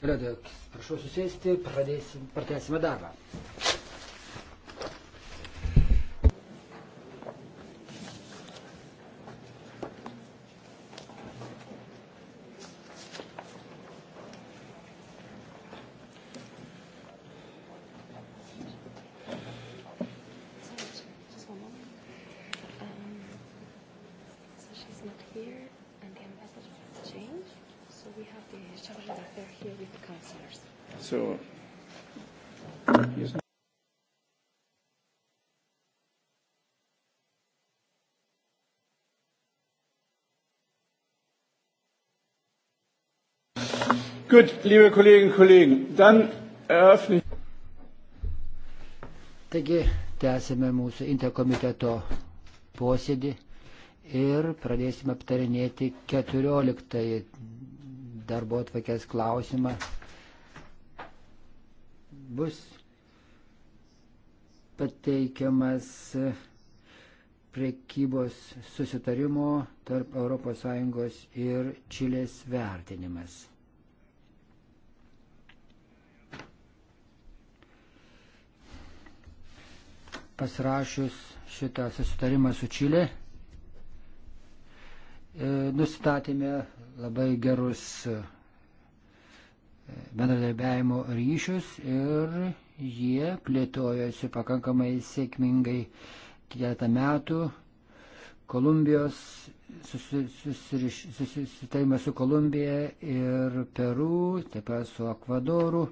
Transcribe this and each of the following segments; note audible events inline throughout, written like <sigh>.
Kolega, prašau susėsti, pradėsim, pratęsime darbą. Gut, liebe Kolleginnen und Kollegen, dann eröffne ich. Taigi, tęsime mūsų interkomiteto posėdį ir pradėsime aptarinėti 14 darbo atvakės klausimą. Bus pateikiamas priekybos susitarimo tarp ES ir Čilės vertinimas. pasirašius šitą susitarimą su Čilė, e, nustatėme labai gerus e, bendradarbiavimo ryšius ir jie plėtojosi pakankamai sėkmingai keletą metų. Kolumbijos susitarimas su Kolumbija ir Peru, taip pat su Ekvadoru,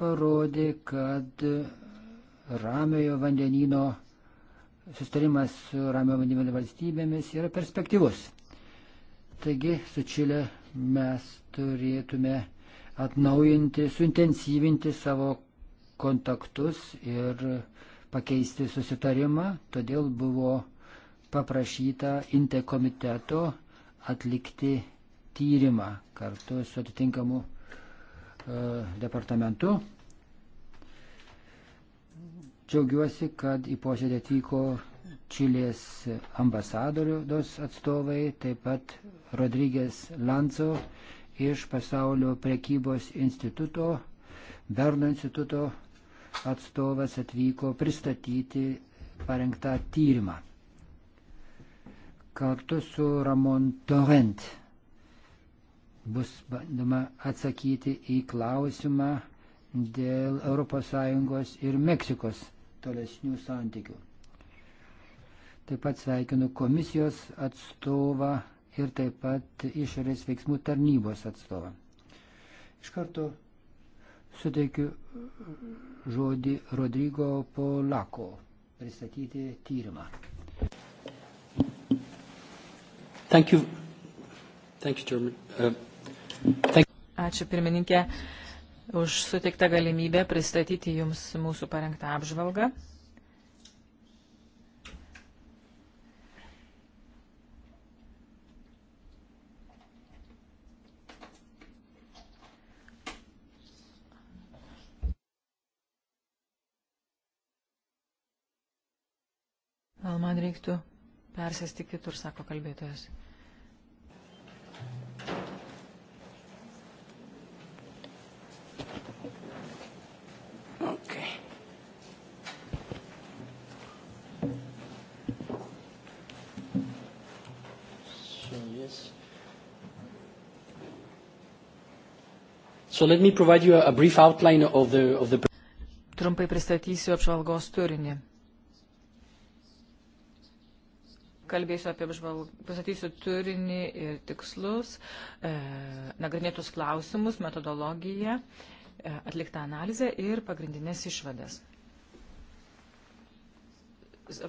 parodė, kad ramiojo vandenino, sustarimas su ramiojo vandenino valstybėmis yra perspektyvus. Taigi su Čilė mes turėtume atnaujinti, suintensyvinti savo kontaktus ir pakeisti susitarimą, todėl buvo paprašyta Inte komiteto atlikti tyrimą kartu su atitinkamu e, departamentu Džiaugiuosi, kad į posėdį atvyko Čilės ambasadorius atstovai, taip pat Rodrygės Lanco iš pasaulio prekybos instituto, Berno instituto atstovas atvyko pristatyti parengtą tyrimą. Kartu su Ramon Torrent bus bandoma atsakyti į klausimą dėl ES ir Meksikos tolesnių santykių. Taip pat sveikinu komisijos atstovą ir taip pat išorės veiksmų tarnybos atstovą. Iš karto suteikiu žodį Rodrygo Polako pristatyti tyrimą. Thank you. Thank you, German. uh, thank you. Ačiū pirmininkė. Uh, už suteiktą galimybę pristatyti Jums mūsų parengtą apžvalgą. Gal man reiktų persėsti kitur, sako kalbėtojas. So let me provide you a brief outline of the, of the... Trumpai pristatysiu apžvalgos turinį. Kalbėsiu apie apžvalgą, pristatysiu turinį ir tikslus, e, nagrinėtus klausimus, metodologiją, e, atliktą analizę ir pagrindinės išvadas.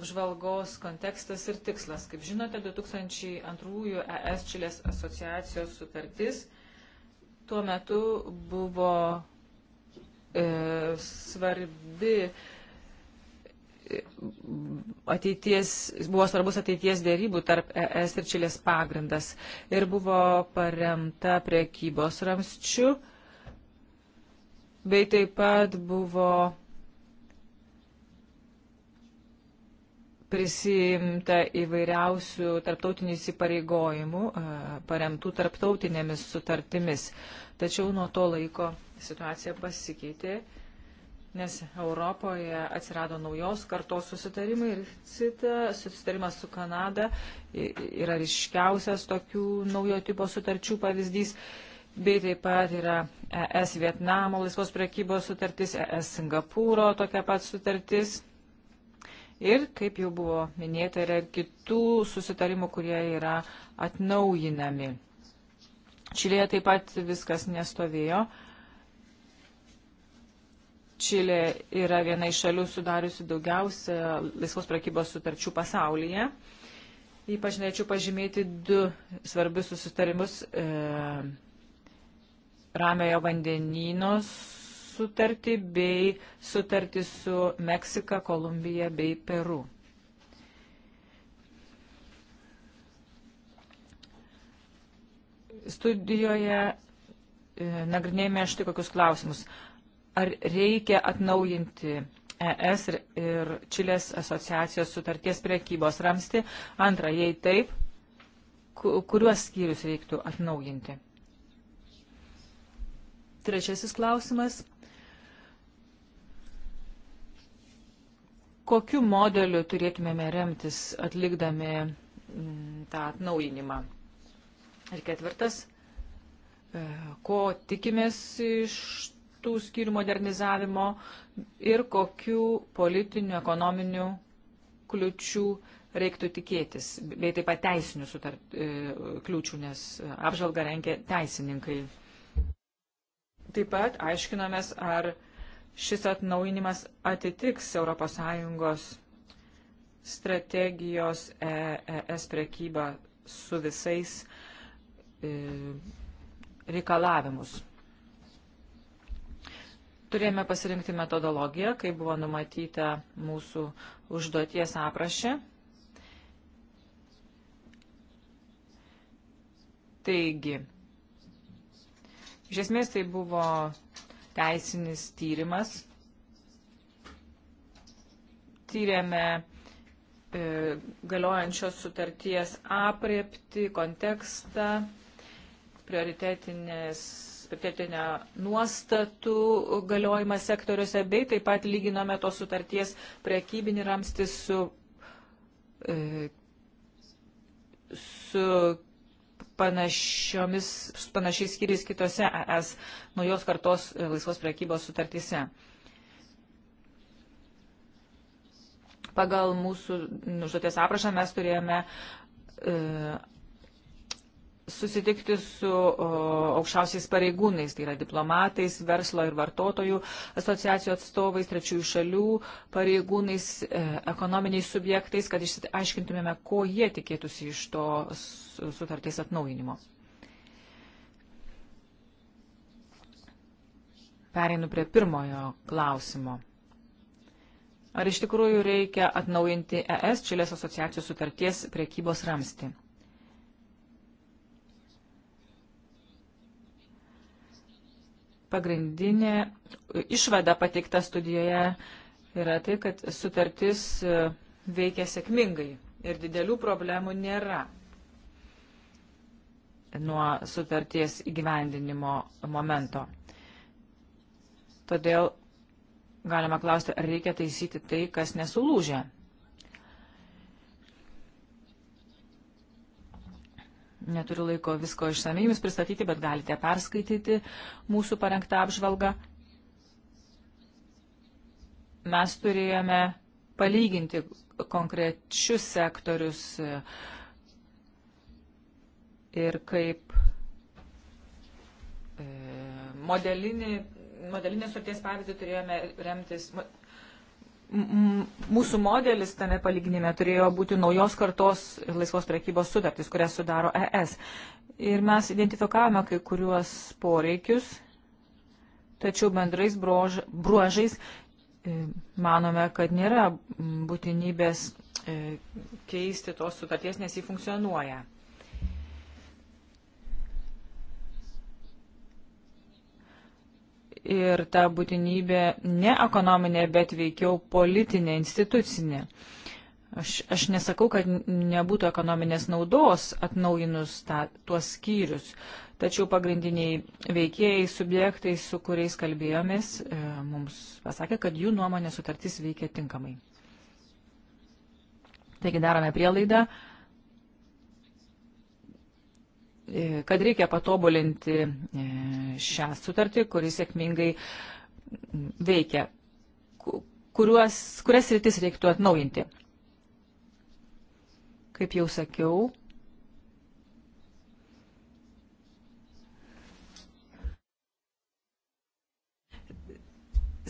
Apžvalgos kontekstas ir tikslas. Kaip žinote, 2002 ES Čilės asociacijos sutartis e, tuo metu buvo e, svarbi e, ateities, buvo svarbus ateities dėrybų tarp ES ir Čilės pagrindas ir buvo paremta priekybos ramščių, bei taip pat buvo prisijimta įvairiausių tarptautinių įsipareigojimų, paremtų tarptautinėmis sutartimis. Tačiau nuo to laiko situacija pasikeitė, nes Europoje atsirado naujos kartos susitarimai ir CITA, susitarimas su Kanada yra ryškiausias tokių naujo tipo sutarčių pavyzdys bei taip pat yra ES Vietnamo laisvos prekybos sutartis, ES Singapūro tokia pat sutartis. Ir, kaip jau buvo minėta, yra ir kitų susitarimų, kurie yra atnaujinami. Čilėje taip pat viskas nestovėjo. Čilė yra viena iš šalių sudariusi daugiausia laisvos prekybos sutarčių pasaulyje. Ypač norėčiau pažymėti du svarbius susitarimus e, Ramiojo vandenynos sutartį bei sutartį su Meksika, Kolumbija bei Peru. Studijoje e, nagrinėjame štai kokius klausimus. Ar reikia atnaujinti ES ir, ir Čilės asociacijos sutarties priekybos ramsti? Antra, jei taip, kuriuos skyrius reiktų atnaujinti? Trečiasis klausimas. kokiu modeliu turėtumėme remtis atlikdami mm, tą atnaujinimą. Ir ketvirtas, e, ko tikimės iš tų skyrių modernizavimo ir kokių politinių, ekonominių kliučių reiktų tikėtis, bei taip pat teisinių sutart, e, kliūčių, nes apžalga renkia teisininkai. Taip pat aiškinomės, ar šis atnaujinimas atitiks ES strategijos ES e prekyba su visais e, reikalavimus. Turėjome pasirinkti metodologiją, kaip buvo numatyta mūsų užduoties aprašė. Taigi, iš esmės tai buvo teisinis tyrimas. Tyrėme e, galiojančios sutarties apriepti, kontekstą, prioritetinę nuostatų galiojimą sektoriuose, bei taip pat lyginome tos sutarties priekybinį ramstį su, e, su panašiomis, panašiais skyriais kitose ES naujos kartos e, laisvos prekybos sutartyse. Pagal mūsų užduotės aprašą mes turėjome e, susitikti su o, aukščiausiais pareigūnais, tai yra diplomatais, verslo ir vartotojų asociacijų atstovais, trečiųjų šalių pareigūnais, e, ekonominiais subjektais, kad išsiaiškintumėme, ko jie tikėtųsi iš to sutarties atnaujinimo. Pereinu prie pirmojo klausimo. Ar iš tikrųjų reikia atnaujinti ES Čilės asociacijos sutarties priekybos ramsti? pagrindinė išvada pateikta studijoje yra tai, kad sutartis e, veikia sėkmingai ir didelių problemų nėra nuo sutarties įgyvendinimo momento. Todėl galima klausti, ar reikia taisyti tai, kas nesulūžė. Neturiu laiko visko išsamei jums pristatyti, bet galite perskaityti mūsų parengtą apžvalgą. Mes turėjome palyginti konkrečius sektorius ir kaip e, modelinį, modelinės sutarties pavyzdį turėjome remtis mūsų modelis tame palyginime turėjo būti naujos kartos laisvos prekybos sutartys, kurias sudaro ES. Ir mes identifikavome kai kuriuos poreikius, tačiau bendrais brož, bruožais e, manome, kad nėra būtinybės e, keisti tos sutarties, nes jį funkcionuoja. ir ta būtinybė ne ekonominė, bet veikiau politinė, institucinė. Aš, aš nesakau, kad nebūtų ekonominės naudos atnaujinus ta, tuos skyrius, tačiau pagrindiniai veikėjai, subjektai, su kuriais kalbėjomės, e, mums pasakė, kad jų nuomonė sutartis veikia tinkamai. Taigi darome prielaidą, e, E, kad reikia patobulinti e, šią sutartį, kuris sėkmingai veikia, kuriuos, kurias rytis reiktų atnaujinti. Kaip jau sakiau,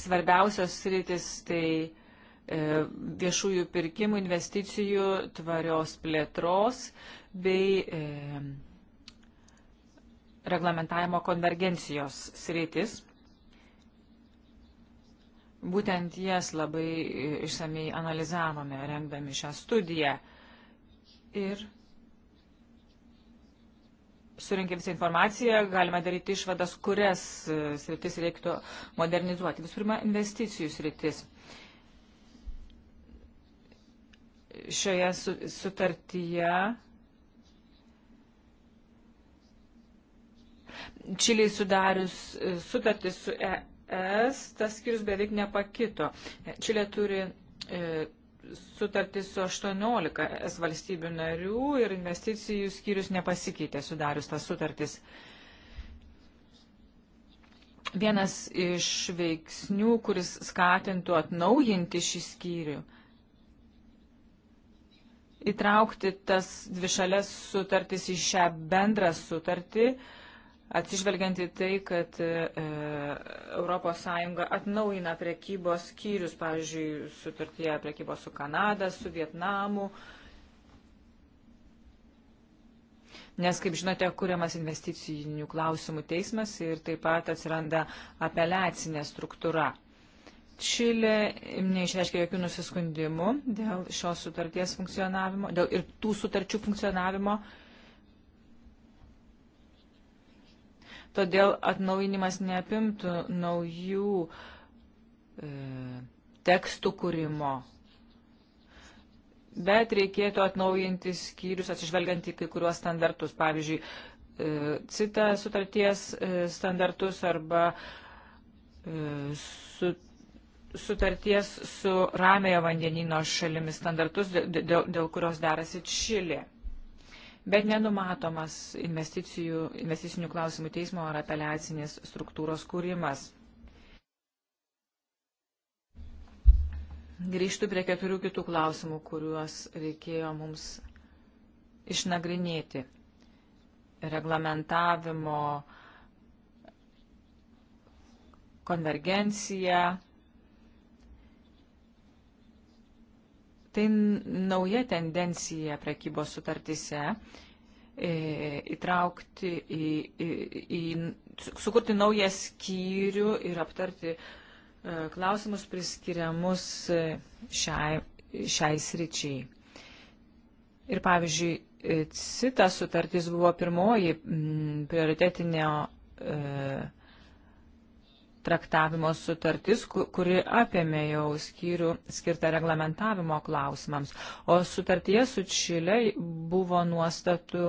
svarbiausios rytis tai e, viešųjų pirkimų, investicijų, tvarios plėtros bei reglamentavimo konvergencijos sritis. Būtent jas labai išsamei analizavome, rengdami šią studiją ir surinkę visą informaciją, galime daryti išvadas, kurias sritis reiktų modernizuoti. Visų pirma, investicijų sritis. Šioje sutartyje Čiliai sudarius e, sutartį su ES, tas skirius beveik nepakito. Čilė turi e, sutartį su 18 ES valstybių narių ir investicijų skyrius nepasikeitė sudarius tas sutartis. Vienas iš veiksnių, kuris skatintų atnaujinti šį skyrių, įtraukti tas dvišalės sutartis į šią bendrą sutartį, uh, atsižvelgiant į tai, kad ES atnaujina prekybos skyrius, pavyzdžiui, sutartyje prekybos su Kanada, su Vietnamu. Nes, kaip žinote, kuriamas investicinių klausimų teismas ir taip pat atsiranda apeliacinė struktūra. Čilė neišreiškė jokių nusiskundimų dėl šios sutarties funkcionavimo dėl ir tų sutarčių funkcionavimo. Uh, todėl atnaujinimas neapimtų naujų e, tekstų kūrimo. Bet reikėtų atnaujinti skyrius atsižvelgiant į kai kuriuos standartus, pavyzdžiui, e, cita sutarties e, standartus arba e, su sutarties su ramiojo vandenino šalimis standartus, dėl, dėl kurios derasi Čilė bet nenumatomas investicinių klausimų teismo ar apeliacinės struktūros kūrimas. Grįžtu prie keturių kitų klausimų, kuriuos reikėjo mums išnagrinėti. Reglamentavimo, konvergencija, Tai nauja tendencija prekybos sutartyse e, įtraukti į, į, į, sukurti naują skyrių ir aptarti e, klausimus priskiriamus e, šiai, šiai sričiai. Ir pavyzdžiui, CITA sutartis buvo pirmoji prioritetinio e, traktavimo sutartis, kuri apėmė jau skyrių skirtą reglamentavimo klausimams. O sutartyje su Čilei buvo nuostatų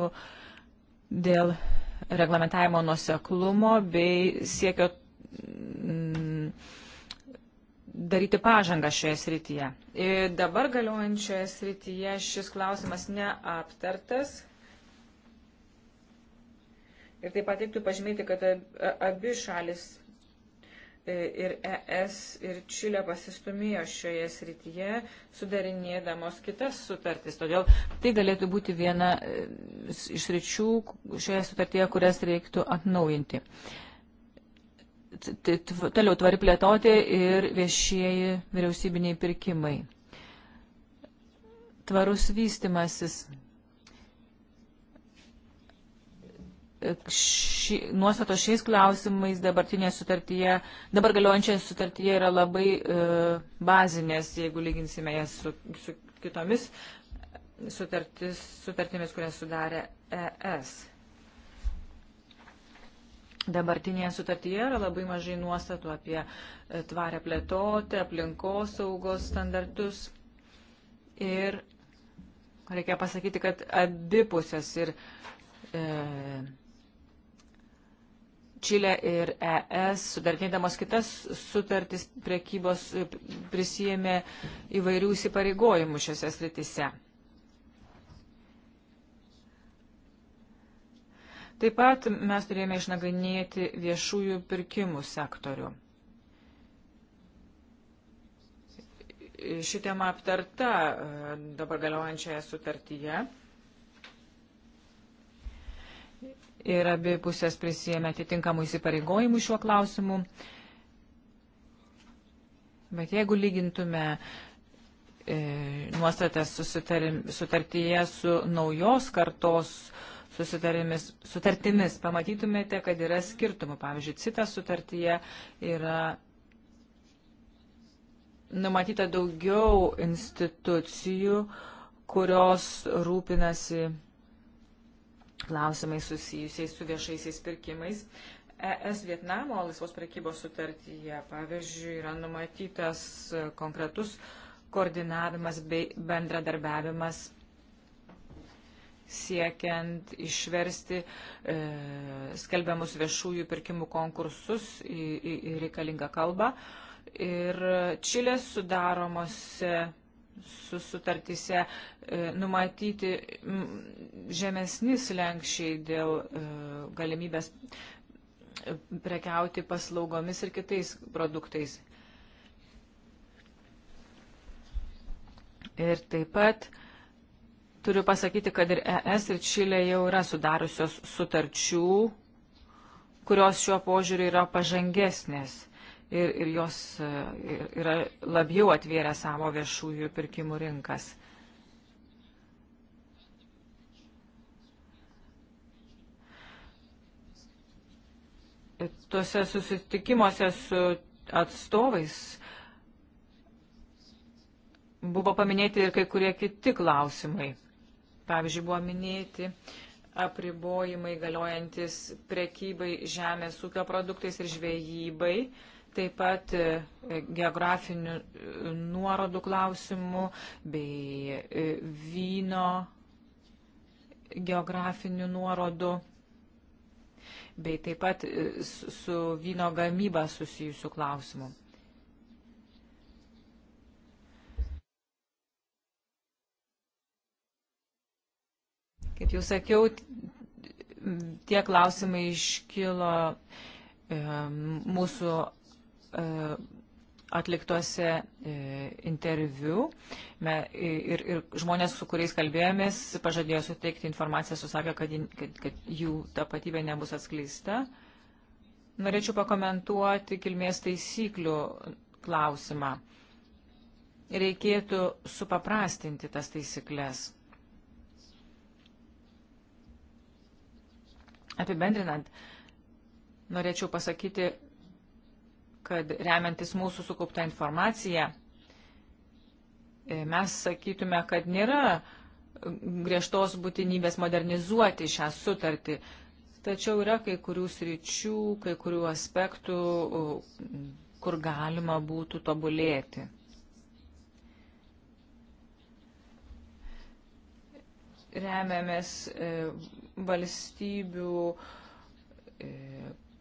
dėl reglamentavimo nuseklumo bei siekio mm, daryti pažangą šioje srityje. Ir dabar galiojančioje srityje šis klausimas neaptartas. Ir taip pat reiktų pažymėti, kad abi šalis E, ir ES ir Čilė pasistumėjo šioje srityje, sudarinėdamos kitas sutartis. Todėl tai galėtų būti viena e, iš ryčių šioje sutartyje, kurias reiktų atnaujinti. Toliau tvari plėtoti ir viešieji vyriausybiniai pirkimai. Tvarus vystimasis ši, nuostato šiais klausimais dabartinėje sutartyje, dabar galiojančioje sutartyje yra labai e, bazinės, jeigu lyginsime jas su, su kitomis sutartis, sutartimis, kurias sudarė ES. Dabartinėje sutartyje yra labai mažai nuostatų apie e, tvarę plėtotę, aplinkos saugos standartus. Ir reikia pasakyti, kad abipusės ir e, Čilė ir ES, sudarnėdamos kitas sutartis prekybos prisijėmė įvairių įsipareigojimų šiuose sritise. Taip pat mes turėjome išnagrinėti viešųjų pirkimų sektorių. Ši tema aptarta e, dabar galiojančioje sutartyje ir abi pusės prisėmė atitinkamų įsipareigojimų šiuo klausimu. Bet jeigu lygintume e, nuostatas susitarim, sutartyje su naujos kartos sutartimis, pamatytumėte, kad yra skirtumų. Pavyzdžiui, citas sutartyje yra numatyta daugiau institucijų, kurios rūpinasi klausimais susijusiais su viešaisiais pirkimais. ES Vietnamo laisvos prekybos sutartyje, pavyzdžiui, yra numatytas konkretus koordinavimas bei bendradarbiavimas siekiant išversti e, skelbiamus viešųjų pirkimų konkursus į, į, į reikalingą kalbą. Ir Čilės sudaromose sutartyse e, numatyti žemesnis lenkščiai dėl e, galimybės e, prekiauti paslaugomis ir kitais produktais. Ir taip pat turiu pasakyti, kad ir ES ir Čilė jau yra sudariusios sutarčių, kurios šiuo požiūriu yra pažangesnės ir, ir jos e, yra labiau atvėrę savo viešųjų pirkimų rinkas. Tuose susitikimuose su atstovais buvo paminėti ir kai kurie kiti klausimai. Pavyzdžiui, buvo minėti apribojimai galiojantis prekybai žemės ūkio produktais ir žvejybai taip pat e, geografinių e, nuorodų klausimų bei e, vyno geografinių nuorodų bei taip pat su vyno gamyba susijusių klausimų. Kaip jau sakiau, tie klausimai iškilo mūsų E, atliktuose e, interviu me, ir, ir žmonės, su kuriais kalbėjomės, pažadėjo suteikti informaciją, susakė, kad, kad, kad jų tapatybė nebus atskleista. Norėčiau pakomentuoti kilmės taisyklių klausimą. Reikėtų supaprastinti tas taisyklės. Apibendrinant, norėčiau pasakyti, kad remiantis mūsų sukauptą informaciją, e, mes sakytume, kad nėra griežtos būtinybės modernizuoti šią sutartį. Tačiau yra kai kurių sričių, kai kurių aspektų, kur galima būtų tobulėti. Remiamės e, valstybių e,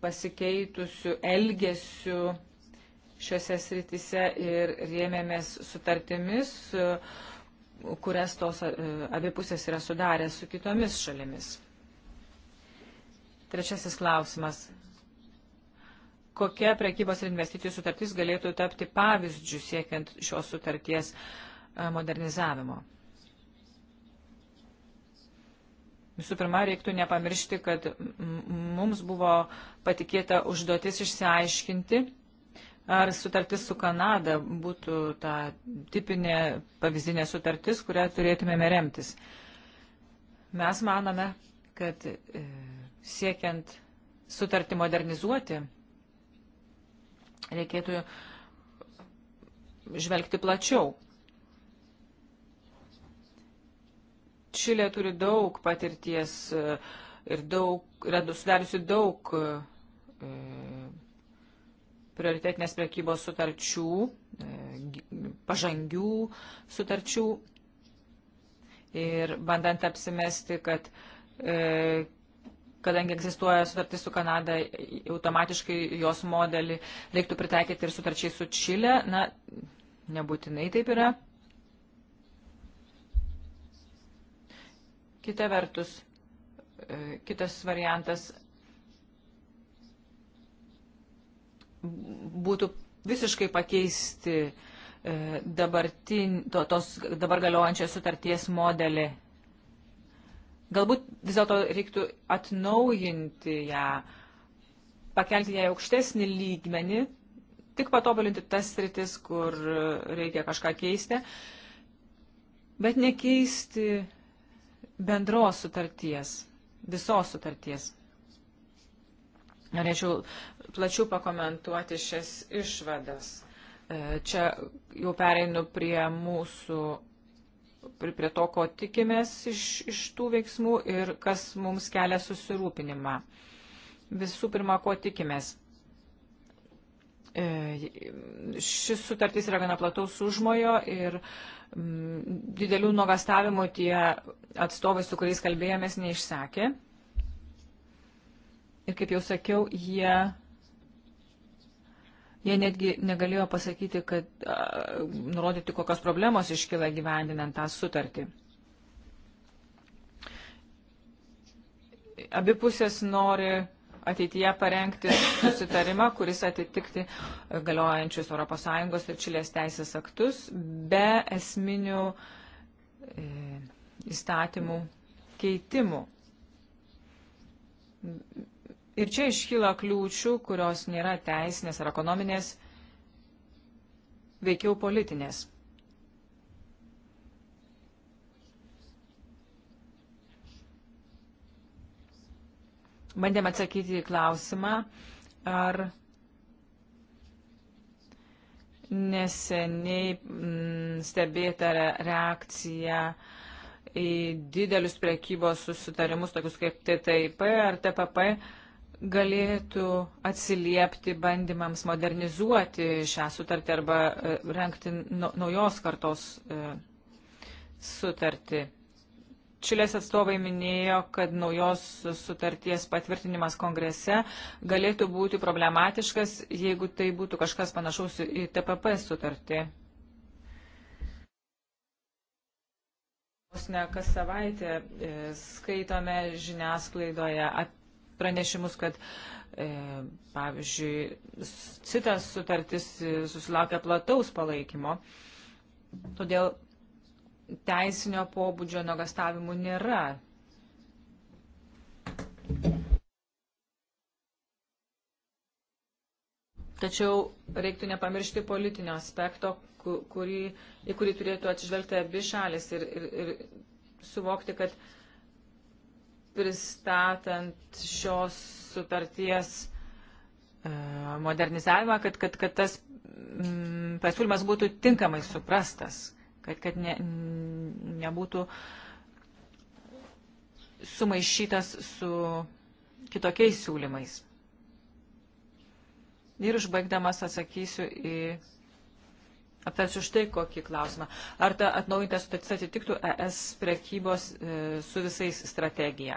pasikeitusių elgesių šiuose sritise ir rėmėmės sutartimis, kurias tos e, abipusės yra sudarę su kitomis šalimis. Trečiasis klausimas. Kokia prekybos ir investicijų sutartis galėtų tapti pavyzdžių siekiant šios sutarties e, modernizavimo? Visų pirma, reiktų nepamiršti, kad mums buvo patikėta užduotis išsiaiškinti, ar sutartis su Kanada būtų ta tipinė pavyzdinė sutartis, kurią turėtumėme remtis. Mes manome, kad e, siekiant sutartį modernizuoti, reikėtų žvelgti plačiau. Čilė turi daug patirties e, ir daug, yra sudariusi daug e, prioritetinės prekybos sutarčių, e, pažangių sutarčių. Ir bandant apsimesti, kad e, kadangi egzistuoja sutartis su Kanada, automatiškai jos modelį reiktų pritaikyti ir sutarčiai su Čilė. Na, nebūtinai taip yra. Kita vertus, e, kitas variantas būtų visiškai pakeisti e, dabartin, to, tos dabar galiojančios sutarties modelį. Galbūt vis dėlto reiktų atnaujinti ją, pakelti ją į aukštesnį lygmenį, tik patobulinti tas sritis, kur reikia kažką keisti, bet nekeisti bendros sutarties, visos sutarties. Norėčiau plačiau pakomentuoti šias išvadas. E, čia jau pereinu prie mūsų, prie to, ko tikimės iš, iš tų veiksmų ir kas mums kelia susirūpinimą. Visų pirma, ko tikimės. E, šis sutartis yra gana plataus užmojo ir didelių nuogastavimų tie atstovai, su kuriais kalbėjomės, neišsakė. Ir kaip jau sakiau, jie, jie netgi negalėjo pasakyti, kad a, nurodyti, kokios problemos iškyla gyvendinant tą sutartį. Abi pusės nori ateityje parengti susitarimą, kuris atitikti galiojančius ES ir Čilės teisės aktus be esminių e, įstatymų keitimų. Ir čia iškyla kliūčių, kurios nėra teisinės ar ekonominės, veikiau politinės. bandėm atsakyti į klausimą, ar neseniai mm, stebėta reakcija į didelius prekybos susitarimus, tokius kaip TTIP ar TPP, galėtų atsiliepti bandymams modernizuoti šią sutartį arba e, renkti naujos kartos e, sutartį. Čilės atstovai minėjo, kad naujos sutarties patvirtinimas kongrese galėtų būti problematiškas, jeigu tai būtų kažkas panašaus į TPP sutartį. Ne kas savaitę e, skaitome žiniasklaidoje pranešimus, kad e, pavyzdžiui, citas sutartis e, susilaukia plataus palaikymo. Todėl teisinio pobūdžio nuogastavimų nėra. Tačiau reiktų nepamiršti politinio aspekto, kurį, į kurį turėtų atsižvelgti abi šalis ir, ir, ir suvokti, kad pristatant šios sutarties e, modernizavimą, kad, kad, kad tas mm, pasiūlymas būtų tinkamai suprastas kad, kad ne, nebūtų sumaišytas su kitokiais siūlymais. Ir užbaigdamas atsakysiu į. Aptarsiu štai kokį klausimą. Ar ta atnaujinta sutartis atitiktų ES prekybos e, su visais strategiją?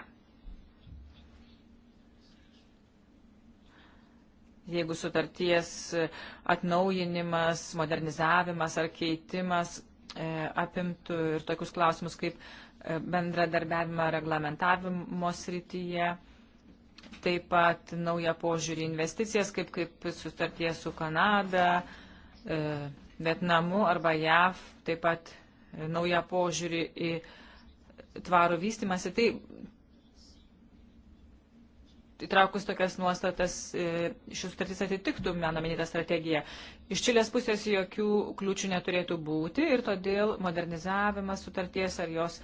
Jeigu sutarties atnaujinimas, modernizavimas ar keitimas E, apimtų ir tokius klausimus kaip e, bendradarbiavimą reglamentavimo srityje, taip pat naują požiūrį investicijas, kaip, kaip sutartie su Kanada, e, Vietnamu arba JAV, taip pat naują požiūrį į tvarų vystimąsi. Tai įtraukus tokias nuostatas e, šis sutartis atitiktų mano minėtą strategiją. Iš Čilės pusės jokių kliūčių neturėtų būti ir todėl modernizavimas sutarties ar jos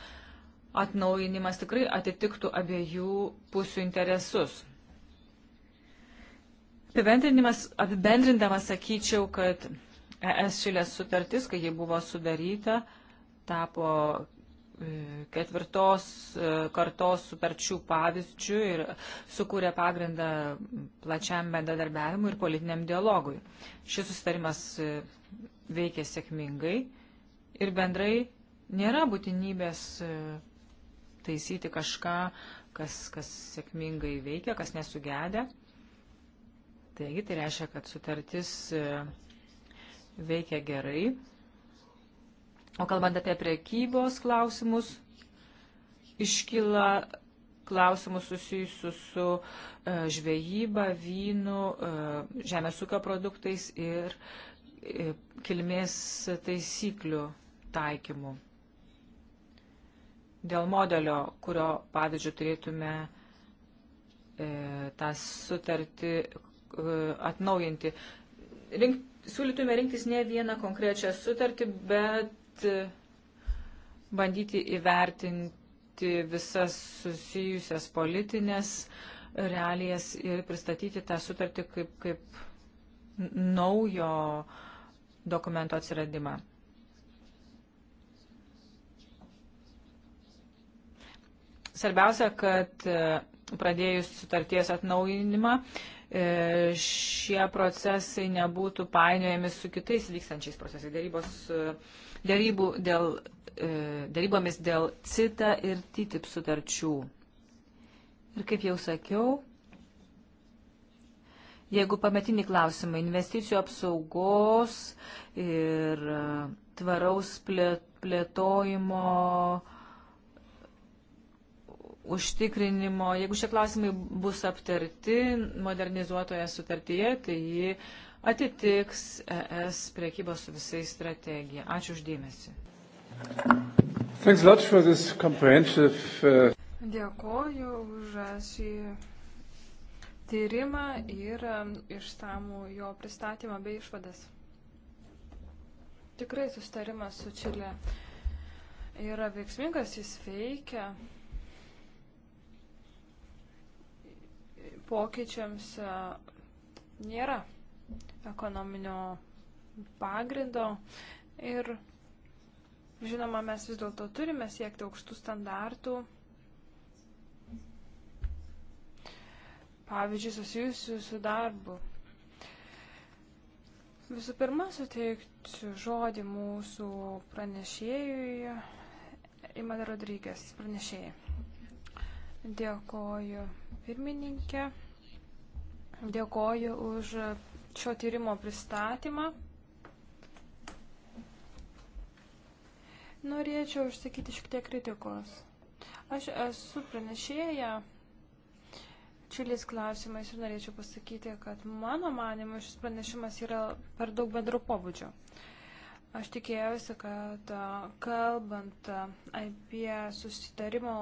atnaujinimas tikrai atitiktų abiejų pusių interesus. Apibendrindamas sakyčiau, kad ES Čilės sutartis, kai ji buvo sudaryta, tapo ketvirtos e, kartos sutarčių pavyzdžių ir sukūrė pagrindą plačiam bendradarbiavimui ir politiniam dialogui. Šis sustarimas e, veikia sėkmingai ir bendrai nėra būtinybės e, taisyti kažką, kas, kas sėkmingai veikia, kas nesugedė. Taigi tai reiškia, kad sutartis veikia gerai O kalbant apie prekybos klausimus, iškyla klausimų susijusių su e, žvejyba, vynu, e, žemės ūkio produktais ir e, kilmės taisyklių taikymu. Dėl modelio, kurio pavyzdžių turėtume tą sutartį atnaujinti. Rink, siūlytume rinktis ne vieną konkrečią sutartį, bet E, bandyti įvertinti visas susijusias politinės realijas ir pristatyti tą sutartį kaip, kaip naujo dokumento atsiradimą. Svarbiausia, kad e, pradėjus sutarties atnaujinimą, e, šie procesai nebūtų painiojami su kitais vykstančiais procesais. Darybos su darybų dėl, e, darybomis dėl CITA ir TTIP sutarčių. Ir kaip jau sakiau, jeigu pametinį klausimą investicijų apsaugos ir e, tvaraus plėtojimo užtikrinimo, jeigu šie klausimai bus aptarti modernizuotoje sutartyje, tai ji atitiks ES priekybos su visais strategiją. Ačiū uždėmesi. Uh, Dėkoju už šį tyrimą ir um, išsamų jo pristatymą bei išvadas. Tikrai sustarimas su Čilė yra veiksmingas, jis veikia pokyčiams uh, nėra ekonominio pagrindo. Ir žinoma, mes vis dėlto turime siekti aukštų standartų, pavyzdžiui, susijusių su darbu. Visų pirma, suteiksiu žodį mūsų pranešėjui, Iman Rodrygės pranešėjai. Dėkoju pirmininkė, dėkoju už šio tyrimo pristatymą. Norėčiau išsakyti šiek tiek kritikos. Aš esu pranešėja čilės klausimais ir norėčiau pasakyti, kad mano manimu šis pranešimas yra per daug bendro pobūdžio. Aš tikėjausi, kad kalbant apie susitarimo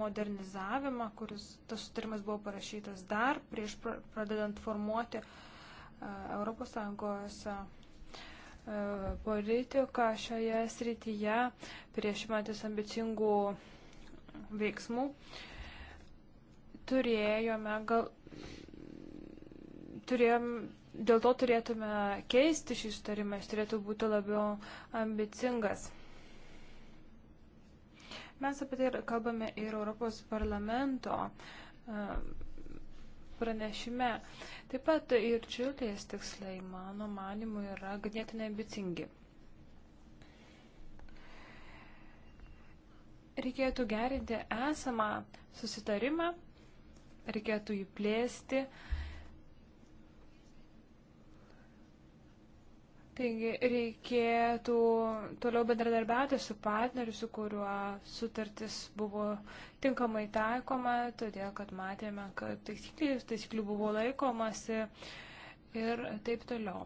modernizavimą, kuris tas susitarimas buvo parašytas dar prieš pradedant formuoti uh, ES e, politiką šioje srityje priešimantis ambicingų veiksmų. Turėjome gal. Turėjom, dėl to turėtume keisti šį sutarimą, jis turėtų būti labiau ambicingas. Mes apie tai kalbame ir Europos parlamento uh, pranešime. Taip pat ir Džiulės tikslai, mano manimu, yra ganėtinai ambicingi. Reikėtų gerinti esamą susitarimą, reikėtų jį plėsti, uh, Taigi reikėtų toliau bendradarbiauti su partneriu, su kuriuo sutartis buvo tinkamai taikoma, todėl kad matėme, kad taisyklių, taisyklių buvo laikomasi ir taip toliau.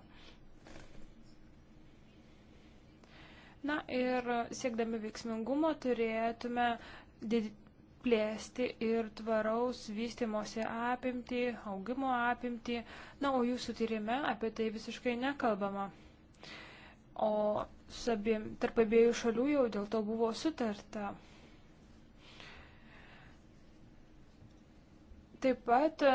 Na ir siekdami veiksmingumo turėtume plėsti ir tvaraus vystimosi apimti, augimo apimti, na, o jūsų tyrime apie tai visiškai nekalbama o abiem, tarp abiejų šalių jau dėl to buvo sutarta. Taip pat e,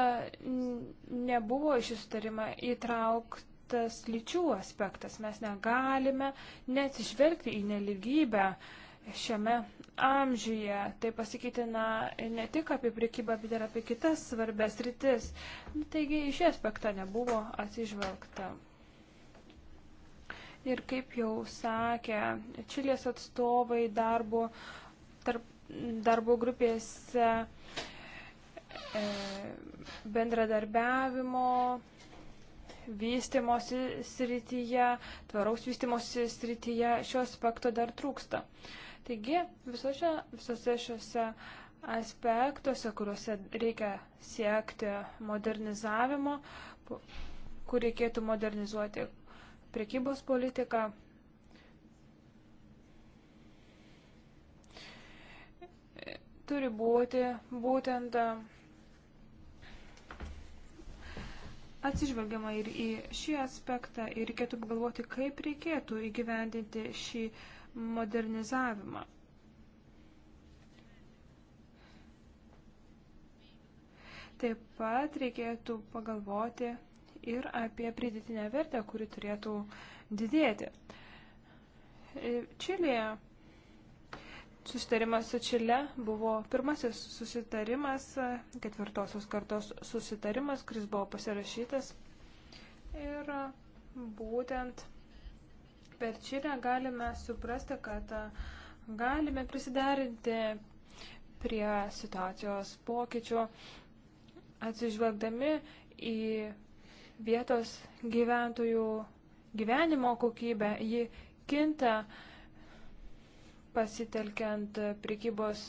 nebuvo į šį sutarimą įtrauktas lyčių aspektas. Mes negalime neatsižvelgti į neligybę šiame amžiuje. Tai pasakytina ne tik apie priekybą, bet ir apie kitas svarbės rytis. Taigi į šį aspektą nebuvo atsižvelgta. Ir kaip jau sakė Čilės atstovai darbo, tarp, darbo grupėse e, bendradarbiavimo vystimosi srityje, tvaraus vystimosi srityje šio aspekto dar trūksta. Taigi visose, visose šiuose aspektuose, kuriuose reikia siekti modernizavimo, kur reikėtų modernizuoti prekybos politiką. Turi būti būtent e, atsižvelgiama ir į šį aspektą ir reikėtų pagalvoti, kaip reikėtų įgyvendinti šį modernizavimą. Taip pat reikėtų pagalvoti, ir apie pridėtinę vertę, kuri turėtų didėti. E, Čilėje susitarimas su Čile buvo pirmasis susitarimas, e, ketvirtosios kartos susitarimas, kuris buvo pasirašytas. Ir e, būtent per Čilę galime suprasti, kad galime prisiderinti prie situacijos pokyčių, atsižvelgdami į vietos gyventojų gyvenimo kokybę. Ji kinta pasitelkiant prikybos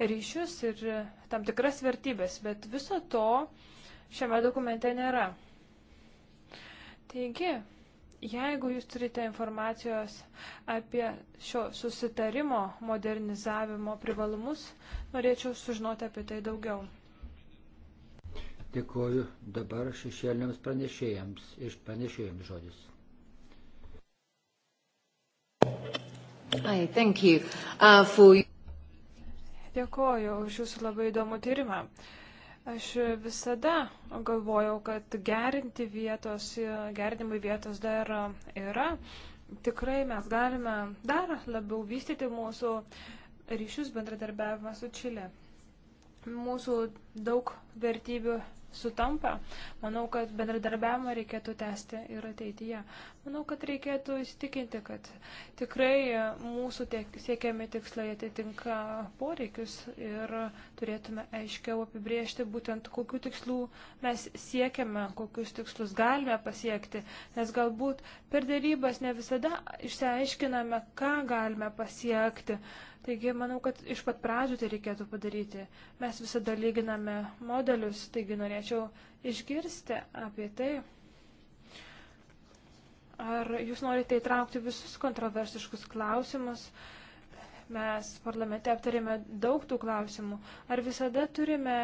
ryšius ir tam tikras vertybės, bet viso to šiame dokumente nėra. Taigi, jeigu jūs turite informacijos apie šio susitarimo modernizavimo privalumus, norėčiau sužinoti apie tai daugiau. Dėkuoju dabar šešėliniams pranešėjams iš pranešėjams žodis. Hi, thank you, uh, for... Dėkuoju už jūsų labai įdomų tyrimą. Aš visada galvojau, kad gerinti vietos, gerinimui vietos dar yra. Tikrai mes galime dar labiau vystyti mūsų ryšius bendradarbiavimą su Čilė. Mūsų daug vertybių sutampa. Manau, kad bendradarbiavimą reikėtų tęsti ir ateityje. Manau, kad reikėtų įsitikinti, kad tikrai mūsų tiek, siekiami tikslai atitinka poreikius ir turėtume aiškiau apibriežti būtent, kokiu tikslu mes siekiame, kokius tikslus galime pasiekti, nes galbūt per dėrybas ne visada išsiaiškiname, ką galime pasiekti. Uh, Taigi, manau, kad iš pat pradžių tai reikėtų padaryti. Mes visada lyginame modelius, taigi norėčiau išgirsti apie tai. Ar jūs norite įtraukti visus kontroversiškus klausimus? Mes parlamente aptarėme daug tų klausimų. Ar visada turime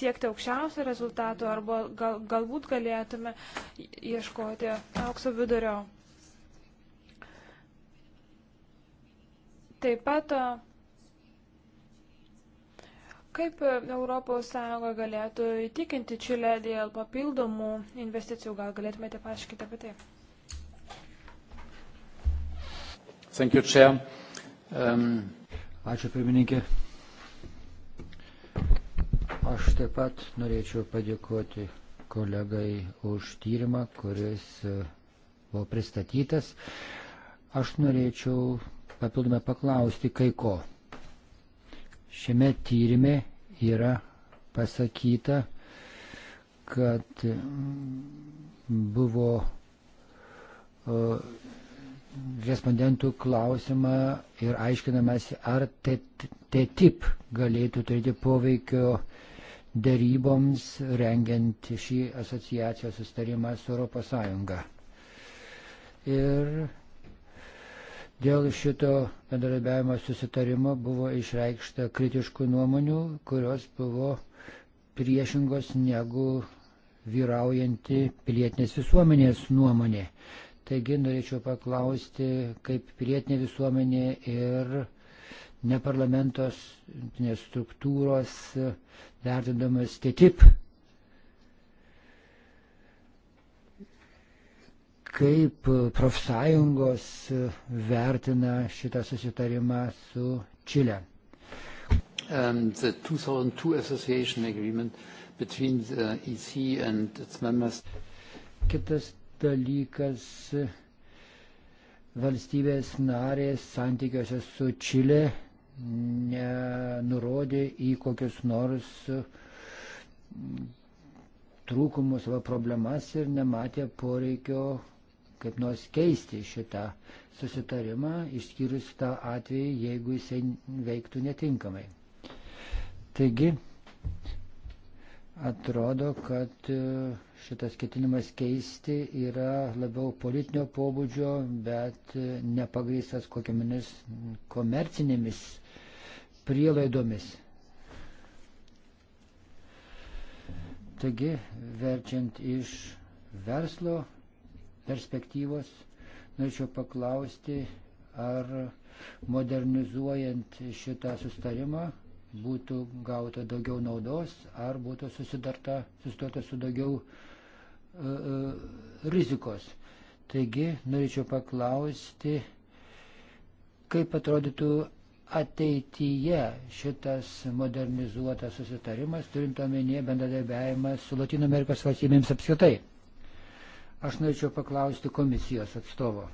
siekti aukščiausio rezultato, arba gal, galbūt galėtume ieškoti aukso vidurio? Taip pat, kaip ES galėtų įtikinti Čilę dėl papildomų investicijų, gal galėtumėte paaiškinti apie tai? Thank you, Chair. Um... Ačiū pirmininkė. Aš taip pat norėčiau padėkoti kolegai už tyrimą, kuris uh, buvo pristatytas. Aš norėčiau papildomai paklausti kai ko. Šiame tyrimė yra pasakyta, kad mm, buvo respondentų klausimą ir aiškinamasi, ar TTIP galėtų turėti poveikio daryboms rengiant šį asociacijos sustarimą su ES. Ir Dėl šito bendradarbiavimo susitarimo buvo išreikšta kritiškų nuomonių, kurios buvo priešingos negu vyraujanti pilietinės visuomenės nuomonė. Taigi norėčiau paklausti, kaip pilietinė visuomenė ir neparlamentos struktūros vertindamas TTIP kaip profsąjungos vertina šitą susitarimą su Čile. Um, the 2002 association agreement between the EC and its members. Kitas dalykas valstybės narės santykiuose su Čilė nenurodė į kokius nors trūkumus arba problemas ir nematė poreikio kaip nors keisti šitą susitarimą, išskyrus tą atvejį, jeigu jisai veiktų netinkamai. Taigi, atrodo, kad e, šitas ketinimas keisti yra labiau politinio pobūdžio, bet e, nepagrįstas kokiamis komercinėmis prielaidomis. Taigi, verčiant iš verslo perspektyvos. Norėčiau paklausti, ar modernizuojant šitą sustarimą būtų gauta daugiau naudos, ar būtų susidarta, susidarta su daugiau uh, rizikos. Taigi, norėčiau paklausti, kaip atrodytų ateityje šitas modernizuotas susitarimas, turint omenyje bendradarbiavimą su Latino Amerikos valstybėms apskritai. Aš norėčiau paklausti komisijos atstovo.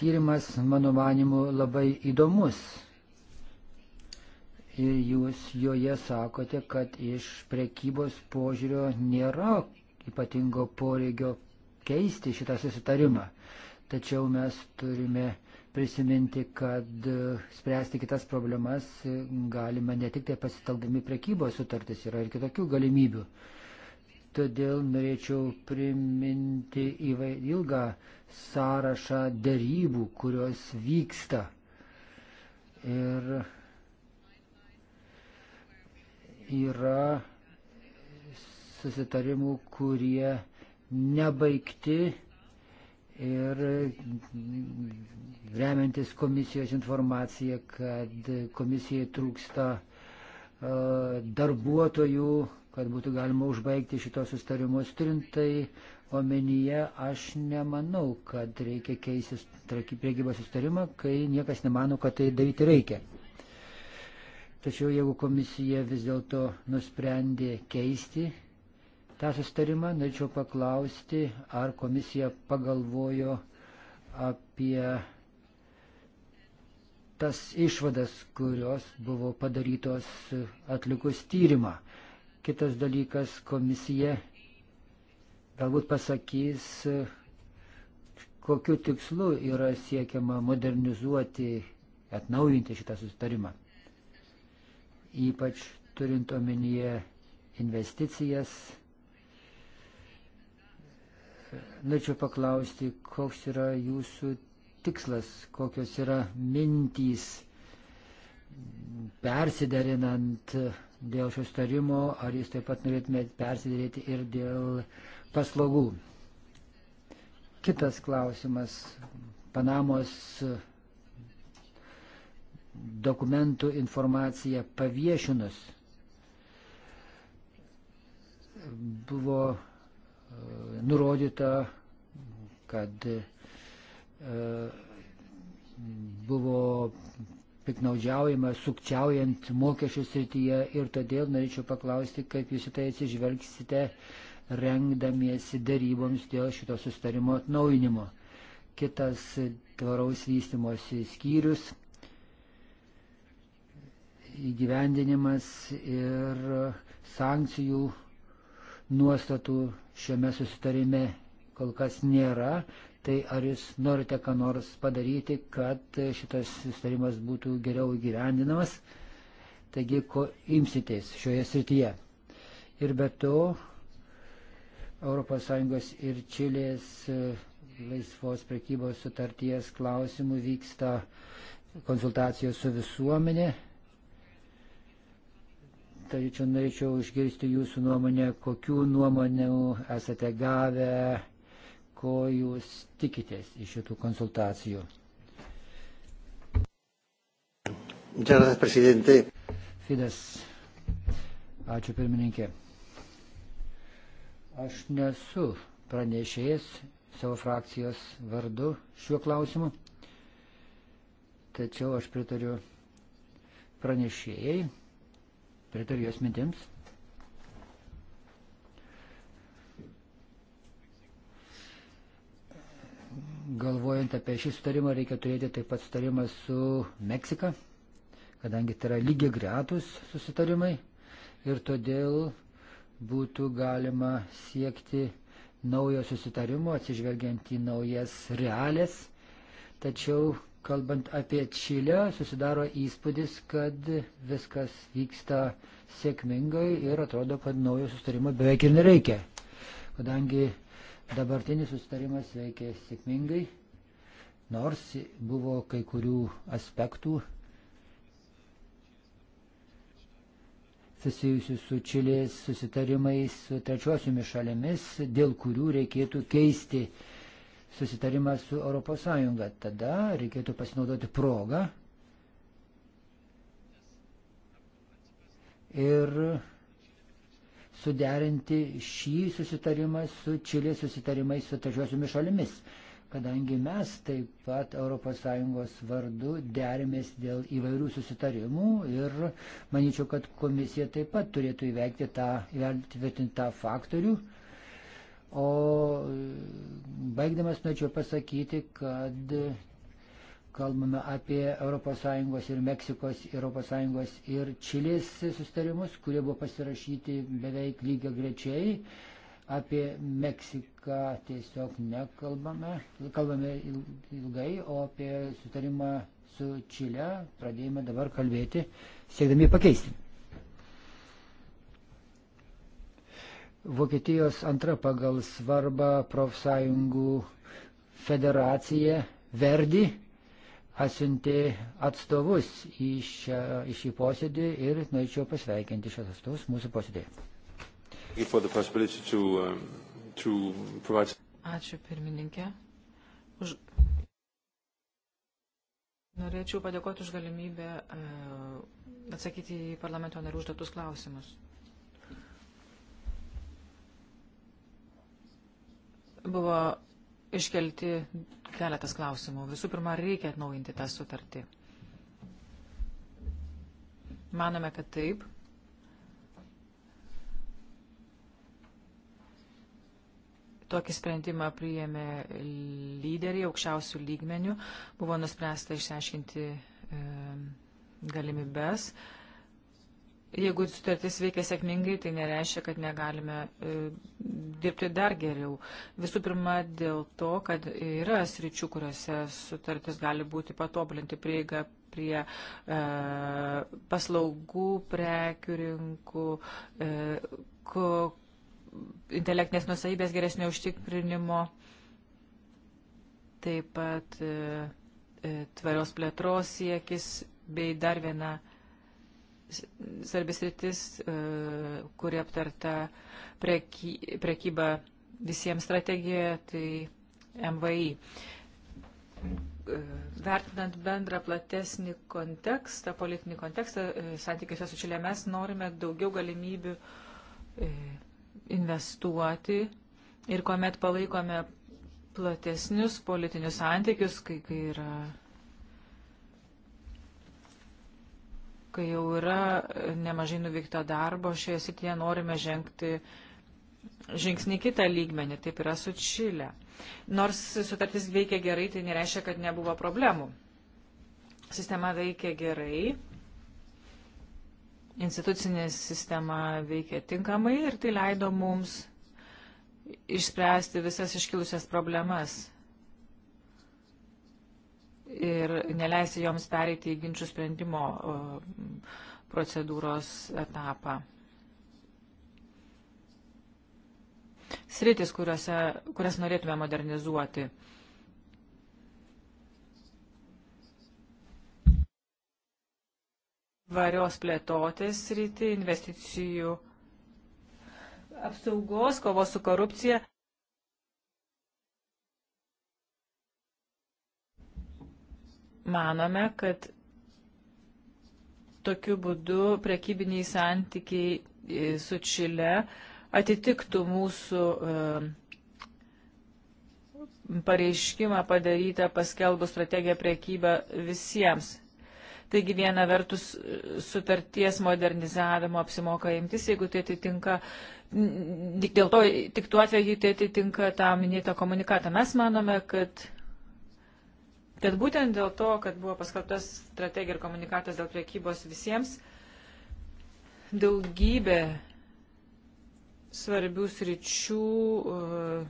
Tyrimas, mano manimu, labai įdomus. Ir jūs joje sakote, kad iš prekybos požiūrio nėra ypatingo poreigio keisti šitą susitarimą. Tačiau mes turime prisiminti, kad e, spręsti kitas problemas e, galima ne tik tai pasitelkdami prekybos sutartis, yra ir kitokių galimybių. Todėl norėčiau priminti įvai, ilgą sąrašą dėrybų, kurios vyksta. Ir yra susitarimų, kurie nebaigti ir remiantis komisijos informacija, kad komisijai trūksta e, darbuotojų, kad būtų galima užbaigti šitos sustarimus turintai omenyje, aš nemanau, kad reikia keisis priekybos sustarimą, kai niekas nemano, kad tai daryti reikia. Tačiau jeigu komisija vis dėlto nusprendė keisti tą sustarimą, norėčiau paklausti, ar komisija pagalvojo apie tas išvadas, kurios buvo padarytos atlikus tyrimą. Kitas dalykas, komisija galbūt pasakys, kokiu tikslu yra siekiama modernizuoti, atnaujinti šitą sustarimą. Ypač turint omenyje investicijas norėčiau paklausti, koks yra jūsų tikslas, kokios yra mintys persiderinant dėl šios tarimo, ar jūs taip pat norėtumėte persiderėti ir dėl paslaugų. Kitas klausimas. Panamos dokumentų informaciją paviešinus buvo nurodyta, kad e, buvo piknaudžiaujama, sukčiaujant mokesčių srityje ir todėl norėčiau paklausti, kaip jūs į tai atsižvelgsite, rengdamiesi daryboms dėl šito sustarimo atnaujinimo. Kitas tvaraus vystimosi skyrius įgyvendinimas ir sankcijų nuostatų šiame susitarime kol kas nėra. Tai ar jūs norite ką nors padaryti, kad šitas susitarimas būtų geriau gyvendinamas? Taigi, ko imsitės šioje srityje? Ir be to, ES ir Čilės e, laisvos prekybos sutarties klausimų vyksta konsultacijos su visuomenė. Tačiau norėčiau išgirsti jūsų nuomonę, kokių nuomonių esate gavę, ko jūs tikitės iš šitų konsultacijų. Gerardas prezidentė. Fidas. Ačiū pirmininkė. Aš nesu pranešėjęs savo frakcijos vardu šiuo klausimu, tačiau aš pritariu pranešėjai pritariu jos mintims. Galvojant apie šį sutarimą, reikia turėti taip pat sutarimą su Meksika, kadangi tai yra lygiai gretus susitarimai ir todėl būtų galima siekti naujo susitarimo atsižvelgiant į naujas realės. Tačiau Kalbant apie Čilę, susidaro įspūdis, kad viskas vyksta sėkmingai ir atrodo, kad naujo sustarimo beveik ir nereikia. Kadangi dabartinis sustarimas veikia sėkmingai, nors buvo kai kurių aspektų susijusių su Čilės susitarimais su trečiosiomis šalėmis, dėl kurių reikėtų keisti uh, susitarimą su ES. Tada reikėtų pasinaudoti progą ir suderinti šį susitarimą su Čilės susitarimais su trečiosiomis šalimis, kadangi mes taip pat ES vardu derimės dėl įvairių susitarimų ir manyčiau, kad komisija taip pat turėtų įveikti tą, įvertinti tą faktorių, O baigdamas norėčiau pasakyti, kad kalbame apie ES ir Meksikos, ES ir Čilės sustarimus, kurie buvo pasirašyti beveik lygiai grečiai. Apie Meksiką tiesiog nekalbame, kalbame ilgai, o apie sustarimą su Čile pradėjome dabar kalbėti, siekdami pakeisti. Vokietijos antra pagal svarbą profsąjungų federacija Verdi atsiuntė atstovus į, šią, į šį posėdį ir norėčiau pasveikinti šios atstovus mūsų posėdėje. Um, Ačiū pirmininkė. Už... Norėčiau padėkoti už galimybę e, atsakyti į parlamento narių užduotus klausimus. Buvo iškelti keletas klausimų. Visų pirma, reikia atnaujinti tą sutartį. Manome, kad taip. Tokį sprendimą priėmė lyderiai aukščiausių lygmenių. Buvo nuspręsta išsiaiškinti e, galimybes. E, Jeigu sutartis veikia sėkmingai, tai nereiškia, kad negalime e, dirbti dar geriau. Visų pirma, dėl to, kad yra sričių, kuriuose sutartis gali būti patobulinti prieigą prie e, paslaugų, prekių rinkų, e, ko, intelektinės nusaibės geresnio užtikrinimo, taip pat e, e, tvarios plėtros siekis bei dar viena e, svarbis rytis, e, kuri aptarta preky, prekyba visiems strategijoje, tai MVI. E, vertinant bendrą platesnį kontekstą, politinį kontekstą, e, santykiuose su Čilė mes norime daugiau galimybių investuoti ir kuomet palaikome platesnius politinius santykius, kai, kai yra kai jau yra nemažai nuveikto darbo, šioje srityje norime žengti žingsnį kitą lygmenį, taip yra su Čilė. Nors sutartis veikia gerai, tai nereiškia, kad nebuvo problemų. Sistema veikia gerai, institucinė sistema veikia tinkamai ir tai leido mums išspręsti visas iškilusias problemas ir neleisti joms pereiti į ginčių sprendimo e, procedūros etapą. Sritis, kuriuose, kurias norėtume modernizuoti. Varios plėtotės sritį, investicijų apsaugos, kovos su korupcija. manome, kad tokiu būdu prekybiniai santykiai e, su Čile atitiktų mūsų e, pareiškimą padarytą paskelbus strategiją priekybą visiems. Taigi viena vertus e, sutarties modernizavimo apsimoka imtis, jeigu tai atitinka, tik dėl to, tik tuo atveju tai atitinka tą minėtą komunikatą. Mes manome, kad kad būtent dėl to, kad buvo paskelbtas strategija ir komunikatas dėl priekybos visiems, daugybė svarbių sričių uh,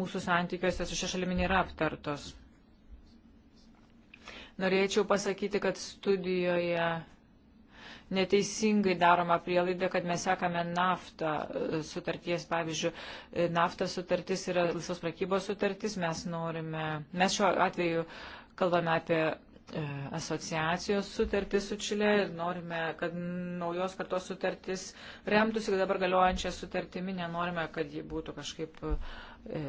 mūsų santykiuose su šešalimi nėra aptartos. Norėčiau pasakyti, kad studijoje neteisingai daroma prielaida, kad mes sekame naftą e, sutarties. Pavyzdžiui, e, nafta sutartis yra visos prekybos sutartis. Mes norime, mes šiuo atveju kalbame apie e, asociacijos sutartį su Čilė ir norime, kad naujos kartos sutartis remtųsi dabar galiojančią sutartimi, nenorime, kad ji būtų kažkaip uh, E,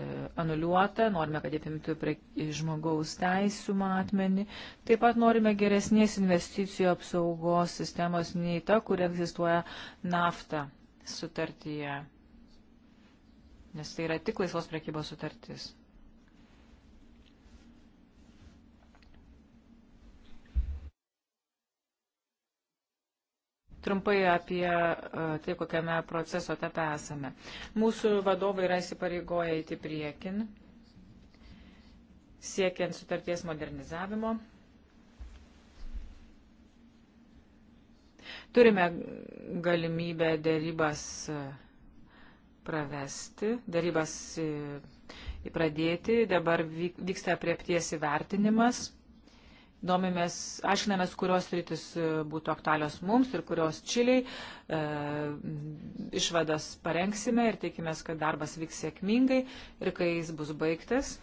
anuliuota, norime, kad apimtų prie žmogaus teisų matmenį. Taip pat norime geresnės investicijų apsaugos sistemos nei ta, kur egzistuoja nafta sutartyje. Nes tai yra tik laisvos prekybos sutartis. trumpai apie e, tai, kokiame proceso etape esame. Mūsų vadovai yra įsipareigoję įti priekin, siekiant sutarties modernizavimo. Turime galimybę dėrybas e, pravesti, dėrybas e, pradėti. Dabar vyksta priepties įvertinimas domimės, aiškinamės, kurios rytis e, būtų aktualios mums ir kurios čiliai. E, išvadas parengsime ir tikimės, kad darbas vyks sėkmingai ir kai jis bus baigtas.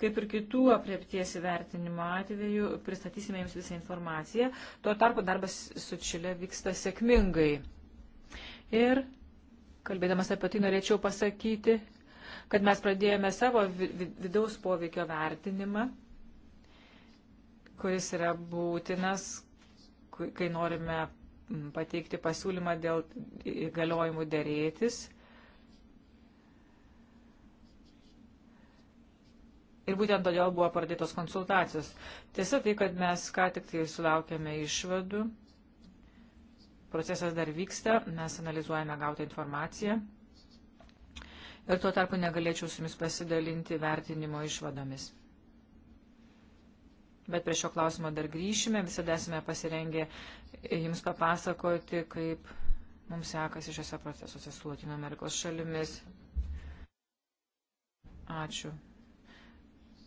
Kaip ir kitų apriepties įvertinimo atveju, pristatysime jums visą informaciją. Tuo tarpu darbas su Čilė vyksta sėkmingai. Ir, kalbėdamas apie tai, norėčiau pasakyti, kad mes pradėjome savo vidaus poveikio vertinimą kuris yra būtinas, kai norime pateikti pasiūlymą dėl įgaliojimų dėrėtis. Ir būtent todėl buvo pradėtos konsultacijos. Tiesa tai, kad mes ką tik tai sulaukėme išvadų. Procesas dar vyksta, mes analizuojame gautą informaciją. Ir tuo tarpu negalėčiau su jumis pasidalinti vertinimo išvadomis bet prie šio klausimo dar grįšime. Visada esame pasirengę jums papasakoti, kaip mums sekasi šiuose procesuose su Latino Amerikos šalimis. Ačiū.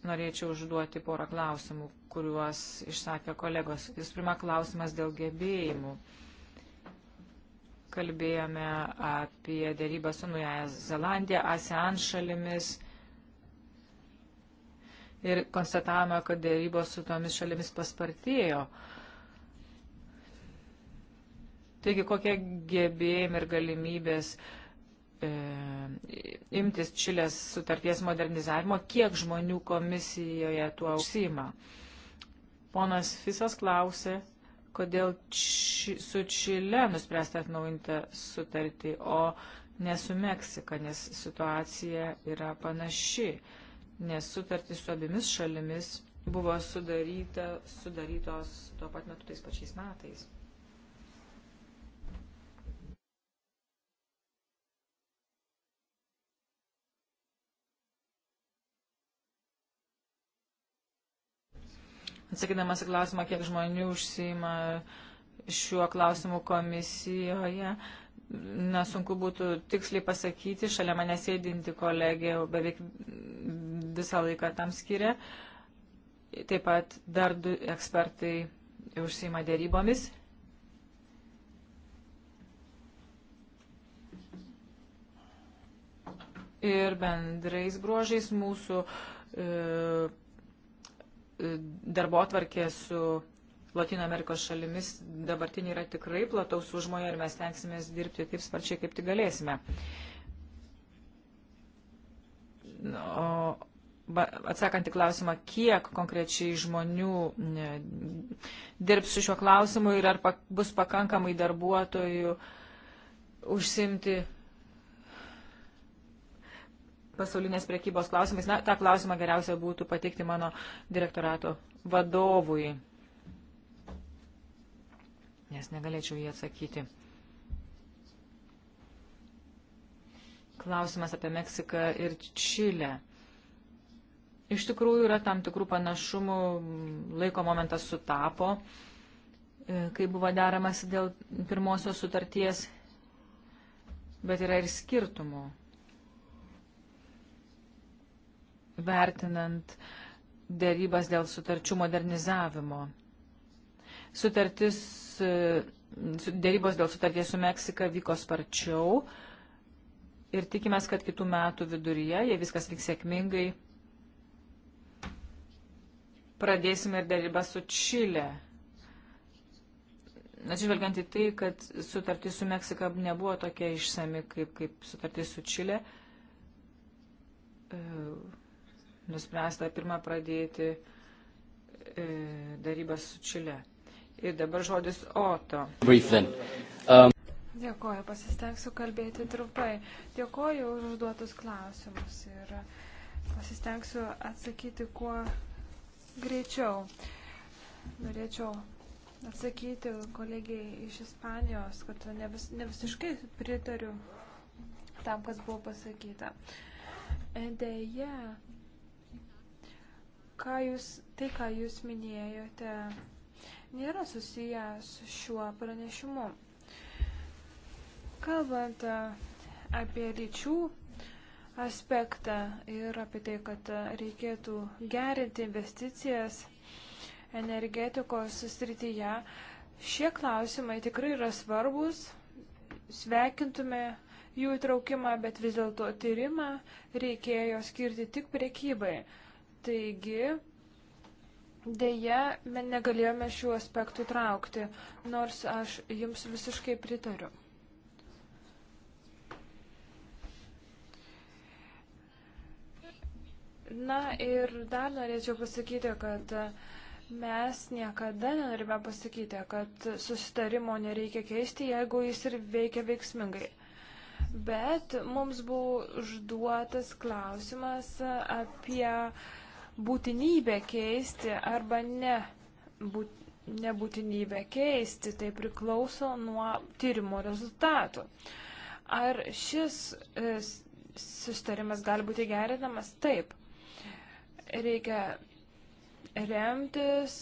Norėčiau užduoti porą klausimų, kuriuos išsakė kolegos. Jūs pirma klausimas dėl gebėjimų. Kalbėjome apie dėrybą su Nuja Zelandija, ASEAN šalimis ir konstatavome, kad dėrybos su tomis šalimis paspartėjo. Taigi, kokie gebėjimai ir galimybės e, imtis Čilės sutarties modernizavimo, kiek žmonių komisijoje tuo užsima? Ponas Fisas klausė, kodėl či, su Čile nuspręsta atnaujinti sutartį, o ne su Meksika, nes situacija yra panaši. E, nes sutartys su abimis šalimis buvo sudaryta, sudarytos tuo pat metu tais pačiais metais. Atsakydamas į klausimą, kiek žmonių užsima šiuo klausimu komisijoje, na, sunku būtų tiksliai pasakyti, šalia manęs sėdinti kolegė beveik visą laiką tam skiria. Taip pat dar du ekspertai užsima dėrybomis. Ir bendrais bruožais mūsų e, e darbo atvarkė su Latino Amerikos šalimis dabartinė yra tikrai plataus užmojo ir mes tenksimės dirbti taip sparčiai, kaip tik galėsime. O, atsakant į klausimą, kiek konkrečiai žmonių dirbs su šiuo klausimu ir ar bus pakankamai darbuotojų užsimti pasaulinės priekybos klausimais. Na, tą klausimą geriausia būtų patikti mano direktorato vadovui, nes negalėčiau jį atsakyti. Klausimas apie Meksiką ir Čilę. Iš tikrųjų yra tam tikrų panašumų, laiko momentas sutapo, e, kai buvo deramas dėl pirmosios sutarties, bet yra ir skirtumų. Vertinant dėrybas dėl sutarčių modernizavimo. Sutartis, e, dėrybos dėl sutarties su Meksika vyko sparčiau ir tikimės, kad kitų metų viduryje, jei viskas vyks sėkmingai, pradėsime ir dėrybą su Čilė. Atsižvelgiant į tai, kad sutartis su Meksika nebuvo tokia išsami kaip, kaip sutartis su Čilė, e, nuspręsta pirmą pradėti e, darybas su Čilė. Ir dabar žodis Oto. Brief then. Um... Dėkoju, pasistengsiu kalbėti trumpai. Dėkoju už užduotus klausimus ir pasistengsiu atsakyti kuo greičiau. Norėčiau atsakyti kolegijai iš Ispanijos, kad ne, vis, ne visiškai pritariu tam, kas buvo pasakyta. E, deja, ką jūs, tai, ką jūs minėjote, nėra susiję su šiuo pranešimu. Kalbant e, apie lyčių aspektą ir apie tai, kad reikėtų gerinti investicijas energetikos srityje. Šie klausimai tikrai yra svarbus, sveikintume jų įtraukimą, bet vis dėlto tyrimą reikėjo skirti tik priekybai. Taigi, dėja, mes negalėjome šių aspektų traukti, nors aš jums visiškai pritariu. Na ir dar norėčiau pasakyti, kad mes niekada nenorime pasakyti, kad susitarimo nereikia keisti, jeigu jis ir veikia veiksmingai. Bet mums buvo užduotas klausimas apie būtinybę keisti arba ne, būt, nebūtinybę keisti. Tai priklauso nuo tyrimo rezultatų. Ar šis e, sustarimas gali būti gerinamas? Taip reikia remtis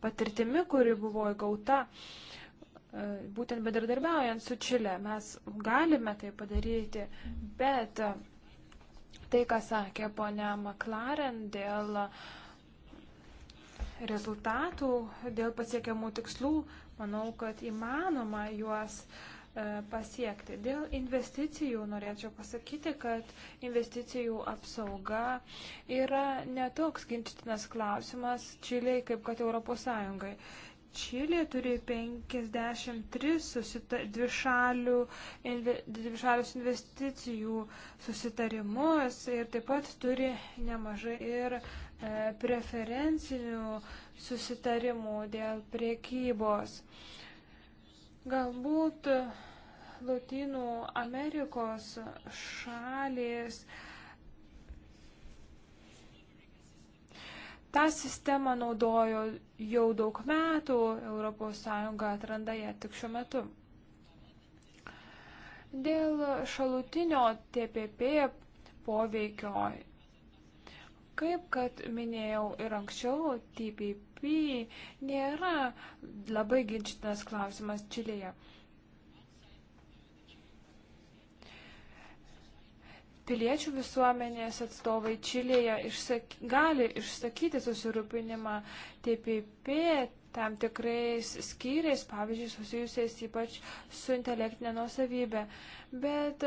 patirtimi, kuri buvo įgauta e, būtent bedardarbiaujant su Čilė. Mes galime tai padaryti, bet tai, ką sakė ponia McLaren dėl rezultatų, dėl pasiekiamų tikslų, manau, kad įmanoma juos uh, E, pasiekti. Dėl investicijų norėčiau pasakyti, kad investicijų apsauga yra netoks ginčytinas klausimas Čiliai kaip kad Europos Sąjungai. Čilė turi 53 susita, dvišalių, inve, dvišalius investicijų susitarimus ir taip pat turi nemažai ir e, preferencinių susitarimų dėl priekybos. E, Galbūt e, Latinų Amerikos šalis tą sistemą naudojo jau daug metų, ES atranda ją tik šiuo metu. Dėl šalutinio TPP poveikio, kaip kad minėjau ir anksčiau, TPP MLP nėra labai ginčytinas klausimas Čilėje. piliečių visuomenės atstovai Čilėje išsak, gali išsakyti susirūpinimą TPP tam tikrais skyriais, pavyzdžiui, susijusiais ypač su intelektinė nuosavybė. Bet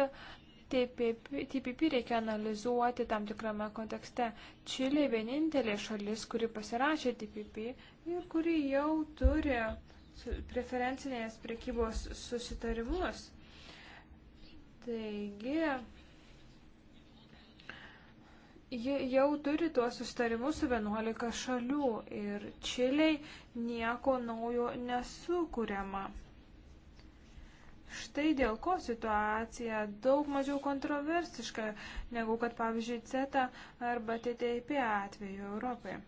TPP, TPP reikia analizuoti tam tikrame kontekste. Čilė vienintelė šalis, kuri pasirašė TPP ir kuri jau turi preferencinės prekybos susitarimus. Taigi, ji jau turi tuos susitarimus su 11 šalių ir Čiliai nieko naujo nesukūriama. Štai dėl ko situacija daug mažiau kontroversiška negu kad, pavyzdžiui, CETA arba TTIP atveju Europoje.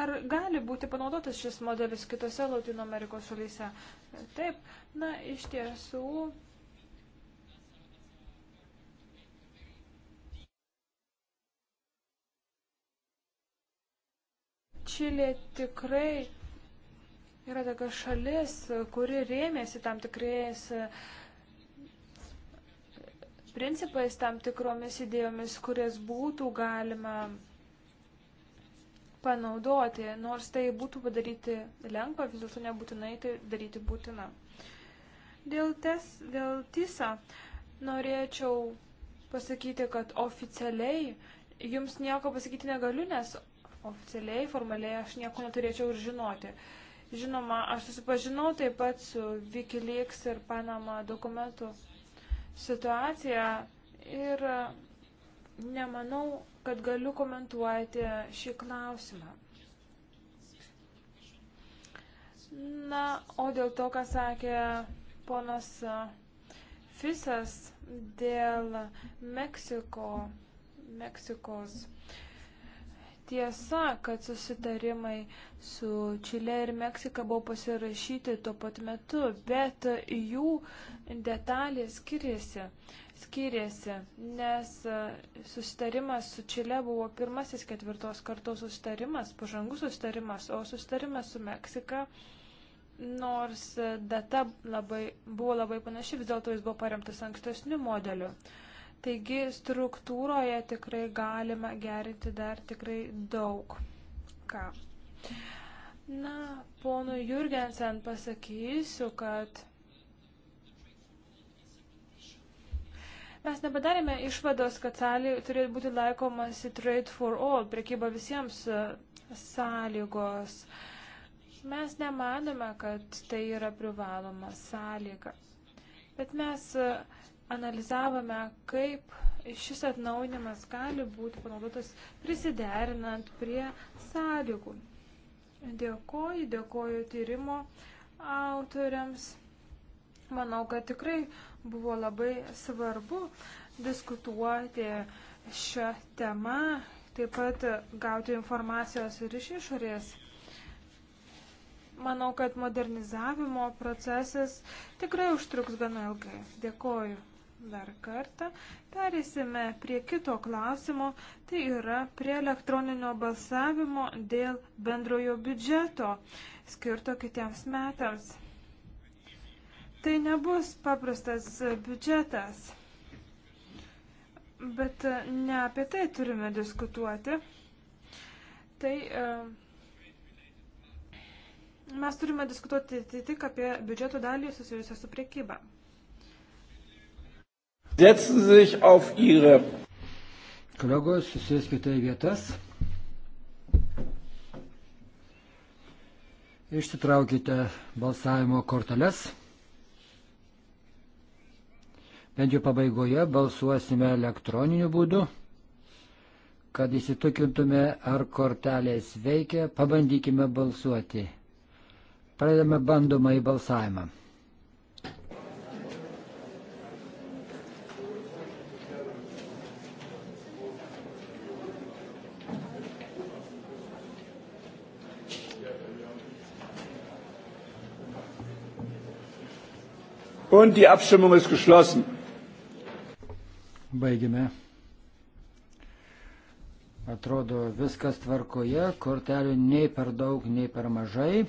Ar gali būti panaudotas šis modelis kitose Latino Amerikos šalyse? Taip, na, iš tiesų. Čilė tikrai Yra tokia šalis, kuri rėmėsi tam tikrais e, principais, tam tikromis idėjomis, kurias būtų galima panaudoti, nors tai būtų padaryti lengva, vis dėlto nebūtinai tai daryti būtina. Dėl, tes, dėl TISA norėčiau pasakyti, kad oficialiai jums nieko pasakyti negaliu, nes oficialiai, formaliai aš nieko neturėčiau ir žinoti. Uh, Žinoma, aš susipažinau taip pat su Wikileaks ir Panama dokumentų situacija ir e, nemanau, kad galiu komentuoti šį klausimą. Na, o dėl to, ką sakė ponas e, Fisas dėl Meksiko, Meksikos tiesa, kad susitarimai su Čile ir Meksika buvo pasirašyti tuo pat metu, bet jų detalės skiriasi. Skiriasi, nes e, susitarimas su Čile buvo pirmasis ketvirtos kartos susitarimas, pažangus susitarimas, o susitarimas su Meksika nors e, data labai, buvo labai panaši, vis dėlto jis buvo paremtas ankstesniu modeliu. Taigi struktūroje tikrai galima gerinti dar tikrai daug. Ką? Na, ponui Jurgensen pasakysiu, kad mes nepadarėme išvados, kad sąly turėtų būti laikomasi trade for all, priekyba visiems e, sąlygos. Mes nemanome, kad tai yra privaloma sąlyga. Bet mes uh, analizavome, kaip šis atnaujinimas gali būti panaudotas prisiderinant prie sąlygų. Dėkoju, dėkoju tyrimo autoriams. Manau, kad tikrai buvo labai svarbu diskutuoti šią temą, taip pat gauti informacijos ir iš išorės. Manau, kad modernizavimo procesas tikrai užtruks gana ilgai. Dėkoju dar kartą. Perėsime prie kito klausimo, tai yra prie elektroninio balsavimo dėl bendrojo biudžeto skirto kitiems metams. Tai nebus paprastas biudžetas, bet ne apie tai turime diskutuoti. Tai e, mes turime diskutuoti tik apie biudžeto dalį susijusią su priekyba. Setzen Sie sich auf Ihre. Kolegos, susėskite į vietas. Išsitraukite balsavimo korteles. Bent jau pabaigoje balsuosime elektroniniu būdu. Kad įsitikintume, ar kortelės veikia, pabandykime balsuoti. Pradedame bandomą į balsavimą. Und die Abstimmung ist geschlossen. Baigime. Atrodo, viskas tvarkoje, kortelių nei per daug, nei per mažai.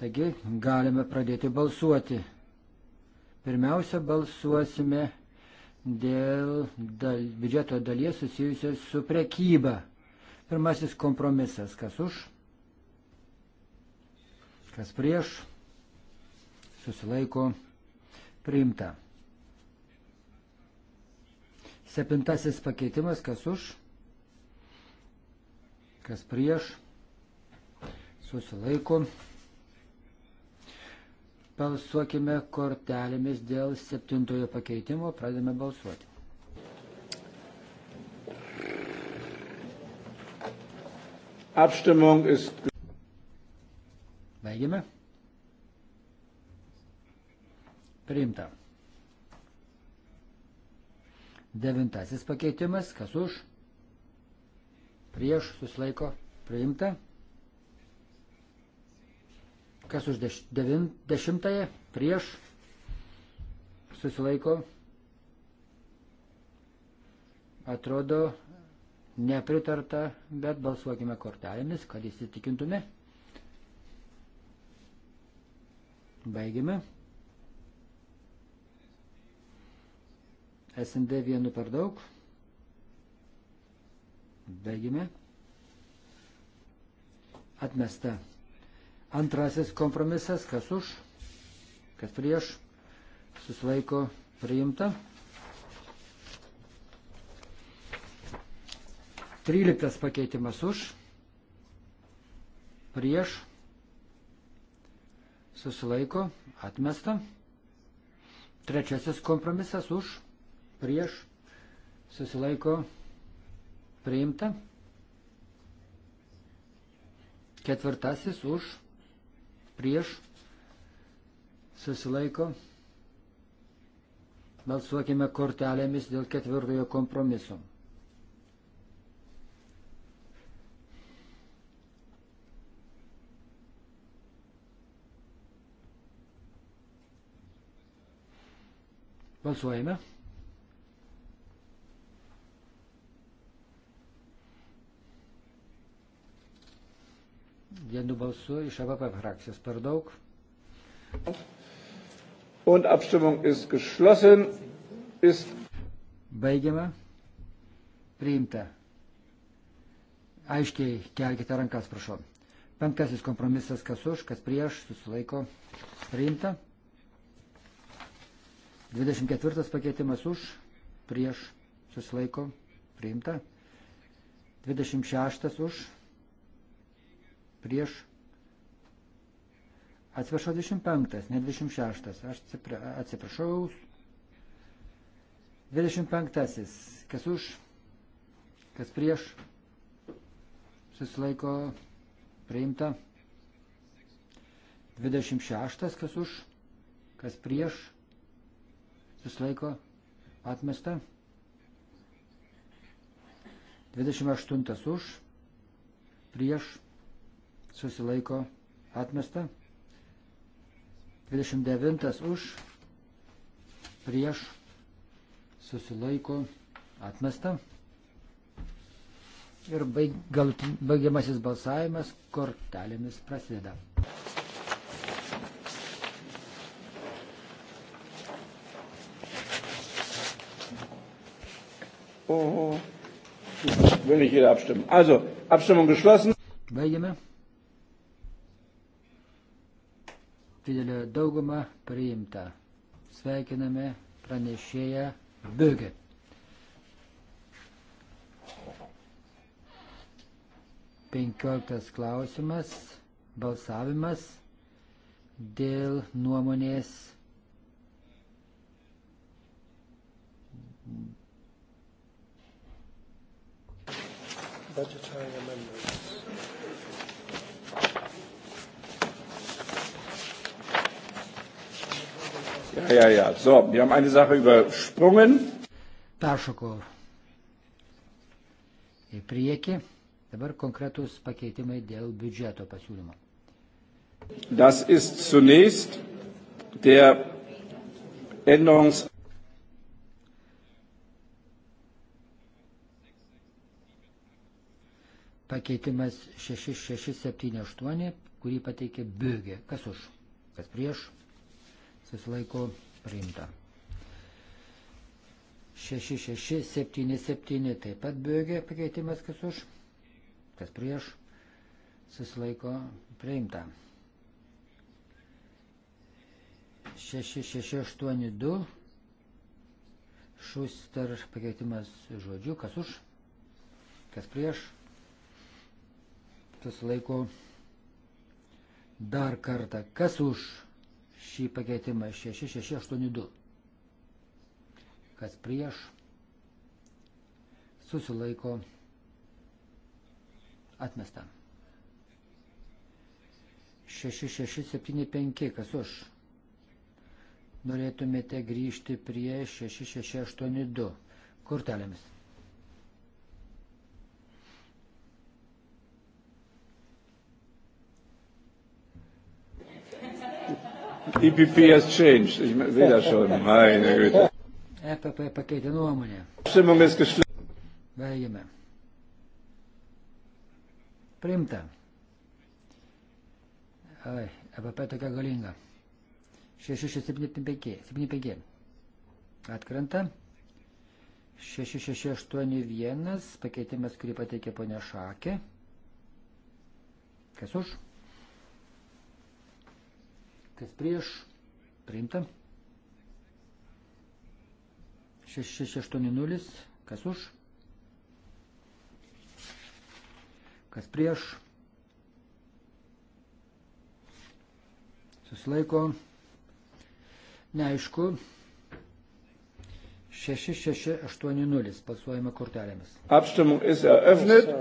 Taigi galime pradėti balsuoti. Pirmiausia, balsuosime dėl dal, biudžeto dalies susijusios su prekyba. Pirmasis kompromisas, kas už, kas prieš susilaiko priimta. Septintasis pakeitimas, kas už, kas prieš, susilaiko. Balsuokime kortelėmis dėl septintojo pakeitimo, pradėme balsuoti. Abstimmung ist. Baigėme. Priimta. Devintasis pakeitimas, kas už, prieš susilaiko priimta. Kas už deš, devin, dešimtąją, prieš susilaiko. Atrodo nepritarta, bet balsuokime kortelėmis, kad įsitikintume. Baigime. SND vienu per daug. Baigime. Atmesta. Antrasis kompromisas, kas už, kas prieš, susilaiko priimta. Tryliktas pakeitimas už, prieš, susilaiko, atmesta. Trečiasis kompromisas už, prieš, susilaiko priimta. Ketvirtasis už, prieš, susilaiko. Balsuokime kortelėmis dėl ketvirtojo kompromiso. Balsuojame. Vienu balsu iš APP frakcijos per daug. Und Abstimmung ist geschlossen. Ist Baigiama. Priimta. Aiškiai kelkite rankas, prašau. Penktasis kompromisas, kas už, kas prieš, susilaiko. Priimta. 24 pakeitimas už, prieš, susilaiko. Priimta. 26 už, prieš. Atsiprašau, 25, ne 26, aš atsiprašau. 25, kas už, kas prieš, susilaiko priimta. 26, kas už, kas prieš, susilaiko atmesta. 28 už, prieš, susilaiko atmesta. 29 už, prieš, susilaiko atmesta. Ir baig, gal, baigiamasis balsavimas kortelėmis prasideda. Oho. Will nicht jeder abstimmen. Also, Abstimmung geschlossen. Baigiame. didelę daugumą priimta. Sveikiname pranešėją Bögė. Penkioliktas klausimas, balsavimas dėl nuomonės budgetary amendment. Ja, ja, ja. So, wir haben eine Sache übersprungen. Peršokau į priekį. Dabar konkretus pakeitimai dėl biudžeto pasiūlymo. Das ist zunächst der Änderungs. Pakeitimas 6678, kurį pateikė Bögė. Kas už? Kas prieš? susilaiko priimta. 6677 taip pat bėgė pakeitimas, kas už, kas prieš, susilaiko priimta. 6682 šuster pakeitimas žodžiu, kas už, kas prieš, susilaiko dar kartą, kas už šį pakeitimą 6682. Kas prieš susilaiko atmesta. 6675, kas už? Norėtumėte grįžti prie 6682 kortelėmis. EPP has changed. Ich sehe das schon. Meine Güte. EPP pakeitė nuomonę. Apšimungas kažkaip. Baigiame. Primta. Ai, EPP tokia galinga. 6675. Atkrenta. 6681 pakeitimas, kurį pateikė ponia Šakė. Kas už? kas prieš, priimta. 6680, kas už, kas prieš, susilaiko, neaišku, 6680, balsuojame kortelėmis. Apstimmung ist eröffnet.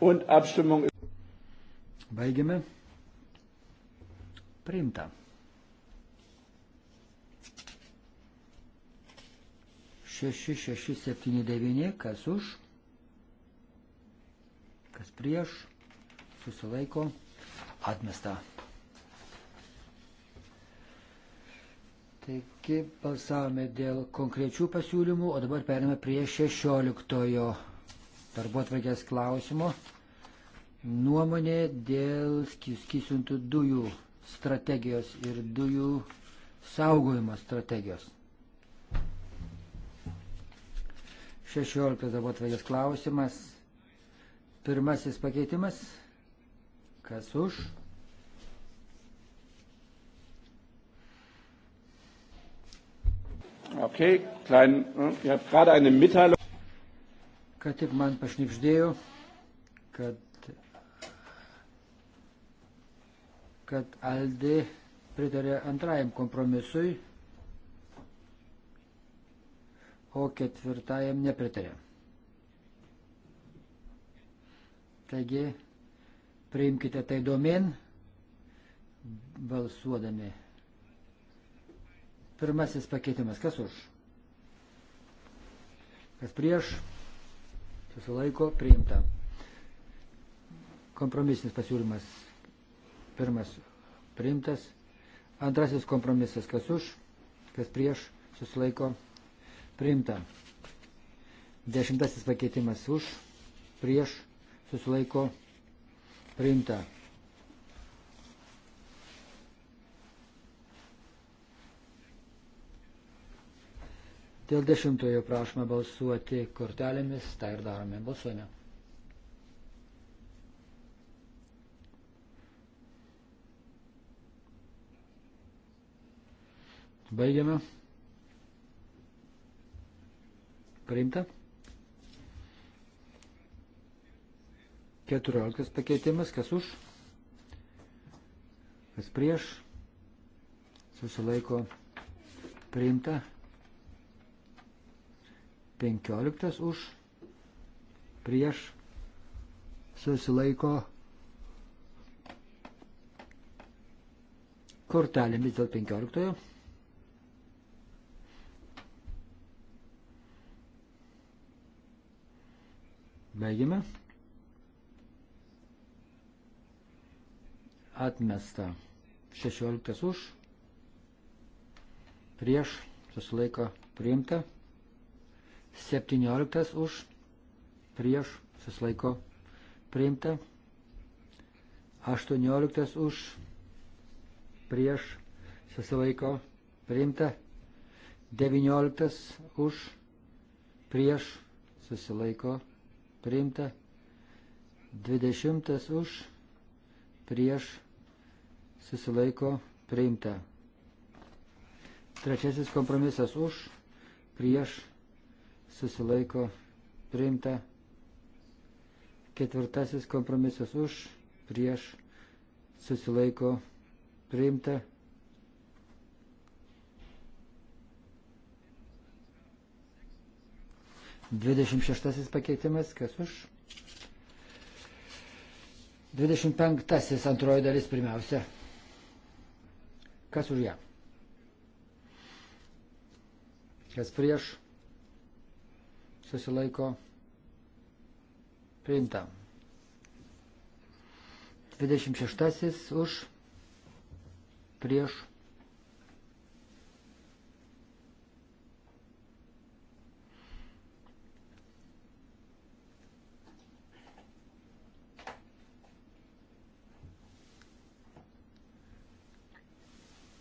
Und Abstimmung ist. Baigiame. Priimta. Šeši, šeši, septyni, devyni, kas už, kas prieš, susilaiko, atmesta. Taigi balsavome dėl konkrečių pasiūlymų, o dabar perėmė prie šešioliktojo darbo atvarkės klausimo nuomonė dėl skisintų dujų strategijos ir dujų saugojimo strategijos. 16 darbo atvarkės klausimas. Pirmasis pakeitimas. Kas už? Okay, klein, hm, ihr habt gerade eine Mitteilung. Ką tik man pašnipždėjo, kad, kad Aldi pritarė antrajam kompromisui, o ketvirtajam nepritarė. Taigi, priimkite tai domen, balsuodami. Pirmasis pakeitimas. Kas už? Kas prieš? susilaiko priimta. Kompromisinis pasiūlymas pirmas priimtas. Antrasis kompromisas, kas už, kas prieš, susilaiko priimta. Dešimtasis pakeitimas už, prieš, susilaiko priimta. Dėl dešimtojo prašome balsuoti kortelėmis, tai ir darome. Balsuojame. Baigiame. Priimta. 14 pakeitimas, kas už, kas prieš, susilaiko priimta. 15 už, prieš, susilaiko kortelėmis dėl 15. Baigime. Atmesta 16 už, prieš, susilaiko priimta. 17 už, prieš, susilaiko priimta. 18 už, prieš, susilaiko priimta. 19 už, prieš, susilaiko priimta. 20 už, prieš, susilaiko priimta. Trečiasis kompromisas už, prieš, susilaiko priimta. Ketvirtasis kompromisas už, prieš susilaiko priimta. Dvidešimt šeštasis pakeitimas, kas už? Dvidešimt penktasis antroji dalis pirmiausia. Kas už ją? Kas prieš? susilaiko priimta. 26 už prieš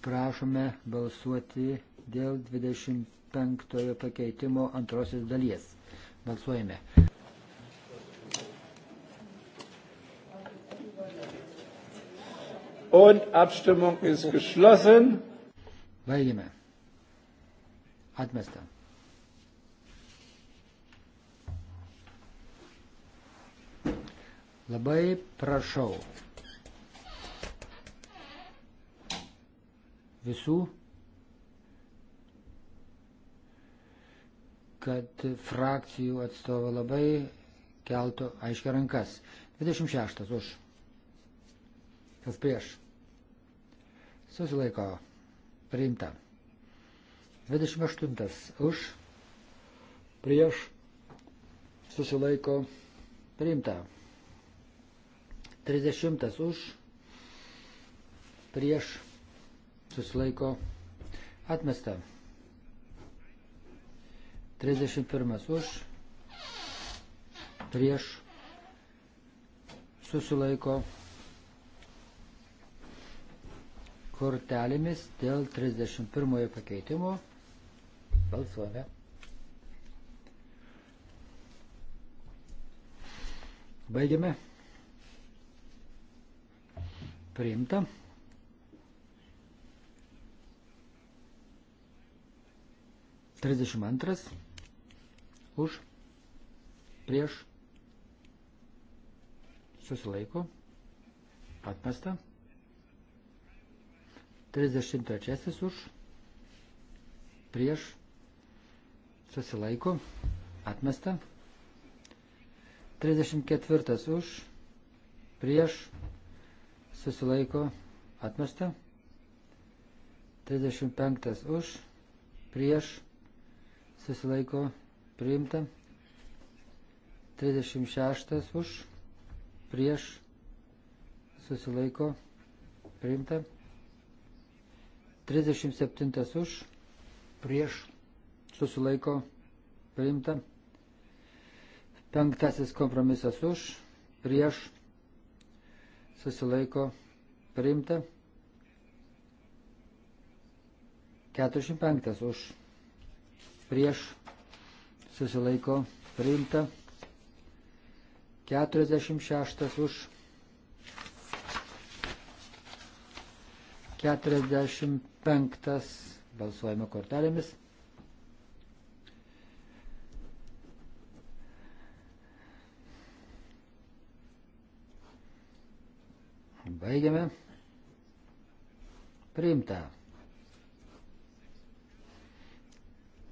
prašome balsuoti dėl 25 pakeitimo antrosios dalies. Balsuojame. Und Abstimmung ist geschlossen. Baigėme. Atmesta. Labai prašau visų kad frakcijų atstovai labai keltų aiškia rankas. 26 už. Kas prieš? Susilaiko. Priimta. 28 už. Prieš. Susilaiko. Priimta. 30 už. Prieš. Susilaiko. Atmesta. 31 už, prieš, susilaiko kortelėmis dėl 31 pakeitimo. Balsuojame. Baigiame. Priimta. Trisdešimt antras už, prieš, susilaiko, atmesta. 33 už, prieš, susilaiko, atmesta. 34 už, prieš, susilaiko, atmesta. 35 už, prieš, susilaiko, atmesta priimta. 36 už, prieš, susilaiko, priimta. 37 už, prieš, susilaiko, priimta. Penktasis kompromisas už, prieš, susilaiko, priimta. 45 už, prieš, susilaiko priimta. 46 už. 45 balsuojame kortelėmis. Baigiame. Priimta.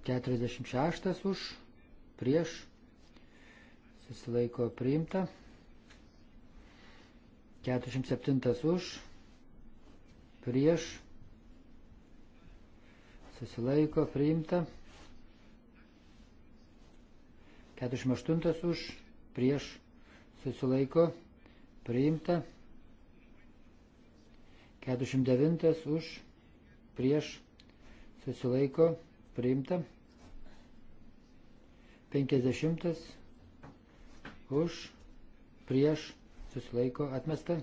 46 už prieš, susilaiko priimta, 47 už, prieš, susilaiko priimta, 48 už, prieš, susilaiko priimta, 49 už, prieš, susilaiko priimta. 50 už, prieš, susilaiko atmesta.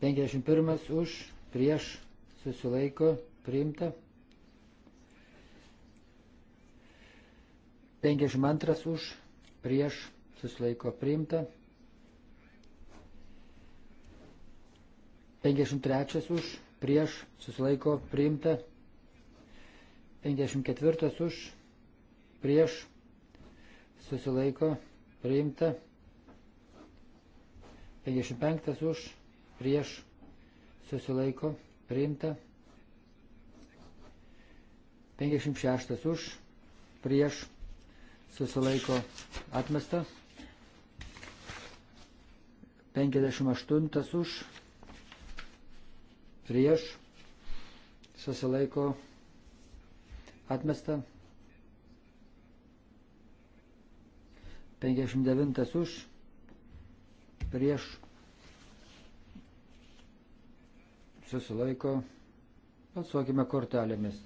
51 už, prieš, susilaiko priimta. 52 už, prieš, susilaiko priimta. 53 už, prieš, susilaiko priimta. 54 už, prieš, susilaiko, priimta. 55 už, prieš, susilaiko, priimta. 56 už, prieš, susilaiko, atmesta. 58 už, prieš, susilaiko, atmesta atmesta. 59 už, prieš, susilaiko, balsuokime kortelėmis.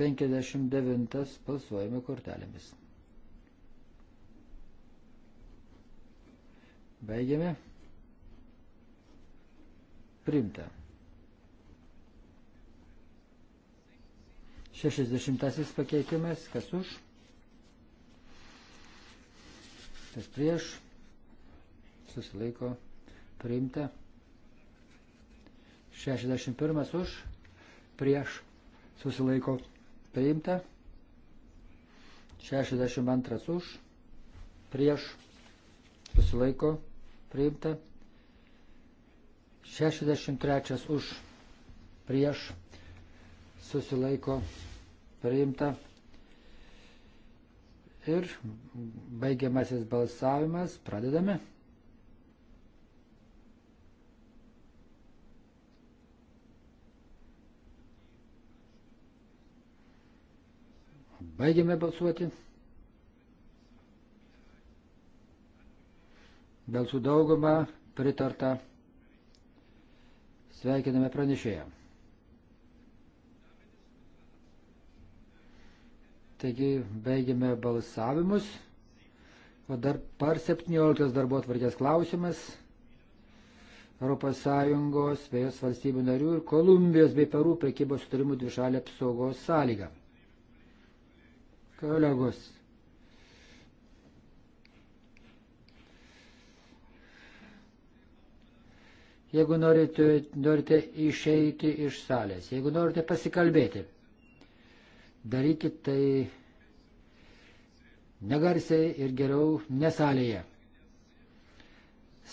59 balsuojame kortelėmis. Baigiame. Primta. 60 pakeitimas, kas už, kas prieš, susilaiko priimta. 61 už, prieš, susilaiko priimta. 62 už, prieš, susilaiko priimta. 63 už, prieš, susilaiko priimta priimta. Ir baigiamasis balsavimas, pradedame. Baigiame balsuoti. Balsų daugumą pritarta. Sveikiname pranešėjams. Taigi baigiame balsavimus. O dar par 17 darbo atvarkės klausimas. ES, vėjos valstybių narių ir Kolumbijos bei Perų prekybos sutarimų dvišalė apsaugos sąlyga. Kolegos. Jeigu norite, norite išeiti iš salės, jeigu norite pasikalbėti, darykit tai negarsiai ir geriau nesalėje.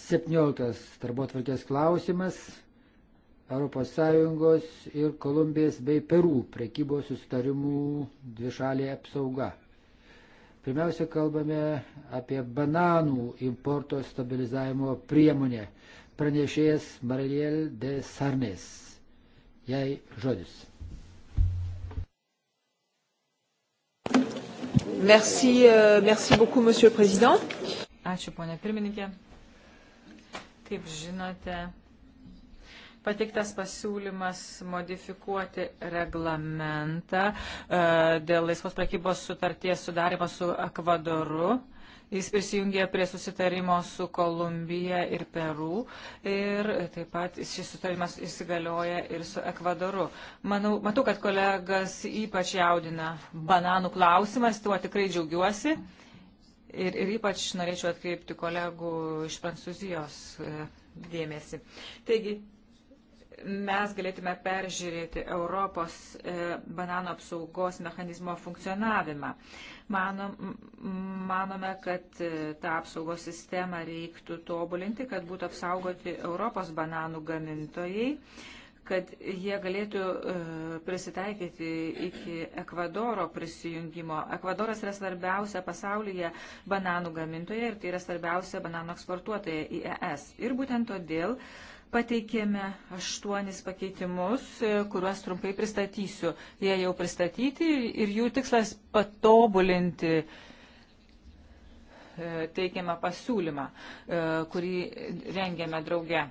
17. Darbotvarkės klausimas. ES ir Kolumbijos bei Perų prekybos sustarimų dvišalė apsauga. Pirmiausia, kalbame apie bananų importo stabilizavimo priemonę. Pranešėjas Mariel de Sarnes. Jai žodis. Merci, euh, merci beaucoup, monsieur président. Ačiū, ponė pirmininkė. Kaip žinote, pateiktas pasiūlymas modifikuoti reglamentą e, dėl laisvos prekybos sutarties sudarimo su Ekvadoru. Jis prisijungė prie susitarimo su Kolumbija ir Peru ir taip pat šis sutarimas įsigalioja ir su Ekvadoru. Manau, matau, kad kolegas ypač jaudina bananų klausimas, tuo tikrai džiaugiuosi. Ir, ir ypač norėčiau atkreipti kolegų iš Prancūzijos e, dėmesį. Taigi, mes galėtume peržiūrėti Europos e, banano apsaugos mechanizmo funkcionavimą. Manom, manome, kad e, tą apsaugos sistemą reiktų tobulinti, kad būtų apsaugoti Europos bananų gamintojai kad jie galėtų e, prisitaikyti iki Ekvadoro prisijungimo. Ekvadoras yra svarbiausia pasaulyje bananų gamintoja ir tai yra svarbiausia bananų eksportuotoja į ES. Ir būtent todėl uh, Pateikėme aštuonis pakeitimus, e, kuriuos trumpai pristatysiu. Jie jau pristatyti ir jų tikslas patobulinti e, teikiamą pasiūlymą, e, kurį rengėme drauge.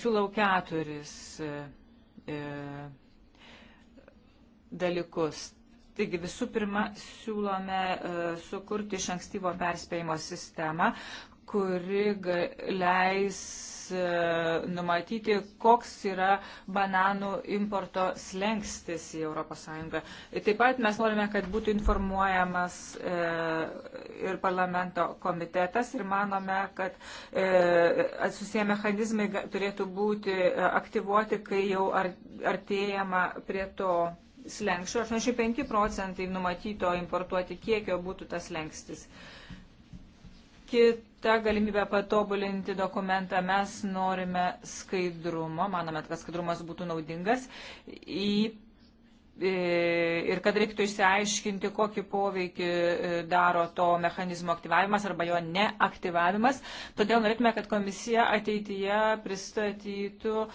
Siūlau keturis dalykus. Taigi visų pirma, siūlome sukurti iš ankstyvo perspėjimo sistemą, kuri leis e, numatyti, koks yra bananų importo slengstis į ES. Taip pat mes norime, kad būtų informuojamas e, ir parlamento komitetas ir manome, kad susiję e, mechanizmai turėtų būti aktyvuoti, kai jau artėjama prie to. Slenkščio 85 procentai numatyto importuoti kiekio būtų tas lenkstis. Kit, tą galimybę patobulinti dokumentą mes norime skaidrumo, manome, kad skaidrumas būtų naudingas į, e, ir kad reiktų išsiaiškinti, kokį poveikį e, daro to mechanizmo aktyvavimas arba jo neaktyvavimas. Todėl norėtume, kad komisija ateityje pristatytų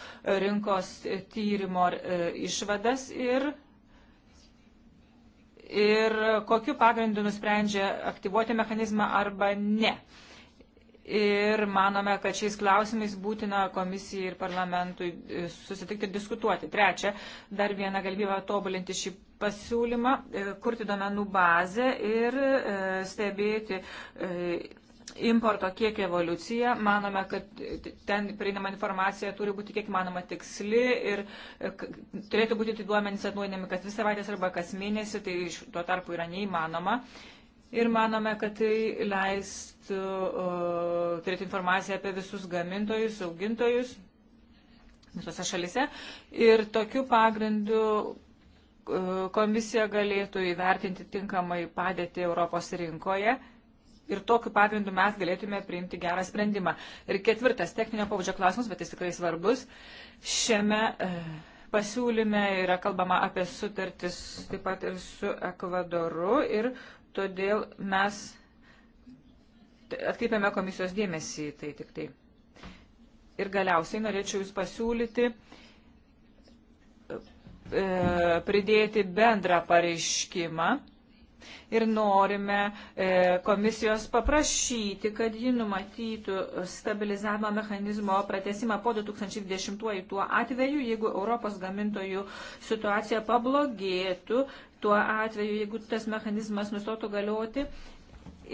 rinkos tyrimo e, išvadas ir ir kokiu pagrindu nusprendžia aktyvuoti mechanizmą arba ne ir manome, kad šiais klausimais būtina komisijai ir parlamentui e, susitikti ir diskutuoti. Trečia, dar viena galimybė tobulinti šį pasiūlymą, e, kurti domenų bazę ir e, stebėti importo kiek evoliucija. Manome, kad ten prieinama informacija turi būti kiek manoma tiksli ir turėtų būti duomenys atnuojami kas dvi savaitės arba kas mėnesį, tai tuo tarpu yra neįmanoma ir manome, kad tai leistų uh, turėti informaciją apie visus gamintojus, augintojus visose šalise. Ir tokiu pagrindu uh, komisija galėtų įvertinti tinkamai padėti Europos rinkoje. Ir tokiu pagrindu mes galėtume priimti gerą sprendimą. Ir ketvirtas techninio pabudžio klausimas, bet jis tikrai svarbus. Šiame uh, pasiūlyme yra kalbama apie sutartis taip pat ir su Ekvadoru ir todėl mes atkreipiame komisijos dėmesį į tai tik tai. Ir galiausiai norėčiau Jūs pasiūlyti e, pridėti bendrą pareiškimą ir norime e, komisijos paprašyti, kad ji numatytų stabilizavimo mechanizmo pratesimą po 2020 tuo atveju, jeigu Europos gamintojų situacija pablogėtų, tuo atveju, jeigu tas mechanizmas nustotų galioti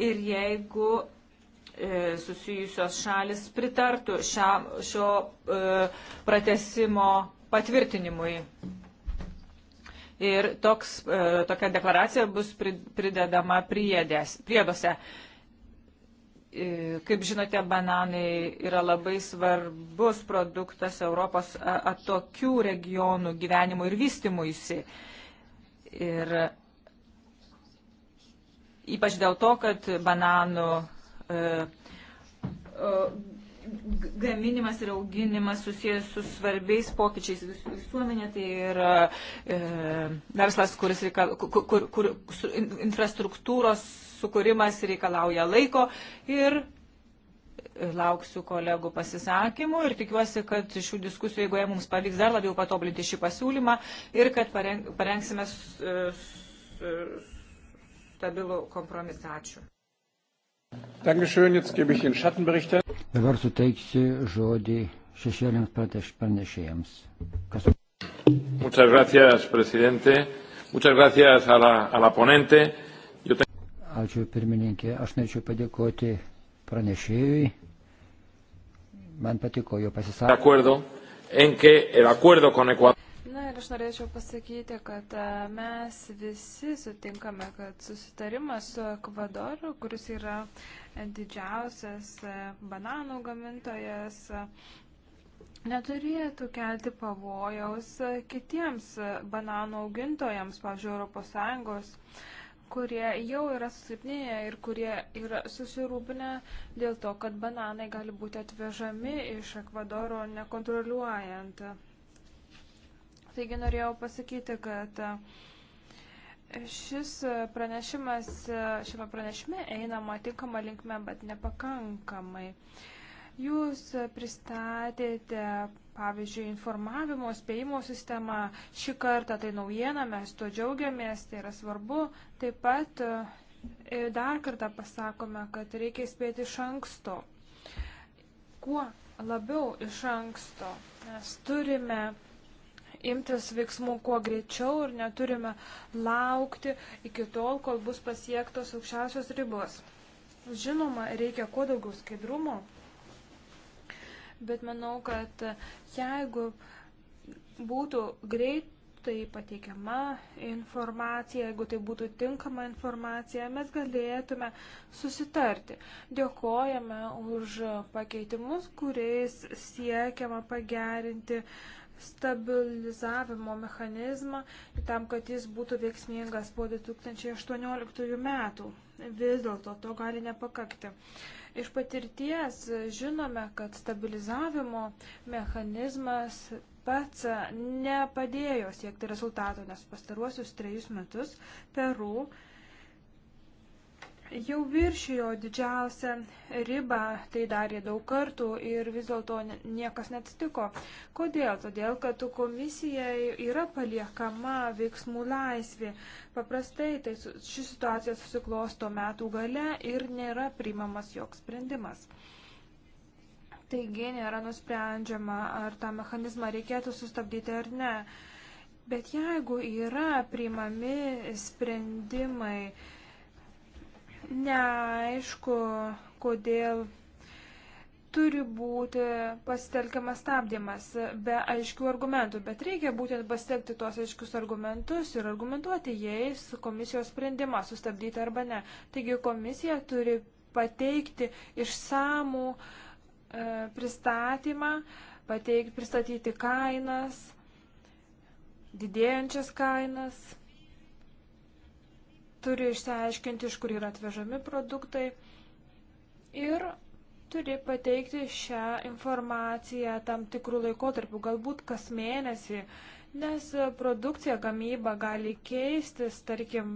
ir jeigu e, susijusios šalis pritartų šia, šio e, pratesimo patvirtinimui ir toks, e, tokia deklaracija bus pridedama priedės, prieduose. E, kaip žinote, bananai yra labai svarbus produktas Europos e, atokių regionų gyvenimui ir vystimuisi. Ir ypač dėl to, kad bananų gaminimas ir auginimas susijęs su svarbiais pokyčiais visuomenė, tai yra e, verslas, kuris reikal, kur, kur, kur su, infrastruktūros sukūrimas reikalauja laiko ir lauksiu kolegų pasisakymų ir tikiuosi, kad šių diskusijų eigoje mums pavyks dar labiau patobulinti šį pasiūlymą ir kad parengsime stabilų kompromisą. Ačiū. Dabar suteiksiu žodį šešėliams pranešėjams. Kas... Muchas gracias, presidente. Muchas gracias a la, a la ponente. Yo te... Ačiū pirmininkė. Aš norėčiau padėkoti pranešėjui. Man patiko jo pasisakymas. Na ir aš norėčiau pasakyti, kad e, mes visi sutinkame, kad susitarimas su Ekvadoru, kuris yra didžiausias e, bananų gamintojas, neturėtų kelti pavojaus kitiems bananų augintojams, pavyzdžiui, ES kurie jau yra susilpnėję ir kurie yra susirūpinę dėl to, kad bananai gali būti atvežami iš Ekvadoro nekontroliuojant. Taigi norėjau pasakyti, kad e, šis pranešimas, e, šiame pranešime einama tinkama linkme, bet nepakankamai. Jūs pristatėte, pavyzdžiui, informavimo spėjimo sistemą. Šį kartą tai naujiena, mes to džiaugiamės, tai yra svarbu. Taip pat e, dar kartą pasakome, kad reikia spėti iš anksto. Kuo labiau iš anksto mes turime imtis veiksmų kuo greičiau ir neturime laukti iki tol, kol bus pasiektos aukščiausios ribos. Žinoma, reikia kuo daugiau skaidrumo, bet manau, kad jeigu būtų greit tai pateikiama informacija, jeigu tai būtų tinkama informacija, mes galėtume susitarti. Dėkojame už pakeitimus, kuriais siekiama pagerinti uh, stabilizavimo mechanizmą tam, kad jis būtų veiksmingas po 2018 metų. Vis dėlto to gali nepakakti. Iš patirties žinome, kad stabilizavimo mechanizmas pats nepadėjo siekti rezultato, nes pastaruosius trejus metus Peru jau viršijo didžiausią ribą, tai darė daug kartų ir vis dėlto niekas netstiko. Kodėl? Todėl, kad komisija yra paliekama veiksmų laisvė. Paprastai tai ši situacija susiklosto metų gale ir nėra priimamas joks sprendimas. Taigi nėra nusprendžiama, ar tą mechanizmą reikėtų sustabdyti ar ne. Bet jeigu yra priimami sprendimai, neaišku, kodėl turi būti pasitelkiamas stabdymas be aiškių argumentų, bet reikia būtent pasitelkti tuos aiškius argumentus ir argumentuoti jais komisijos sprendimą sustabdyti arba ne. Taigi komisija turi pateikti išsamų e, pristatymą, pateik, pristatyti kainas, didėjančias kainas turi išsiaiškinti, iš kur yra atvežami produktai ir turi pateikti šią informaciją tam tikrų laikotarpių, galbūt kas mėnesį, nes produkcija gamyba gali keistis, tarkim,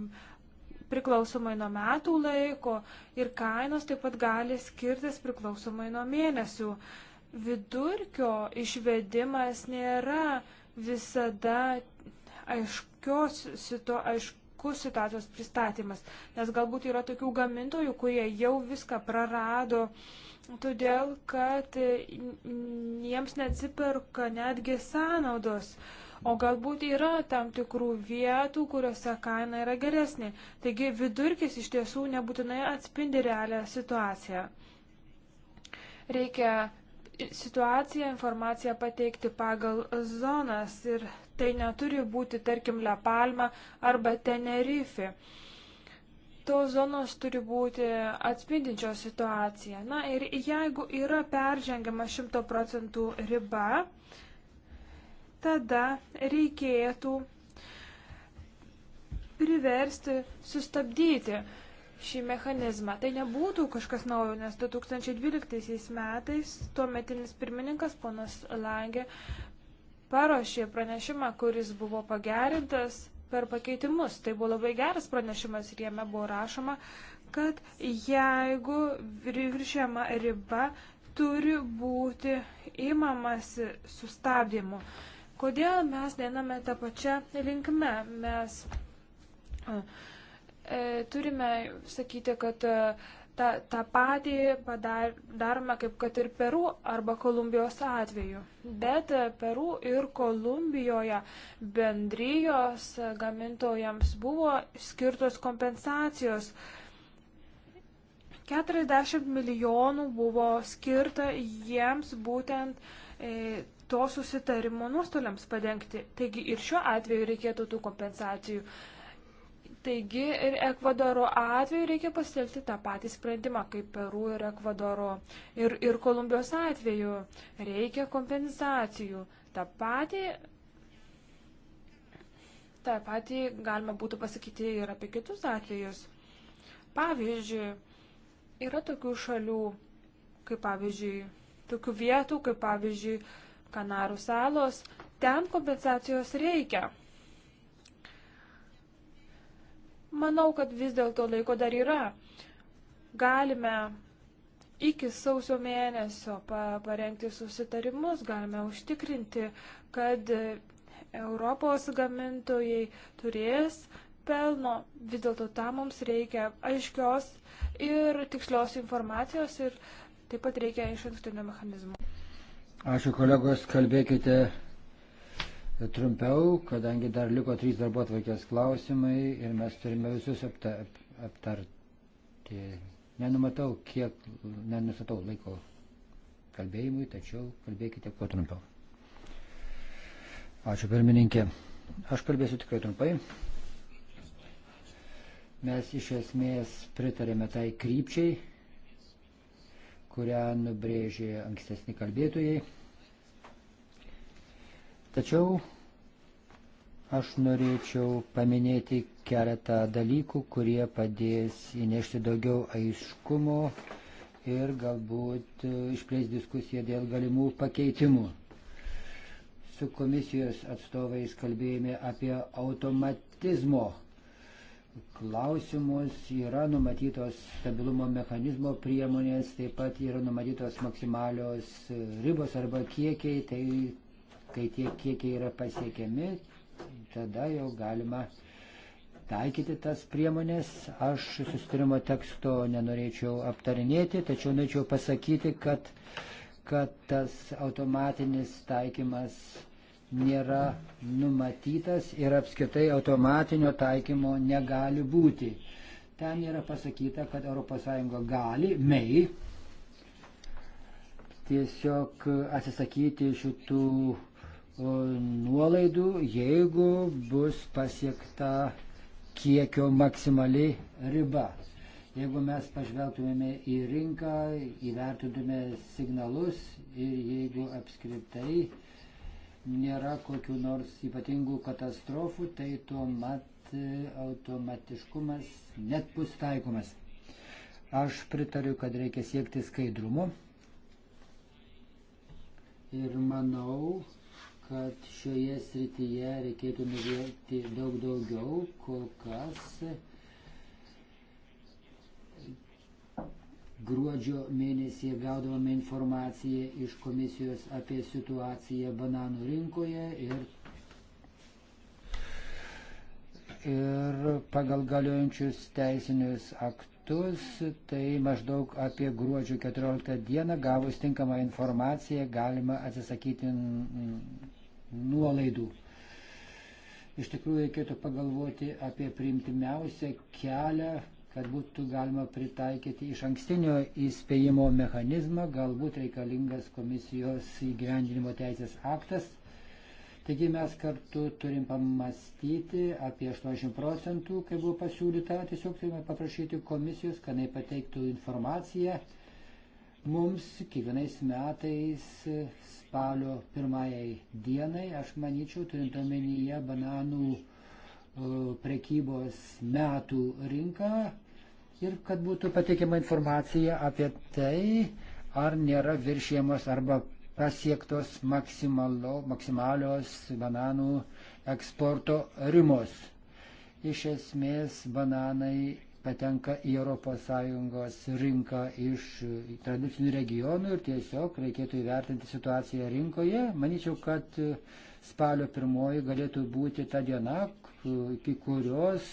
priklausomai nuo metų laiko ir kainos taip pat gali skirtis priklausomai nuo mėnesių. Vidurkio išvedimas nėra visada aiškios situ, aišk, puikus situacijos pristatymas, nes galbūt yra tokių gamintojų, kurie jau viską prarado, todėl kad jiems neatsiperka netgi sąnaudos. O galbūt yra tam tikrų vietų, kuriuose kaina yra geresnė. Taigi vidurkis iš tiesų nebūtinai atspindi realią situaciją. Reikia situaciją, informaciją pateikti pagal zonas ir Tai neturi būti, tarkim, Lepalma arba Tenerife. Tos zonos turi būti atspindinčios situaciją. Na ir jeigu yra peržengiama 100 procentų riba, tada reikėtų priversti sustabdyti šį mechanizmą. Tai nebūtų kažkas naujo, nes 2012 metais tuometinis pirmininkas ponas Langė paruošė pranešimą, kuris buvo pagerintas per pakeitimus. Tai buvo labai geras pranešimas ir jame buvo rašoma, kad jeigu viršiama riba, turi būti įmamasi sustabdymu. Kodėl mes einame tą pačią linkmę? Mes e, turime sakyti, kad e, Ta, tą patį padar, darome kaip kad ir Peru arba Kolumbijos atveju. Bet e, Peru ir Kolumbijoje bendrijos gamintojams buvo skirtos kompensacijos. 40 milijonų buvo skirta jiems būtent e, to susitarimo nuostoliams padengti. Taigi ir šiuo atveju reikėtų tų kompensacijų. Taigi ir Ekvadoro atveju reikia pasitelkti tą patį sprendimą kaip Peru ir Ekvadoro. Ir, ir Kolumbijos atveju reikia kompensacijų. Ta patį, ta patį galima būtų pasakyti ir apie kitus atvejus. Pavyzdžiui, yra tokių šalių, kaip pavyzdžiui, tokių vietų, kaip pavyzdžiui, Kanarų salos, ten kompensacijos reikia. Manau, kad vis dėlto laiko dar yra. Galime iki sausio mėnesio parengti susitarimus, galime užtikrinti, kad Europos gamintojai turės pelno. Vis dėlto tam mums reikia aiškios ir tikslios informacijos ir taip pat reikia iš ankstinio mechanizmo. Ačiū kolegos, kalbėkite trumpiau, kadangi dar liko trys darbo atvarkės klausimai ir mes turime visus apta, aptarti. Nenumatau, kiek, nenusatau laiko kalbėjimui, tačiau kalbėkite kuo trumpiau. Ačiū pirmininkė. Aš kalbėsiu tikrai trumpai. Mes iš esmės pritarėme tai krypčiai, kurią nubrėžė ankstesni kalbėtojai. Tačiau Aš norėčiau paminėti keletą dalykų, kurie padės įnešti daugiau aiškumo ir galbūt e, išplės diskusiją dėl galimų pakeitimų. Su komisijos atstovais kalbėjome apie automatizmo klausimus, yra numatytos stabilumo mechanizmo priemonės, taip pat yra numatytos maksimalios ribos arba kiekiai, tai kai tie kiekiai yra pasiekiami, tada jau galima taikyti tas priemonės. Aš susitarimo teksto nenorėčiau aptarinėti, tačiau norėčiau pasakyti, kad, kad tas automatinis taikymas nėra numatytas ir apskritai automatinio taikymo negali būti. Ten yra pasakyta, kad ES gali, mei, tiesiog atsisakyti šitų nuolaidų, jeigu bus pasiekta kiekio maksimali riba. Jeigu mes pažvelgtumėme į rinką, įvertintume signalus ir jeigu apskritai nėra kokiu nors ypatingų katastrofų, tai tuomet e, automatiškumas net bus taikomas. Aš pritariu, kad reikia siekti skaidrumo. Ir manau, kad šioje srityje reikėtų nuveikti daug daugiau, kol kas gruodžio mėnesį gaudavome informaciją iš komisijos apie situaciją bananų rinkoje ir, ir pagal galiojančius teisinius aktus metus, tai maždaug apie gruodžio 14 dieną gavus tinkamą informaciją galima atsisakyti nuolaidų. Iš tikrųjų reikėtų pagalvoti apie priimtimiausią kelią, kad būtų galima pritaikyti iš ankstinio įspėjimo mechanizmą, galbūt reikalingas komisijos įgyvendinimo teisės aktas. Taigi mes kartu turim pamastyti apie 80 procentų, kai buvo pasiūlyta, tiesiog turime paprašyti komisijos, kad jinai pateiktų informaciją mums kiekvienais metais spalio pirmajai dienai, aš manyčiau, turint omenyje bananų e, prekybos metų rinką ir kad būtų pateikiama informacija apie tai, ar nėra viršėjamos arba pasiektos maksimalo, maksimalios bananų eksporto rimos. Iš esmės bananai patenka į ES rinką iš tradicinių regionų ir tiesiog reikėtų įvertinti situaciją rinkoje. Manyčiau, kad spalio pirmoji galėtų būti ta diena, iki kurios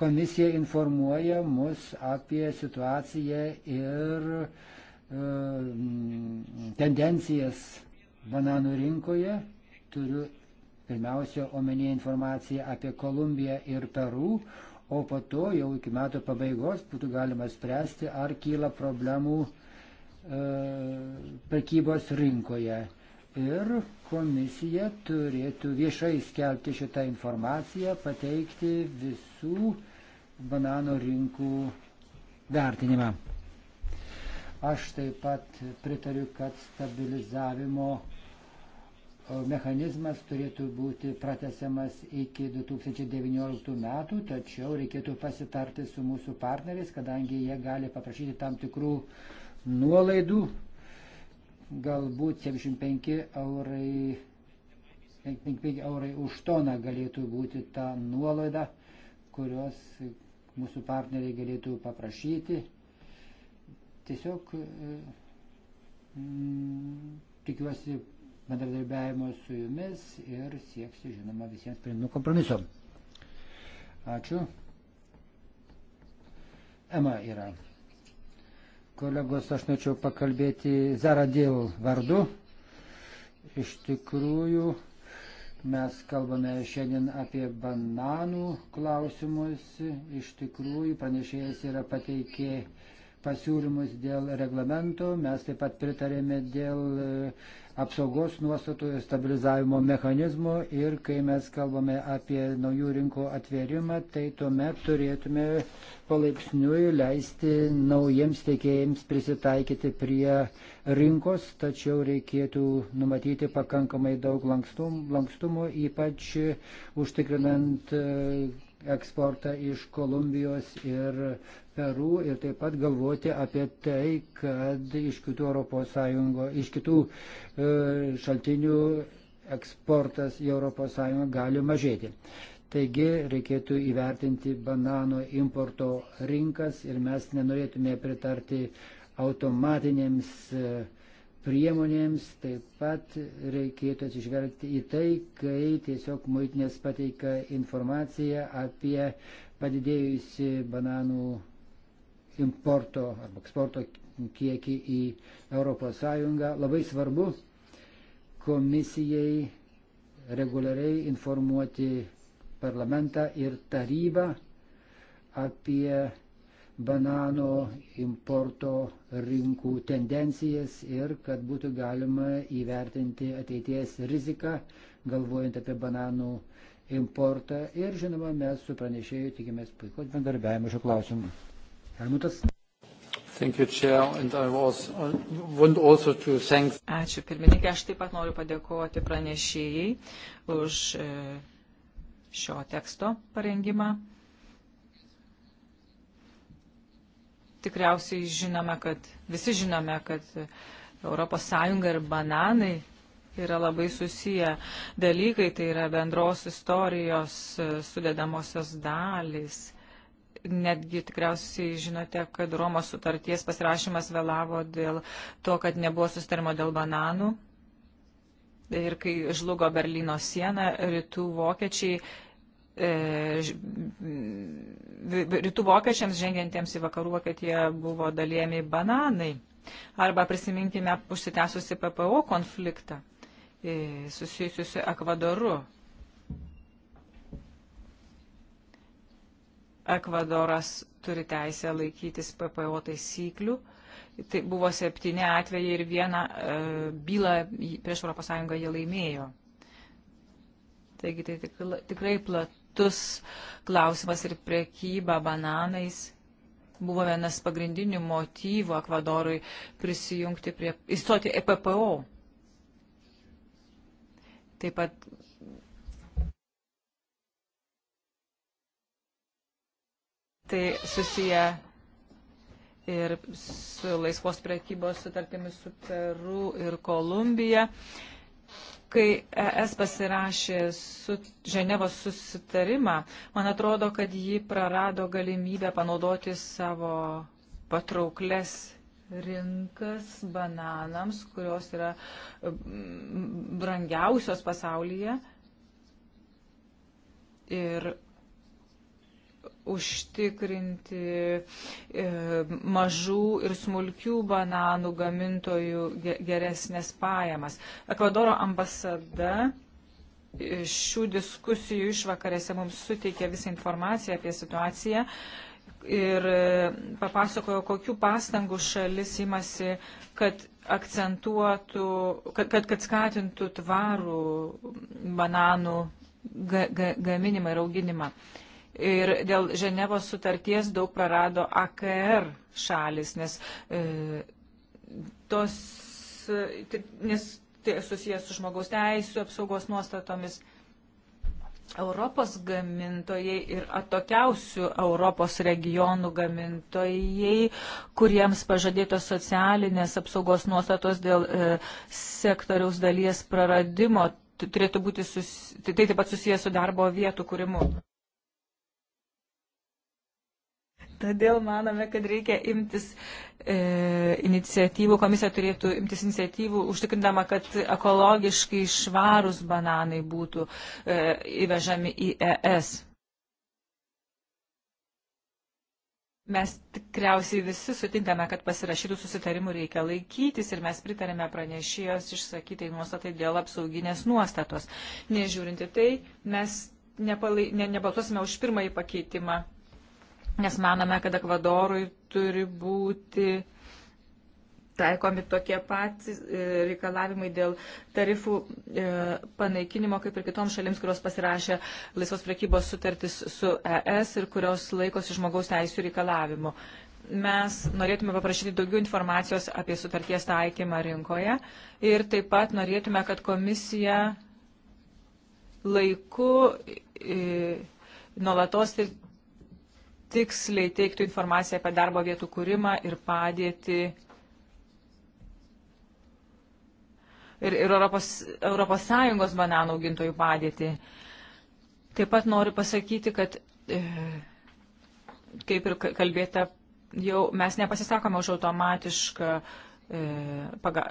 komisija informuoja mus apie situaciją ir e, tendencijas bananų rinkoje. Turiu pirmiausia omenyje informaciją apie Kolumbiją ir Peru, o po to jau iki metų pabaigos būtų galima spręsti, ar kyla problemų e, prekybos rinkoje. Ir komisija turėtų viešai skelbti šitą informaciją, pateikti visų banano rinkų vertinimą. Aš taip pat pritariu, kad stabilizavimo mechanizmas turėtų būti pratesiamas iki 2019 metų, tačiau reikėtų pasitarti su mūsų partneriais, kadangi jie gali paprašyti tam tikrų nuolaidų, galbūt 75 eurai, 55 eurai už toną galėtų būti ta nuolaida, kurios mūsų partneriai galėtų paprašyti. Tiesiog mm, tikiuosi bendradarbiavimo su jumis ir sieksiu, žinoma, visiems priimtų kompromiso. Ačiū. Ema yra. Kolegos, aš norėčiau pakalbėti Zaradil vardu. Iš tikrųjų, mes kalbame šiandien apie bananų klausimus. Iš tikrųjų, pranešėjas yra pateikė pasiūlymus dėl reglamento, mes taip pat pritarėme dėl e, apsaugos nuostatų ir stabilizavimo mechanizmo ir kai mes kalbame apie naujų rinkų atvėrimą, tai tuomet turėtume palaipsniui leisti naujiems teikėjams prisitaikyti prie rinkos, tačiau reikėtų numatyti pakankamai daug lankstumo, lankstumo ypač užtikrinant e, eksportą iš Kolumbijos ir Peru ir taip pat galvoti apie tai, kad iš kitų Europos Sąjungo, iš kitų e, šaltinių eksportas į Europos Sąjungą gali mažėti. Taigi reikėtų įvertinti banano importo rinkas ir mes nenorėtume pritarti automatinėms uh, priemonėms taip pat reikėtų atsižvelgti į tai, kai tiesiog muitinės pateikia informaciją apie padidėjusi bananų importo arba eksporto kiekį į ES. Labai svarbu komisijai reguliariai informuoti parlamentą ir tarybą apie banano importo rinkų tendencijas ir kad būtų galima įvertinti ateities riziką, galvojant apie bananų importą. Ir žinoma, mes su pranešėju tikimės puikaus bendarbiavimo šio klausimu. Helmutas. You, Chair, was, uh, Ačiū pirmininkė, aš taip pat noriu padėkoti pranešėjai už e, šio teksto parengimą. tikriausiai žinome, kad visi žinome, kad ES ir bananai yra labai susiję dalykai, tai yra bendros istorijos sudėdamosios dalys. Netgi tikriausiai žinote, kad Romos sutarties pasirašymas vėlavo dėl to, kad nebuvo sustarimo dėl bananų. Ir kai žlugo Berlyno siena, rytų vokiečiai E, rytų vokiečiams žengiantiems į vakarų Vokietiją buvo dalėmi bananai. Arba prisiminkime užsitęsusi PPO konfliktą e, susijusiu su Ekvadoru. Ekvadoras turi teisę laikytis PPO taisyklių. Tai buvo septyni atvejai ir vieną e, bylą prieš ES jie laimėjo. Taigi tai tikrai plat, metus klausimas ir priekyba bananais buvo vienas pagrindinių motyvų Ekvadorui prisijungti prie, įstoti EPPO. Taip pat tai susiję ir su laisvos priekybos sutartimis su Peru ir Kolumbija. Uh, kai ES pasirašė su Ženevos susitarimą, man atrodo, kad ji prarado galimybę panaudoti savo patrauklės rinkas bananams, kurios yra brangiausios pasaulyje. Ir užtikrinti e, mažų ir smulkių bananų gamintojų geresnės pajamas. Ekvadoro ambasada šių diskusijų išvakarėse mums suteikė visą informaciją apie situaciją ir e, papasakojo, kokiu pastangu šalis imasi, kad akcentuotų, kad, kad, kad skatintų tvarų bananų ga, ga, gaminimą ir auginimą. Uh, ir dėl Ženevos sutarties daug prarado AKR šalis, nes e, tos, e, nes tai susijęs su žmogaus teisų apsaugos nuostatomis. Europos gamintojai ir atokiausių Europos regionų gamintojai, kuriems pažadėtos socialinės apsaugos nuostatos dėl e, sektoriaus dalies praradimo, turėtų būti, susi... tai taip pat susijęs su darbo vietų kūrimu. Todėl manome, kad reikia imtis e, iniciatyvų, komisija turėtų imtis iniciatyvų, užtikrindama, kad ekologiškai švarūs bananai būtų e, įvežami į ES. Mes tikriausiai visi sutinkame, kad pasirašytų susitarimų reikia laikytis ir mes pritarėme pranešėjos išsakytai nuostatai dėl apsauginės nuostatos. Nežiūrinti tai, mes nepalai, ne, nebaltuosime už pirmąjį pakeitimą nes manome, kad Ekvadorui turi būti taikomi tokie patys e, reikalavimai dėl tarifų e, panaikinimo, kaip ir kitoms šalims, kurios pasirašė laisvos prekybos sutartis su ES ir kurios laikosi žmogaus teisų reikalavimu. Mes norėtume paprašyti daugiau informacijos apie sutarties taikymą rinkoje ir taip pat norėtume, kad komisija laiku e, nuolatos ir tiksliai teiktų informaciją apie darbo vietų kūrimą ir padėti. Ir, ir Europos, Europos Sąjungos bananų augintojų padėti. Taip pat noriu pasakyti, kad e, kaip ir kalbėta, jau mes nepasisakome už automatišką e, paga,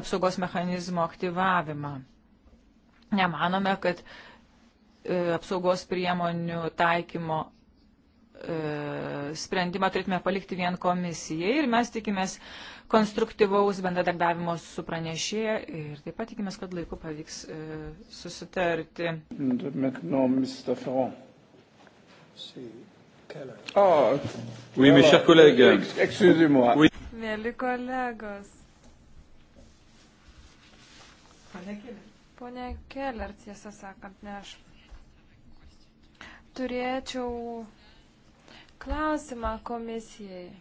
apsaugos mechanizmo aktyvavimą. Nemanome, kad e, apsaugos priemonių taikymo E, sprendimą turėtume palikti vien komisijai ir mes tikimės konstruktyvaus bendradarbiavimo su pranešėja ir taip pat tikimės, kad laiku pavyks e, susitarti. Oh. Oui, mes chers collègues. Excusez-moi. Oui. Mėly kolegos. Pone Keller. Pone Keller, tiesą sakant, ne aš. Turėčiau klausimą komisijai.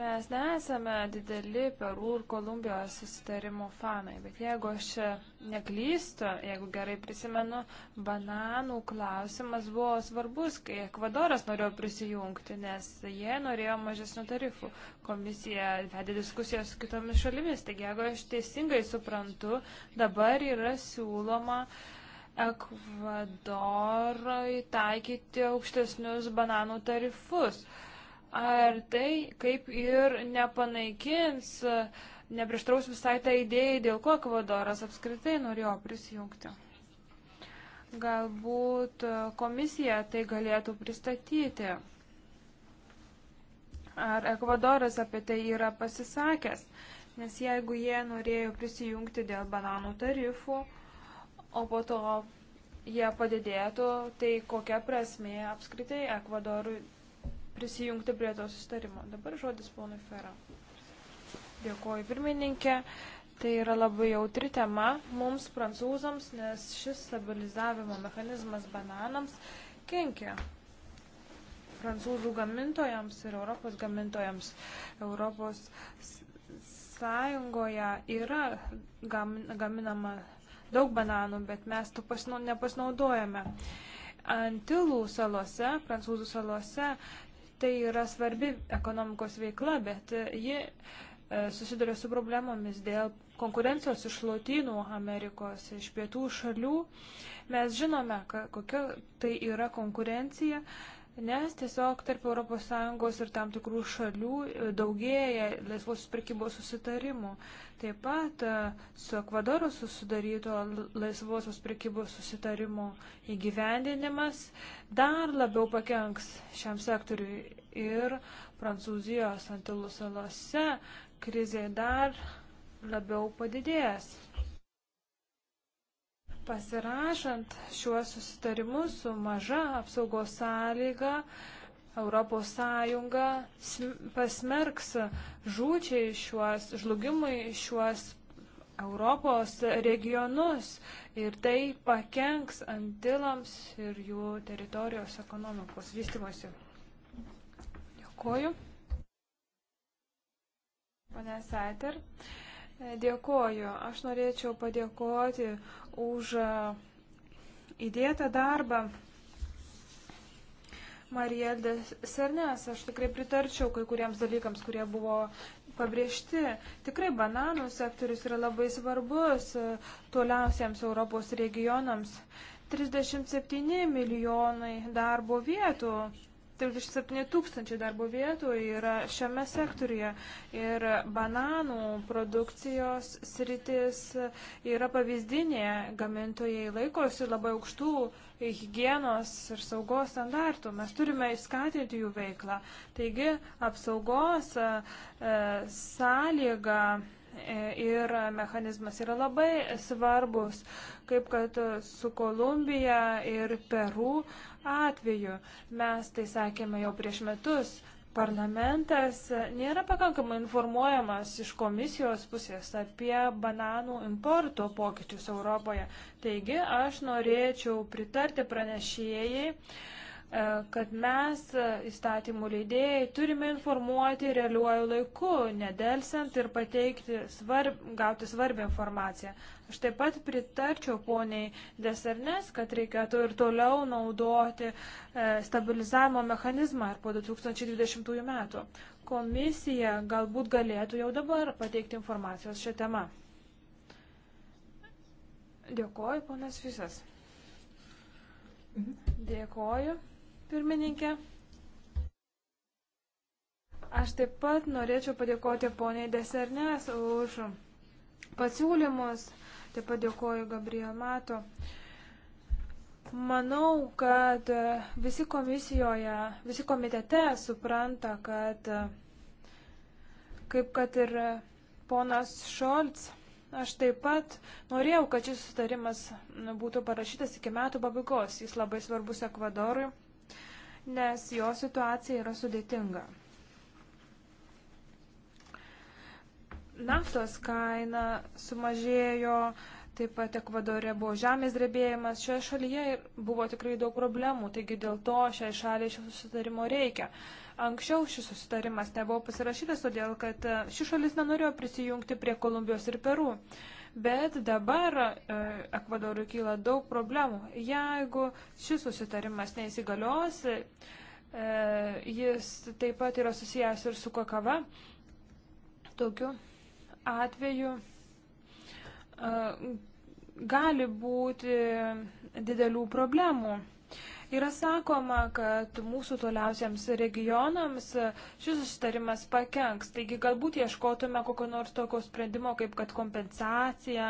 Mes nesame dideli Perų ir Kolumbijos susitarimo fanai, bet jeigu aš neklystu, jeigu gerai prisimenu, bananų klausimas buvo svarbus, kai Ekvadoras norėjo prisijungti, nes jie norėjo mažesnių tarifų. Komisija vedė diskusijas su kitomis šalimis, taigi jeigu aš teisingai suprantu, dabar yra siūloma uh, Ekvadorui taikyti aukštesnius bananų tarifus. Ar tai kaip ir nepanaikins, neprieštraus visai tą tai idėją, dėl ko Ekvadoras apskritai norėjo prisijungti? Galbūt komisija tai galėtų pristatyti. Ar Ekvadoras apie tai yra pasisakęs? Nes jeigu jie norėjo prisijungti dėl bananų tarifų, o po to jie padidėtų, tai kokia prasmė apskritai Ekvadorui prisijungti prie to sustarimo. Dabar žodis ponui Fera. Dėkuoju pirmininkė. Tai yra labai jautri tema mums, prancūzams, nes šis stabilizavimo mechanizmas bananams kenkia prancūzų gamintojams ir Europos gamintojams. Europos Sąjungoje yra gaminama daug bananų, bet mes to pasino, nepasinaudojame. Antilų salose, prancūzų salose, tai yra svarbi ekonomikos veikla, bet ji e, susiduria su problemomis dėl konkurencijos iš Lotynų Amerikos, iš pietų šalių. Mes žinome, kokia tai yra konkurencija. E, nes tiesiog tarp ES ir tam tikrų šalių e, daugėja laisvos prekybos susitarimų. Taip pat e, su Ekvadoru susidaryto laisvosios prekybos susitarimo įgyvendinimas dar labiau pakenks šiam sektoriui ir Prancūzijos antilų salose krizė dar labiau padidės. Pasirašant šiuos susitarimus su maža apsaugos sąlyga, Europos Sąjunga pasmerks žūčiai šiuos žlugimui šiuos Europos regionus ir tai pakenks Antilams ir jų teritorijos ekonomikos vystimosi. Dėkuoju. Pane Sater, Dėkoju. Aš norėčiau padėkoti už e, įdėtą darbą. Marijeldė Sernes, aš tikrai pritarčiau kai kuriems dalykams, kurie buvo pabrėžti. Tikrai bananų sektorius yra labai svarbus e, toliausiems Europos regionams. 37 milijonai darbo vietų 37 tūkstančiai darbo vietų yra šiame sektoriuje ir bananų produkcijos sritis yra pavyzdinė, gamintojai laikosi labai aukštų hygienos ir saugos standartų, mes turime įskatinti jų veiklą. Taigi apsaugos e, sąlyga e, ir mechanizmas yra labai svarbus, kaip kad su Kolumbija ir Peru atveju. Mes tai sakėme jau prieš metus. Parlamentas nėra pakankamai informuojamas iš komisijos pusės apie bananų importo pokyčius Europoje. Taigi aš norėčiau pritarti pranešėjai E, kad mes, e, įstatymų leidėjai, turime informuoti realiuoju laiku, nedelsiant ir pateikti svarb, gauti svarbią informaciją. Aš taip pat pritarčiau poniai Desarnes, kad reikėtų ir toliau naudoti e, stabilizavimo mechanizmą ir po 2020 metų. Komisija galbūt galėtų jau dabar pateikti informacijos šią temą. Dėkoju, ponas Visas. Mhm. Dėkoju pirmininkė. Aš taip pat norėčiau padėkoti poniai Desernės už pasiūlymus. Taip pat dėkoju Gabriel Mato. Manau, kad visi komisijoje, visi komitete supranta, kad kaip kad ir ponas Šolts, aš taip pat norėjau, kad šis sutarimas būtų parašytas iki metų pabaigos. Jis labai svarbus Ekvadorui nes jo situacija yra sudėtinga. Naftos kaina sumažėjo, taip pat Ekvadore buvo žemės drebėjimas, šioje šalyje buvo tikrai daug problemų, taigi dėl to šiai šaliai šio susitarimo reikia. Anksčiau šis susitarimas nebuvo pasirašytas, todėl kad ši šalis nenorėjo prisijungti prie Kolumbijos ir Peru. Uh, bet dabar e, Ekvadorui kyla daug problemų. Jeigu šis susitarimas neįsigalios, e, jis taip pat yra susijęs ir su kakava. Tokiu atveju e, gali būti didelių problemų. Yra sakoma, kad mūsų toliausiams regionams šis susitarimas pakenks, taigi galbūt ieškotume kokio nors tokio sprendimo, kaip kad kompensacija,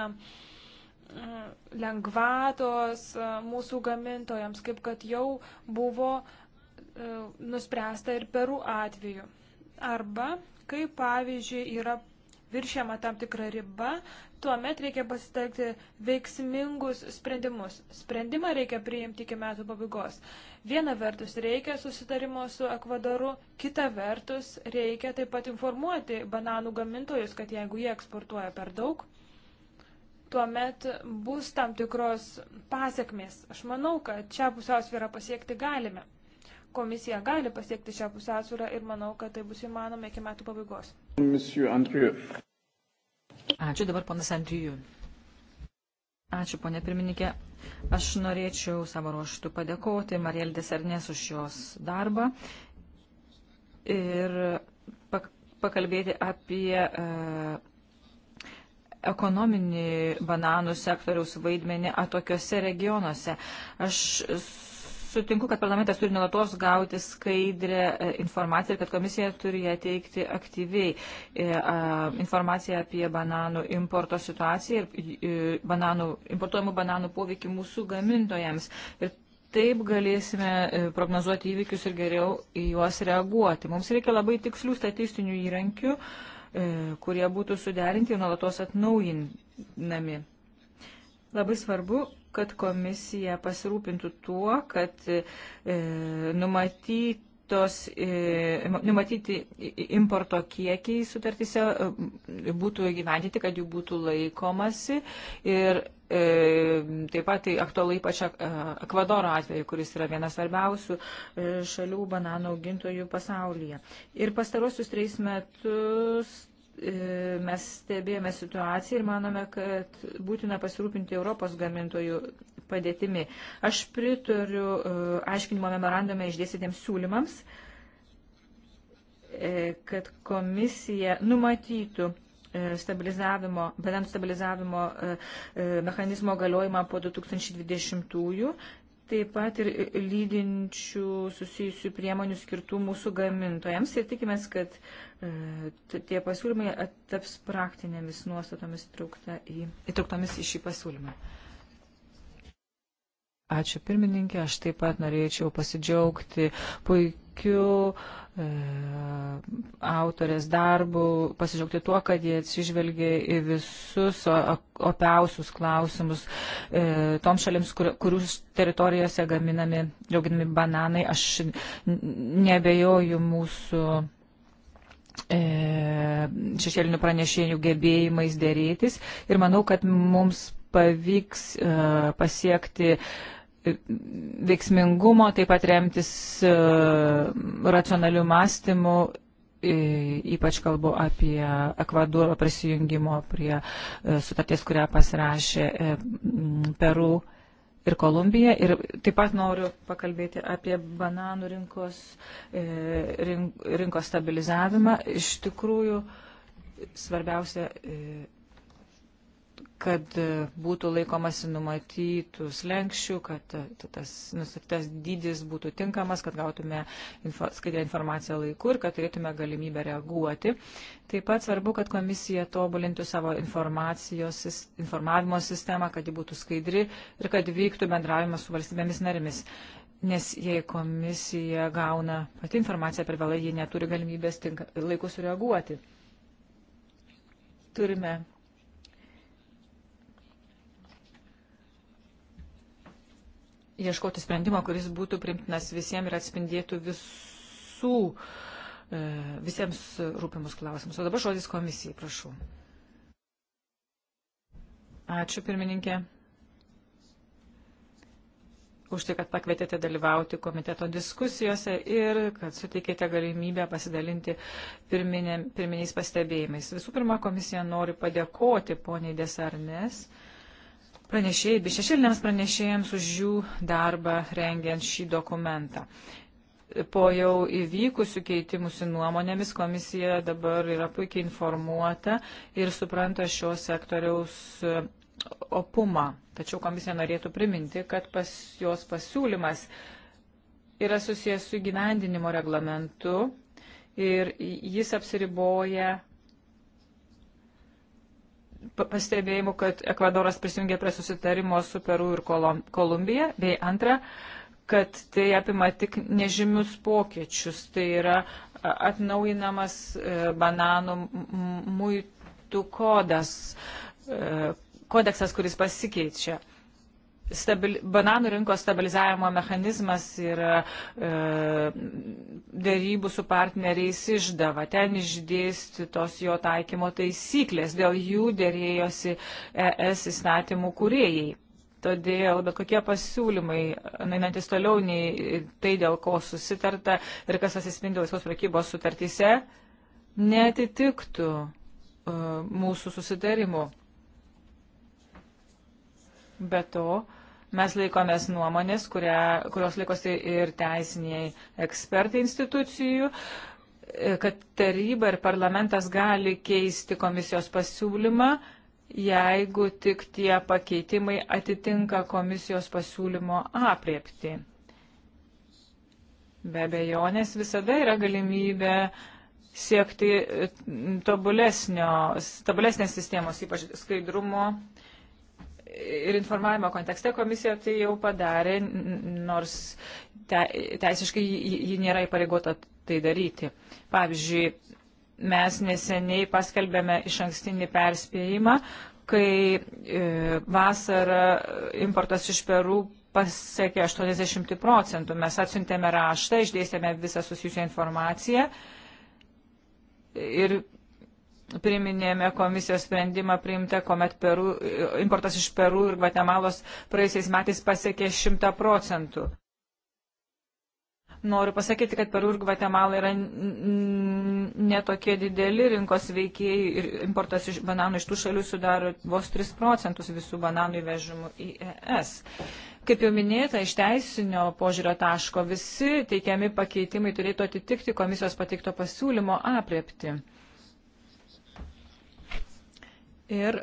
mm, lengvatos e, mūsų gamintojams, kaip kad jau buvo e, nuspręsta ir Peru atveju. Arba, kaip pavyzdžiui, yra viršiama tam tikra riba, tuomet reikia pasitelkti veiksmingus sprendimus. Sprendimą reikia priimti iki metų pabaigos. Viena vertus reikia susitarimo su Ekvadoru, kita vertus reikia taip pat informuoti bananų gamintojus, kad jeigu jie eksportuoja per daug, tuomet bus tam tikros pasiekmės. Aš manau, kad čia pusiausvyrą pasiekti galime. Komisija gali pasiekti šią pusiausvyrą ir manau, kad tai bus įmanoma iki metų pabaigos. Ačiū dabar panas Antijų. Ačiū, ponė pirmininkė. Aš norėčiau savo ruoštų padėkoti Marijel Desarnės už jos darbą ir pak pakalbėti apie uh, ekonominį bananų sektoriaus vaidmenį atokiuose regionuose. Aš sutinku, kad parlamentas turi nuolatos gauti skaidrę e, informaciją ir kad komisija turi ją teikti aktyviai. E, informacija apie bananų importo situaciją ir bananų, importuojamų bananų poveikį mūsų gamintojams. Ir taip galėsime e, prognozuoti įvykius ir geriau į juos reaguoti. Mums reikia labai tikslių statistinių įrankių, kurie būtų suderinti ir nuolatos atnaujinami. Labai svarbu kad komisija pasirūpintų tuo, kad e, numatytos, e, numatyti importo kiekiai sutartyse e, būtų įgyvendyti, kad jų būtų laikomasi. Ir e, taip pat tai aktualu ypač Ekvadoro atveju, kuris yra vienas svarbiausių e, šalių bananų augintojų pasaulyje. Ir pastarosius trejus metus E, mes stebėjome situaciją ir manome, kad būtina pasirūpinti Europos gamintojų padėtimi. Aš pritariu e, aiškinimo memorandume išdėsitėms siūlymams, e, kad komisija numatytų stabilizavimo, bedant stabilizavimo mechanizmo galiojimą po 2020-ųjų taip pat ir lydinčių susijusių priemonių skirtų mūsų gamintojams ir tikimės, kad e, tie pasiūlymai taps praktinėmis nuostatomis į, įtrauktomis į šį pasiūlymą. Ačiū pirmininkė, aš taip pat norėčiau pasidžiaugti puikiai puikiu e, autorės darbu, pasižiaugti tuo, kad jie atsižvelgia į visus opiausius klausimus. E, toms šalims, kur, kurių teritorijose gaminami, auginami bananai, aš nebejoju mūsų e, šešėlinių pranešėjų gebėjimais dėrėtis ir manau, kad mums pavyks e, pasiekti uh, veiksmingumo, taip pat remtis e, racionalių mąstymų, e, ypač kalbu apie Ekvadoro prisijungimo prie e, sutarties, kurią pasirašė Peru ir Kolumbija. Ir taip pat noriu pakalbėti apie bananų rinkos, rinkos stabilizavimą. Iš tikrųjų, svarbiausia kad būtų laikomasi numatytų slengščių, kad tas nustatytas dydis būtų tinkamas, kad gautume info, skaidrę informaciją laiku ir kad turėtume galimybę reaguoti. Taip pat svarbu, kad komisija tobulintų savo informavimo sistemą, kad ji būtų skaidri ir kad vyktų bendravimas su valstybėmis narimis. Nes jei komisija gauna pati informaciją per vėlai, ji neturi galimybės tinka, laiku sureaguoti. Turime ieškoti sprendimo, kuris būtų primtinas visiems ir atspindėtų visų, e, visiems rūpimus klausimus. O dabar žodis komisijai, prašau. Ačiū, pirmininkė, už tai, kad pakvietėte dalyvauti komiteto diskusijose ir kad suteikėte galimybę pasidalinti pirminė, pirminiais pastebėjimais. Visų pirma, komisija nori padėkoti poniai Desarnes pranešėjai bei šešėliniams pranešėjams už jų darbą rengiant šį dokumentą. Po jau įvykusių keitimusi nuomonėmis komisija dabar yra puikiai informuota ir supranta šio sektoriaus e, opumą. Tačiau komisija norėtų priminti, kad pas jos pasiūlymas yra susijęs su gyvendinimo reglamentu ir jis apsiriboja pastebėjimų, kad Ekvadoras prisijungė prie susitarimo su Peru ir Kolumbija, bei antra, kad tai apima tik nežymius pokyčius. Tai yra atnaujinamas e, bananų muitų kodas, e, kodeksas, kuris pasikeičia stabil, bananų rinkos stabilizavimo mechanizmas yra e, dėrybų su partneriais išdava. Ten išdėstytos jo taikymo taisyklės, dėl jų dėrėjosi ES įstatymų kuriejai. Todėl bet kokie pasiūlymai, einantis toliau nei tai, dėl ko susitarta ir kas atsispindi laisvos prekybos sutartyse, netitiktų e, mūsų susitarimu. Be to, mes laikomės nuomonės, kuria, kurios laikosi ir teisiniai ekspertai institucijų, kad taryba ir parlamentas gali keisti komisijos pasiūlymą, jeigu tik tie pakeitimai atitinka komisijos pasiūlymo apriepti. Be abejonės visada yra galimybė siekti e, tobulesnės sistemos, ypač skaidrumo ir informavimo kontekste komisija tai jau padarė, nors te, teisiškai ji nėra įpareigota tai daryti. Pavyzdžiui, mes neseniai paskelbėme iš ankstinį perspėjimą, kai e, vasarą importas iš Perų pasiekė 80 procentų. Mes atsiuntėme raštą, išdėstėme visą susijusią informaciją ir priminėme komisijos sprendimą priimtą, kuomet Peru, importas iš Peru ir Gvatemalos praėjusiais metais pasiekė 100 procentų. Noriu pasakyti, kad Peru ir Gvatemala yra netokie dideli rinkos veikėjai ir importas iš bananų iš tų šalių sudaro vos 3 procentus visų bananų įvežimų į ES. Kaip jau minėta, iš teisinio požiūrio taško visi teikiami pakeitimai turėtų atitikti komisijos pateikto pasiūlymo apriepti. Ir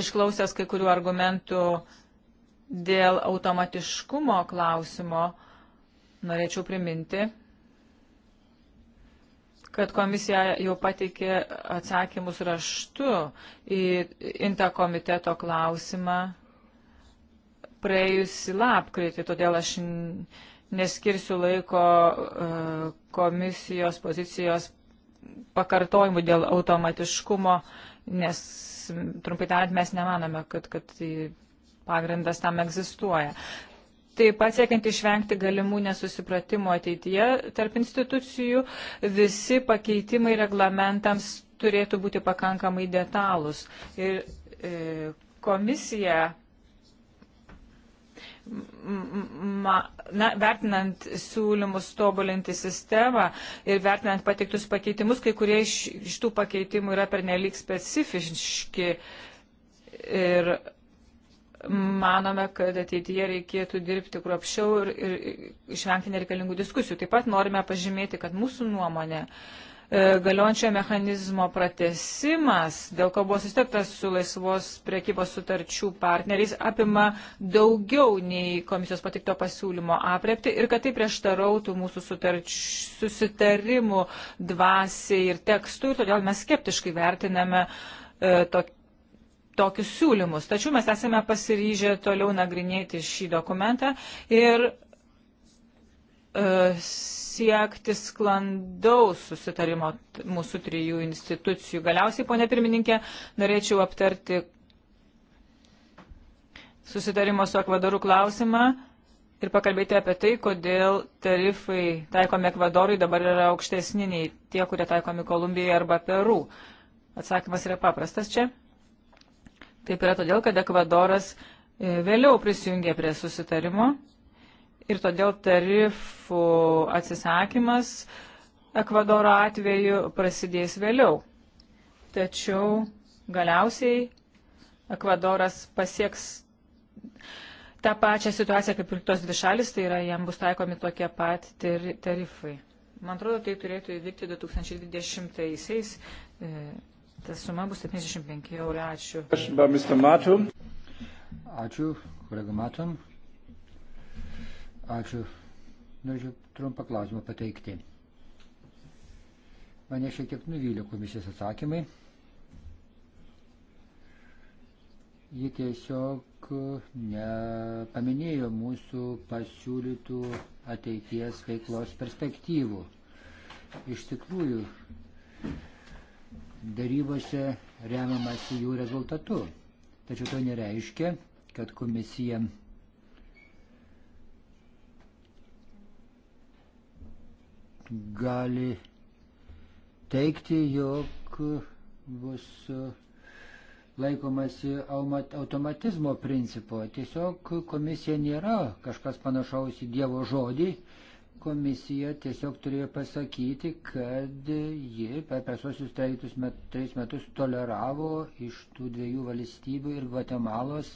išklausęs kai kurių argumentų dėl automatiškumo klausimo, norėčiau priminti, kad komisija jau pateikė atsakymus raštu į INTA komiteto klausimą praėjusį lapkritį, todėl aš neskirsiu laiko e, komisijos pozicijos pakartojimų dėl automatiškumo, nes trumpai tariant, mes nemanome, kad, kad tai pagrindas tam egzistuoja. Taip pat siekiant išvengti galimų nesusipratimų ateityje tarp institucijų, visi pakeitimai reglamentams turėtų būti pakankamai detalūs. Ir e, komisija na, vertinant siūlymus tobulinti sistemą ir vertinant pateiktus pakeitimus, kai kurie iš, iš tų pakeitimų yra pernelyg specifiški. Ir manome, kad ateityje reikėtų dirbti kruopščiau ir, ir išvengti nereikalingų diskusijų. Taip pat norime pažymėti, kad mūsų nuomonė uh, E, galiojančio mechanizmo pratesimas, dėl ko buvo sustektas su laisvos priekybos sutarčių partneriais, apima daugiau nei komisijos patikto pasiūlymo aprepti ir kad tai prieštarautų mūsų sutarč, susitarimų dvasiai ir tekstui, todėl mes skeptiškai vertiname e, tokį tokius siūlymus. Tačiau mes esame pasiryžę toliau nagrinėti šį dokumentą ir E, siekti sklandaus susitarimo mūsų trijų institucijų. Galiausiai, ponė pirmininkė, norėčiau aptarti susitarimo su Ekvadoru klausimą ir pakalbėti apie tai, kodėl tarifai taikomi Ekvadorui dabar yra aukštesni nei tie, kurie taikomi Kolumbijoje arba Peru. Atsakymas yra paprastas čia. Taip yra todėl, kad Ekvadoras e, vėliau prisijungė prie susitarimo ir todėl tarifų atsisakymas Ekvadoro atveju prasidės vėliau. Tačiau galiausiai Ekvadoras pasieks tą pačią situaciją kaip ir kitos dvi šalis, tai yra jam bus taikomi tokie pat tarifai. Man atrodo, tai turėtų įvykti 2020-aisiais. E, ta suma bus 75 eurų. Ačiū. Ačiū, kolega Matom. Ačiū. Norėčiau trumpą klausimą pateikti. Mane šiek tiek nuvylė komisijos atsakymai. Ji tiesiog nepaminėjo mūsų pasiūlytų ateities veiklos perspektyvų. Iš tikrųjų, darybose remiamasi jų rezultatu. Tačiau to nereiškia, kad komisija gali teikti, jog bus laikomasi automatizmo principo. Tiesiog komisija nėra kažkas panašaus į Dievo žodį. Komisija tiesiog turėjo pasakyti, kad ji per pasosius trejus met, trejus metus toleravo iš tų dviejų valstybių ir Gvatemalos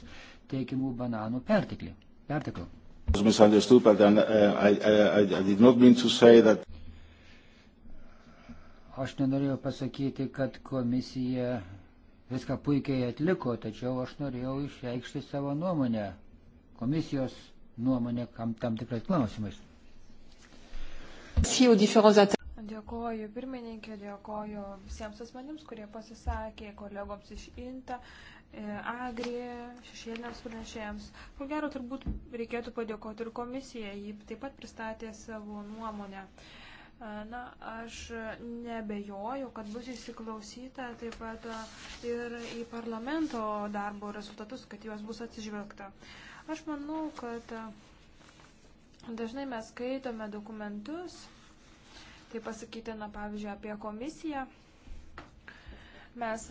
teikimų bananų perteklį. Perteklių. Uh, that... Aš nenorėjau pasakyti, kad komisija viską puikiai atliko, tačiau aš norėjau išreikšti savo nuomonę, komisijos nuomonę kam, tam tikrais klausimais. Dėkoju pirmininkė, dėkoju visiems asmenims, kurie pasisakė, kolegoms iš INTA, e, Agri, šešėliniams pranešėjams. Ko gero, turbūt reikėtų padėkoti ir komisijai, ji taip pat pristatė savo nuomonę. Uh, Na, aš nebejoju, kad bus įsiklausyta taip pat ir į parlamento darbo rezultatus, kad juos bus atsižvelgta. Aš manau, kad dažnai mes skaitome dokumentus, tai pasakytina, pavyzdžiui, apie komisiją Mes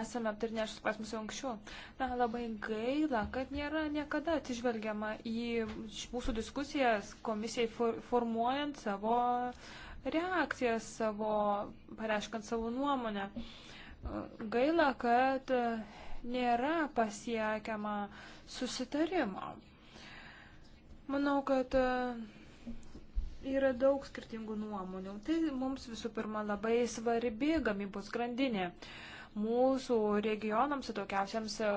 esame aptarinę šis klausimus jau anksčiau. Na, labai gaila, kad nėra niekada atsižvelgiama į mūsų diskusijas komisijai formuojant savo reakciją, savo, pareiškant savo nuomonę. Gaila, kad nėra pasiekiama susitarimo. Manau, kad yra daug skirtingų nuomonių. Tai mums visų pirma labai svarbi gamybos grandinė. Mūsų regionams, tokiausiams e,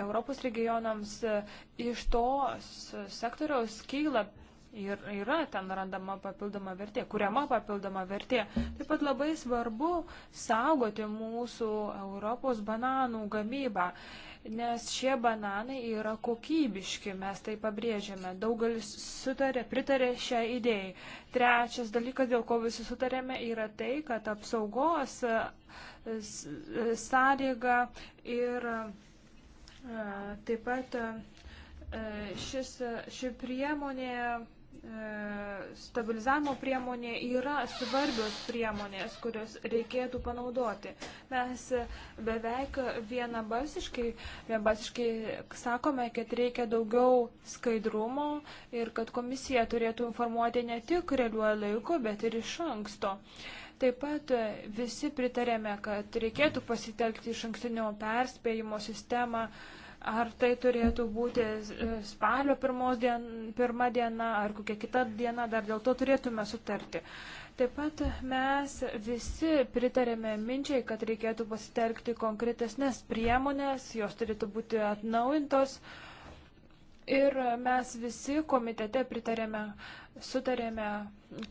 Europos regionams e, iš tos sektoriaus kyla ir yra ten randama papildoma vertė, kuriama papildoma vertė. Taip pat labai svarbu saugoti mūsų Europos bananų gamybą nes šie bananai yra kokybiški, mes tai pabrėžiame. Daugelis sutarė, pritarė šią idėjai. Trečias dalykas, dėl ko visi sutarėme, yra tai, kad apsaugos e, e, sąlyga ir e, taip pat šis, ši priemonė E, stabilizavimo priemonė yra svarbios priemonės, kurios reikėtų panaudoti. Mes beveik vienabasiškai, vienabasiškai sakome, kad reikia daugiau skaidrumo ir kad komisija turėtų informuoti ne tik realiuoju laiku, bet ir iš anksto. Taip pat visi pritarėme, kad reikėtų pasitelkti iš ankstinio perspėjimo sistemą, uh, Ar tai turėtų būti e, spalio pirmos dien, pirma diena ar kokia kita diena, dar dėl to turėtume sutarti. Taip pat mes visi pritarėme minčiai, kad reikėtų pasitelkti konkretesnės priemonės, jos turėtų būti atnaujintos. Ir mes visi komitete pritarėme, sutarėme,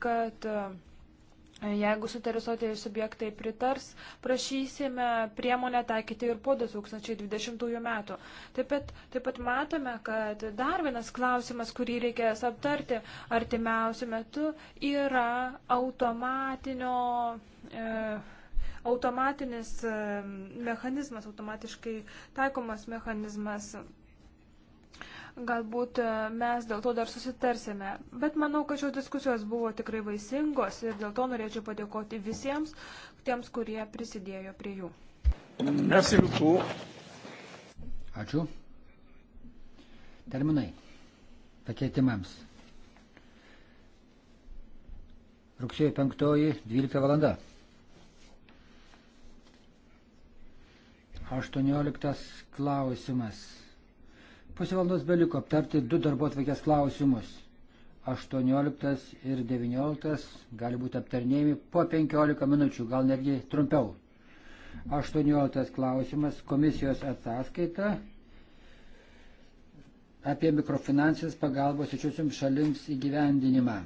kad uh, Jeigu suteresuotieji subjektai pritars, prašysime priemonę taikyti ir po 2020 metų. Taip pat, taip pat matome, kad dar vienas klausimas, kurį reikės aptarti artimiausių metų, yra automatinio. E, automatinis e, mechanizmas, automatiškai taikomas mechanizmas Galbūt e, mes dėl to dar susitarsime. Bet manau, kad šios diskusijos buvo tikrai vaisingos ir dėl to norėčiau padėkoti visiems tiems, kurie prisidėjo prie jų. Merci beaucoup. Ačiū. Terminai pakeitimams. Rugsėjo 5.12 valanda. 18 klausimas. Pusė valandos beliko aptarti du darbo atvykės klausimus. 18 ir 19 gali būti aptarnėjami po 15 minučių, gal netgi trumpiau. 18 klausimas komisijos ataskaita apie mikrofinansės pagalbos išiusiams šalims įgyvendinimą.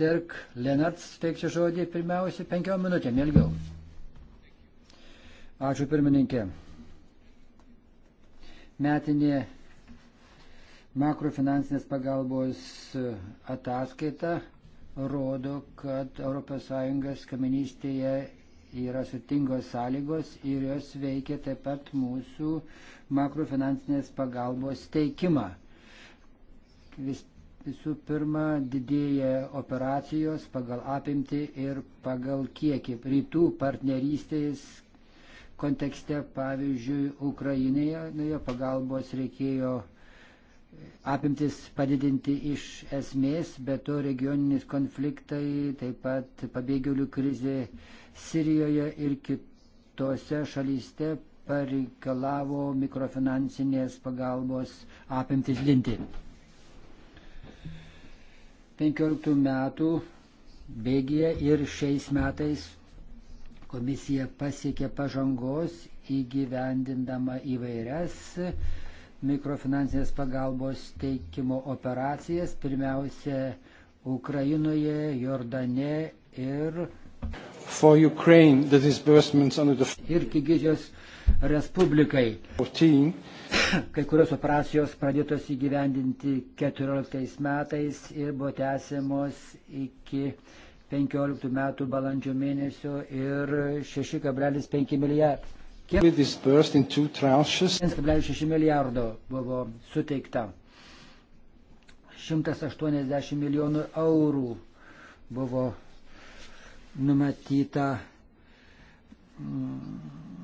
Tirk Lenarts teiksiu žodį pirmiausia penkiom minutėm ilgiau. Ačiū pirmininkė metinė makrofinansinės pagalbos ataskaita rodo, kad ES kaiminystėje yra sutingos sąlygos ir jos veikia taip pat mūsų makrofinansinės pagalbos teikimą. Vis, visų pirma, didėja operacijos pagal apimti ir pagal kiekį. Rytų partnerystės kontekste, pavyzdžiui, Ukrainėje pagalbos reikėjo apimtis padidinti iš esmės, bet to regioninis konfliktai, taip pat pabėgėlių krizė Sirijoje ir kitose šalyste pareikalavo mikrofinansinės pagalbos apimtis dinti. 15 metų bėgėje ir šiais metais Komisija pasiekė pažangos įgyvendindama įvairias mikrofinansinės pagalbos teikimo operacijas, pirmiausia Ukrainoje, Jordane ir For Ukraine, the disbursements under the... ir Kigidžios Respublikai. 14. Kai kurios operacijos pradėtos įgyvendinti 14 metais ir buvo tęsiamos iki 15 metų balandžio mėnesio ir 6,5 milijardų. Kiek 1,6 milijardo buvo suteikta. 180 milijonų eurų buvo numatyta mm,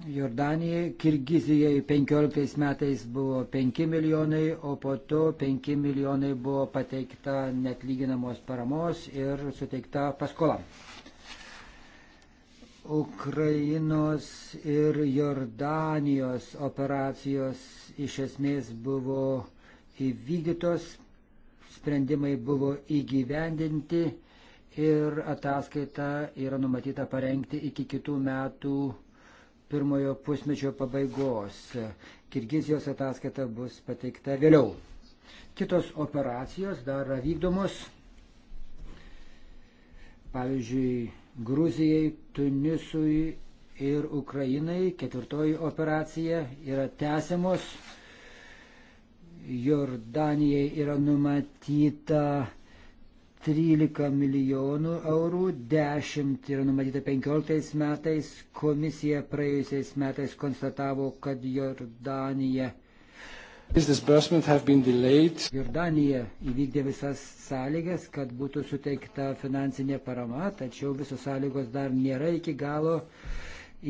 Jordanijai, Kirgizijai 15 metais buvo 5 milijonai, o po to 5 milijonai buvo pateikta netlyginamos paramos ir suteikta paskola. Ukrainos ir Jordanijos operacijos iš esmės buvo įvykdytos, sprendimai buvo įgyvendinti ir ataskaita yra numatyta parengti iki kitų metų pirmojo pusmečio pabaigos. Kirgizijos ataskaita bus pateikta vėliau. Kitos operacijos dar yra vykdomos. Pavyzdžiui, Gruzijai, Tunisui ir Ukrainai ketvirtoji operacija yra tęsiamos. Jordanijai yra numatyta 13 milijonų eurų, 10 yra numatyta 15 metais. Komisija praėjusiais metais konstatavo, kad Jordanija. Jordanija įvykdė visas sąlygas, kad būtų suteikta finansinė parama, tačiau visos sąlygos dar nėra iki galo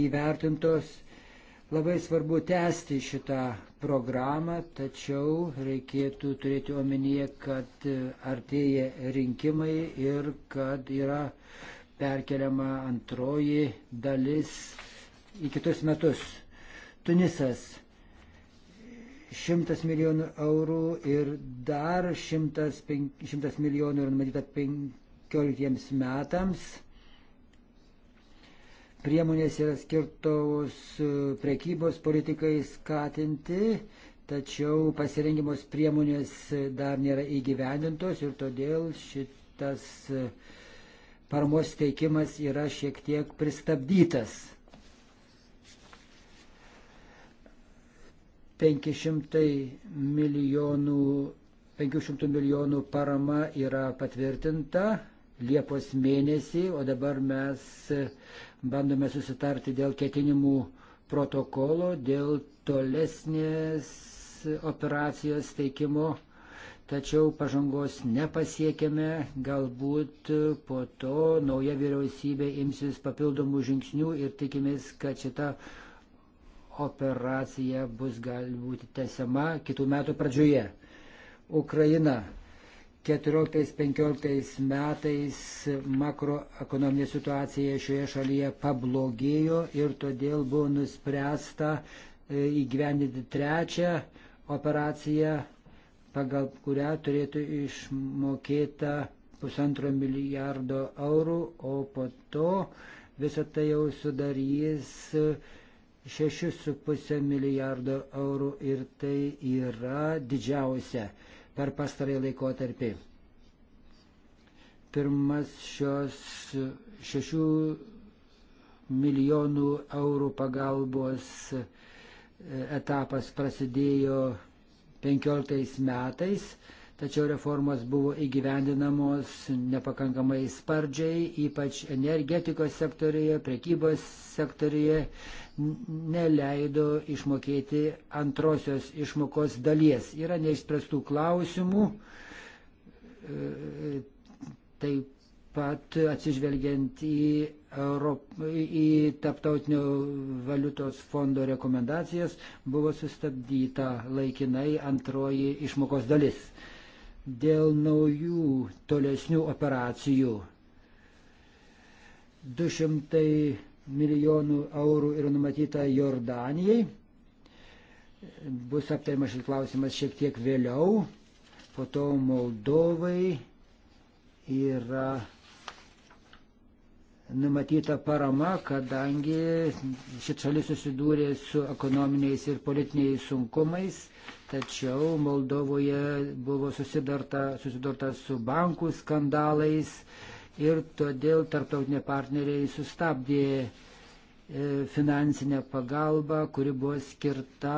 įvertintos Labai svarbu tęsti šitą programą, tačiau reikėtų turėti omenyje, kad artėja rinkimai ir kad yra perkeliama antroji dalis į kitus metus. Tunisas 100 milijonų eurų ir dar 100, 100 milijonų yra numatyta 15 metams priemonės yra skirtos e, prekybos politikai skatinti, tačiau pasirengimos priemonės dar nėra įgyvendintos ir todėl šitas e, paramos teikimas yra šiek tiek pristabdytas. 500 milijonų, 500 milijonų parama yra patvirtinta Liepos mėnesį, o dabar mes bandome susitarti dėl ketinimų protokolo, dėl tolesnės operacijos teikimo, tačiau pažangos nepasiekėme, galbūt po to nauja vyriausybė imsis papildomų žingsnių ir tikimės, kad šita operacija bus galbūt tęsiama kitų metų pradžioje. Ukraina 14-15 metais makroekonominė situacija šioje šalyje pablogėjo ir todėl buvo nuspręsta e, įgyvendinti trečią operaciją, pagal kurią turėtų išmokėta pusantro milijardo eurų, o po to visą tai jau sudarys 6,5 milijardo eurų ir tai yra didžiausia per pastarąjį laikotarpį. Pirmas šios šešių milijonų eurų pagalbos e, etapas prasidėjo 15 metais, tačiau reformos buvo įgyvendinamos nepakankamai spardžiai, ypač energetikos sektorėje, prekybos sektorėje, neleido išmokėti antrosios išmokos dalies. Yra neišspręstų klausimų, e, taip pat atsižvelgiant į, Europ... į Taptautinio valiutos fondo rekomendacijas buvo sustabdyta laikinai antroji išmokos dalis. Dėl naujų tolesnių operacijų 200 milijonų eurų yra numatyta Jordanijai. Bus aptarimas šis klausimas šiek tiek vėliau. Po to Moldovai yra numatyta parama, kadangi šit šalis susidūrė su ekonominiais ir politiniais sunkumais, tačiau Moldovoje buvo susidurta, susidurta su bankų skandalais, ir todėl tarptautiniai partneriai sustabdė e, finansinę pagalbą, kuri buvo skirta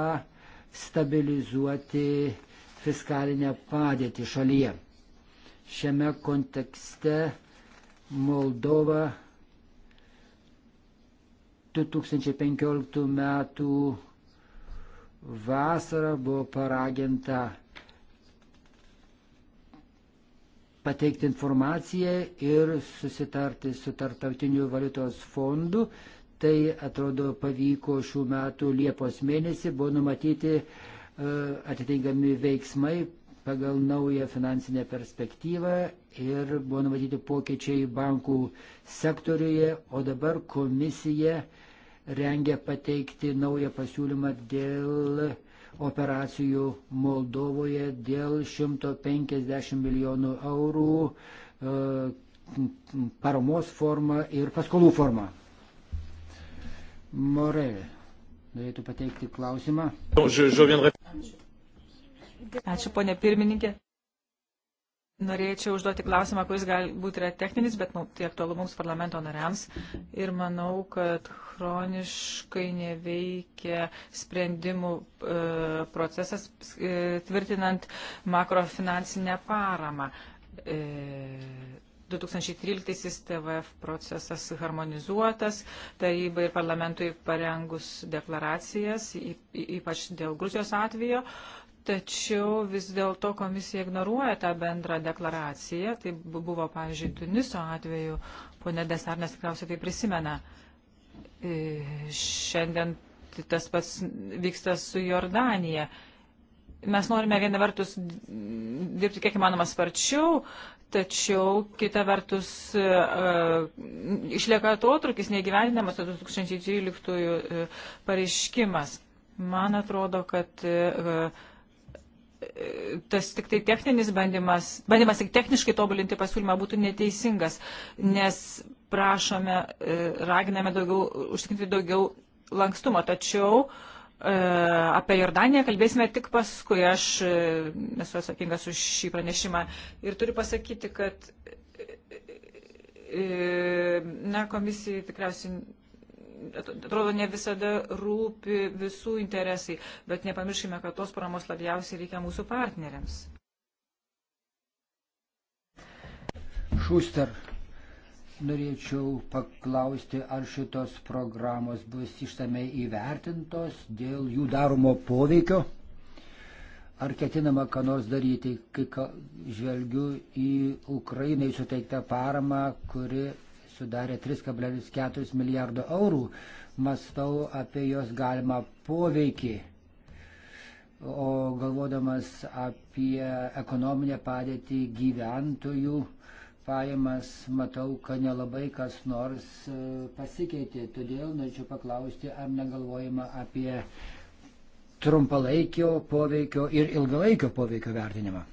stabilizuoti fiskalinę padėtį šalyje. Šiame kontekste Moldova 2015 m. vasarą buvo paraginta pateikti informaciją ir susitarti su Tartautiniu valiutos fondu. Tai atrodo pavyko šių metų Liepos mėnesį, buvo numatyti e, atitinkami veiksmai pagal naują finansinę perspektyvą ir buvo numatyti pokyčiai bankų sektoriuje, o dabar komisija rengia pateikti naują pasiūlymą dėl operacijų Moldovoje dėl 150 milijonų eurų e, paramos forma ir paskolų forma. Morelė, norėtų pateikti klausimą. Ačiū, ponė pirmininkė. Norėčiau užduoti klausimą, kuris galbūt yra techninis, bet nu, tai aktualu mums parlamento nariams. Ir manau, kad chroniškai neveikia sprendimų e, procesas e, tvirtinant makrofinansinę paramą. E, 2013 TVF procesas harmonizuotas, taryba ir parlamentui parengus deklaracijas, ypač dėl Gruzijos atvejo. Tačiau vis dėlto komisija ignoruoja tą bendrą deklaraciją. Tai buvo, pavyzdžiui, Tuniso atveju, ponė Desarnas tikriausiai tai prisimena. E, šiandien tas pats vyksta su Jordanija. Mes norime viena vertus dirbti kiek įmanoma sparčiau, tačiau kita vertus uh, išlieka atotrukis neįgyvendinamas 2013 uh, pareiškimas. Man atrodo, kad uh, tas tik tai techninis bandymas, bandymas tik techniškai tobulinti pasiūlymą būtų neteisingas, nes prašome, e, raginame daugiau, užtikrinti daugiau lankstumo, tačiau e, apie Jordaniją kalbėsime tik paskui, aš e, esu atsakingas už šį pranešimą ir turiu pasakyti, kad na, komisijai tikriausiai atrodo, ne visada rūpi visų interesai, bet nepamirškime, kad tos paramos labiausiai reikia mūsų partneriams. Šuster, norėčiau paklausti, ar šitos programos bus ištamei įvertintos dėl jų daromo poveikio? Ar ketinama ką nors daryti, kai žvelgiu į Ukrainai suteiktą paramą, kuri sudarė 3,4 milijardo eurų. Mastau apie jos galimą poveikį. O galvodamas apie ekonominę padėtį gyventojų pajamas, matau, kad nelabai kas nors e, pasikeitė. Todėl norėčiau paklausti, ar negalvojama apie trumpalaikio poveikio ir ilgalaikio poveikio vertinimą.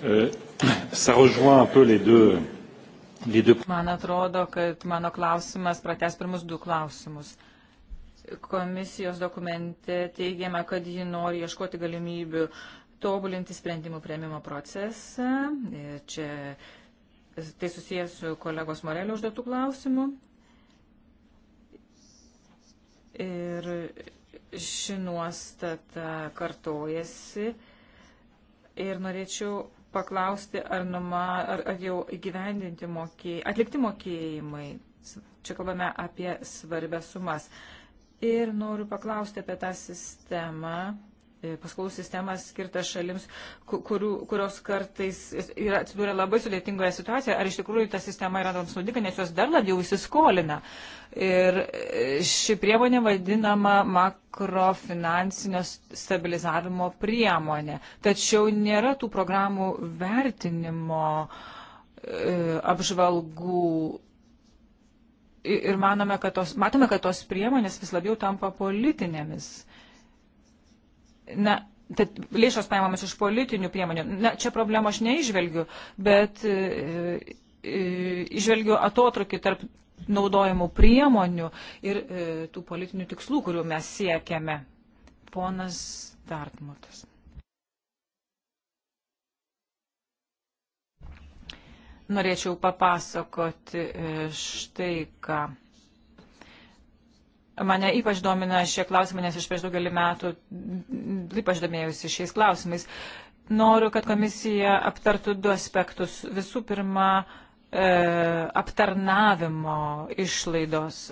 E Man atrodo, kad mano klausimas prates pirmus du klausimus. Komisijos dokumente teigiama, kad ji nori ieškoti galimybių tobulinti sprendimų prieimimo procesą. Čia tai susijęs su kolegos Morelio užduotų klausimų. Ir ši nuostata kartojasi. Ir norėčiau paklausti, ar, numa, ar, ar jau įgyvendinti mokėjimai, atlikti mokėjimai. Čia kalbame apie svarbę sumas. Ir noriu paklausti apie tą sistemą, E, paskolų sistemas skirtas šalims, kurių, kurios kartais yra atsidūrę labai sudėtingoje situacijoje, ar iš tikrųjų ta sistema yra toms naudinga, nes jos dar labiau įsiskolina. Ir e, ši priemonė vadinama makrofinansinio stabilizavimo priemonė. Tačiau nėra tų programų vertinimo e, apžvalgų. Ir manome, kad tos, matome, kad tos priemonės vis labiau tampa politinėmis na, tad lėšos paimamos iš politinių priemonių. Na, čia problemų aš neižvelgiu, bet e, e, išvelgiu atotrukį tarp naudojimų priemonių ir e, tų politinių tikslų, kurių mes siekiame. Ponas Dartmutas. Norėčiau papasakoti e, štai ką. Mane ypač domina šie klausimai, nes aš prieš daugelį metų ypač domėjusi šiais klausimais. Noriu, kad komisija aptartų du aspektus. Visų pirma, e, aptarnavimo išlaidos,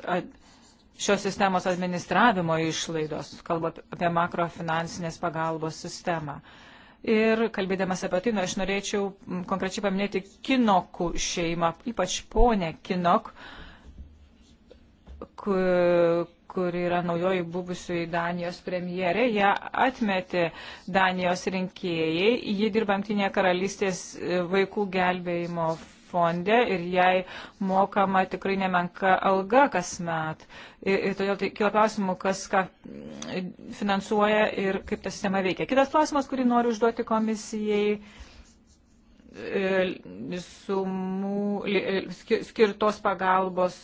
šios sistemos administravimo išlaidos, kalbant apie makrofinansinės pagalbos sistemą. Ir kalbėdamas apie tai, nu, aš norėčiau konkrečiai paminėti Kinokų šeimą, ypač ponę Kinok, kuri yra naujoji buvusioji Danijos premjerė. Ja atmetė Danijos rinkėjai. Ji dirbamtinė karalystės e, vaikų gelbėjimo fonde ir jai mokama tikrai nemenka alga kasmet. Ir, ir todėl tai kilo klausimų, kas ką mm, finansuoja ir kaip ta sistema veikia. Kitas klausimas, kurį noriu užduoti komisijai e, sumų e, skirtos pagalbos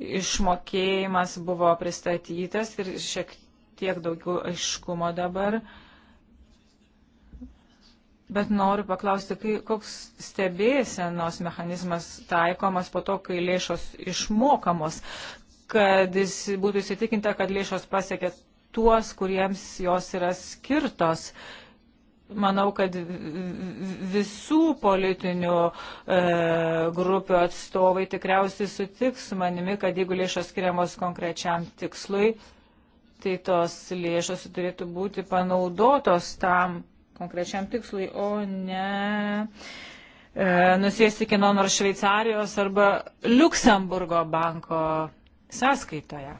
išmokėjimas buvo pristatytas ir šiek tiek daugiau aiškumo dabar. Bet noriu paklausti, kai, koks stebėsenos mechanizmas taikomas po to, kai lėšos išmokamos, kad jis būtų įsitikinta, kad lėšos pasiekia tuos, kuriems jos yra skirtos. Uh, manau, kad visų politinių e, grupių atstovai tikriausiai sutiks su manimi, kad jeigu lėšos skiriamos konkrečiam tikslui, tai tos lėšos turėtų būti panaudotos tam konkrečiam tikslui, o ne e, nusėsti kino nors Šveicarijos arba Luksemburgo banko sąskaitoje.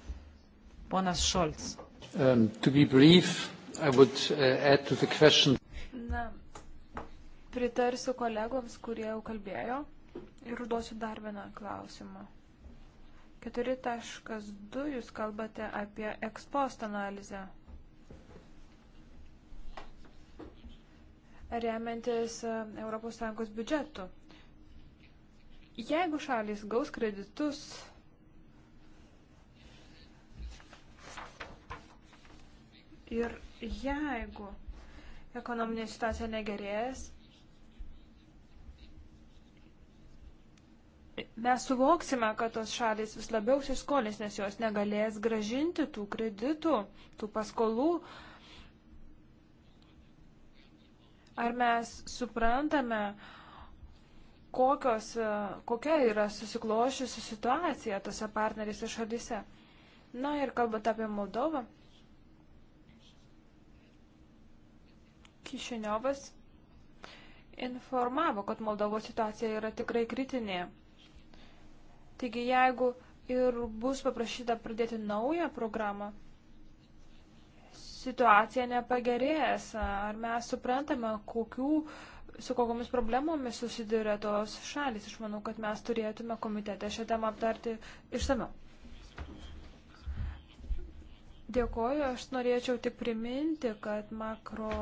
Ponas Šolts. Um, brief, would, uh, Na, pritarsiu kolegoms, kurie jau kalbėjo ir užduosiu dar vieną klausimą. 4.2 jūs kalbate apie ekspost analizę. Remiantis ES biudžetu. Jeigu šalis gaus kreditus ir jeigu ekonominė situacija negerės. Mes suvoksime, kad tos šalis vis labiau įsiskolės, nes jos negalės gražinti tų kreditų, tų paskolų. Ar mes suprantame, kokios, kokia yra susiklošiusi situacija tose partnerėse šalyse? Na ir kalbant apie Moldovą, Kišiniovas informavo, kad Moldovos situacija yra tikrai kritinė. Taigi, jeigu ir bus paprašyta pradėti naują programą, situacija nepagerės. Ar mes suprantame, kokių, su kokiamis problemomis susiduria tos šalis? Aš manau, kad mes turėtume komitete šią temą aptarti išsameu. Dėkoju, aš norėčiau tik priminti, kad makro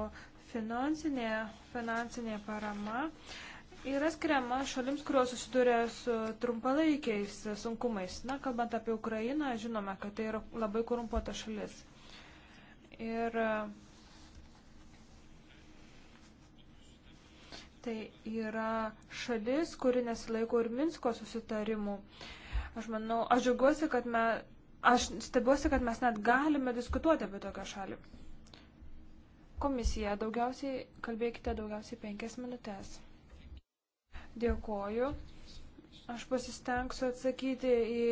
finansinė, finansinė parama yra skiriama šalims, kurios susiduria su trumpalaikiais sunkumais. Na, kalbant apie Ukrainą, žinome, kad tai yra labai korumpuota šalis. Ir tai yra šalis, kuri nesilaiko ir Minsko susitarimų. Aš manau, aš džiaugiuosi, kad mes, aš stebiuosi, kad mes net galime diskutuoti apie tokią šalį. Komisija, daugiausiai, kalbėkite daugiausiai penkias minutės. Dėkoju. Aš pasistengsiu atsakyti į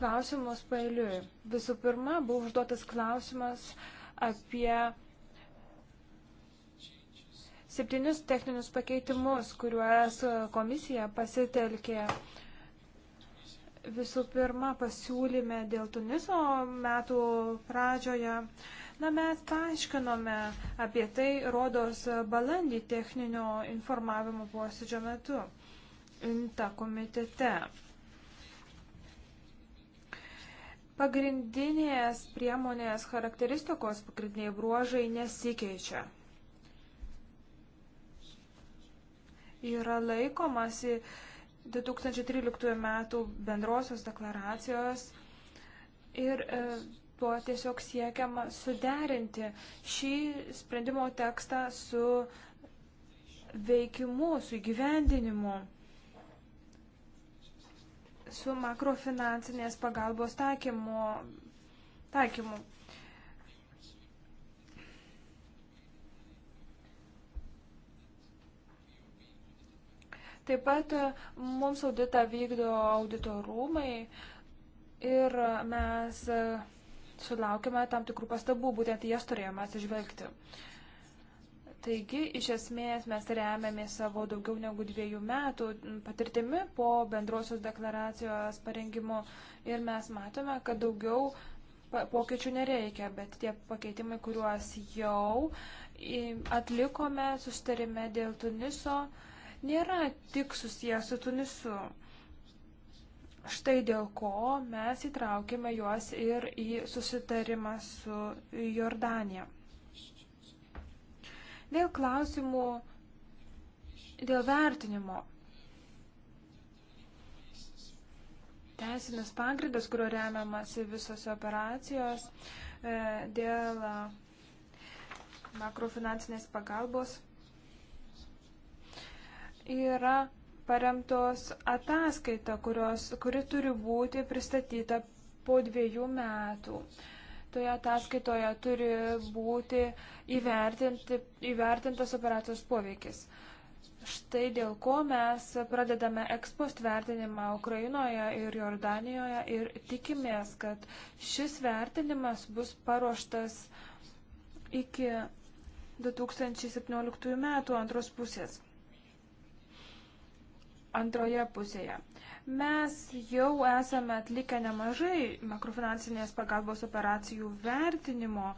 klausimus pailiui. Visų pirma, buvo užduotas klausimas apie septynis techninius pakeitimus, kuriuos komisija pasitelkė. Visų pirma, pasiūlyme dėl Tuniso metų pradžioje Na, mes paaiškinome apie tai, rodos, balandį techninio informavimo posėdžio metu. Inta komitete. Pagrindinės priemonės charakteristikos, pagrindiniai bruožai nesikeičia. Yra laikomasi 2013 metų bendrosios deklaracijos ir e, tuo tiesiog siekiama suderinti šį sprendimo tekstą su veikimu, su įgyvendinimu, su makrofinansinės pagalbos taikymu. taikymu. Taip pat e, mums auditą vykdo audito rūmai ir mes e, sulaukime tam tikrų pastabų, būtent jas turėjome atsižvelgti. Taigi, iš esmės, mes remiamės savo daugiau negu dviejų metų patirtimi po bendrosios deklaracijos parengimo ir mes matome, kad daugiau pokyčių nereikia, bet tie pakeitimai, kuriuos jau atlikome sustarime dėl Tuniso, nėra tik susijęs su Tunisu. Štai dėl ko mes įtraukėme juos ir į susitarimą su Jordanija. Dėl klausimų, dėl vertinimo. Teisinis pagrindas, kurio remiamas visos operacijos, e, dėl e, makrofinansinės pagalbos yra paremtos ataskaita, kurios, kuri turi būti pristatyta po dviejų metų. Toje ataskaitoje turi būti įvertintas operacijos poveikis. Štai dėl ko mes pradedame ekspost vertinimą Ukrainoje ir Jordanijoje ir tikimės, kad šis vertinimas bus paruoštas iki 2017 metų antros pusės antroje pusėje. Mes jau esame atlikę nemažai makrofinansinės pagalbos operacijų vertinimo.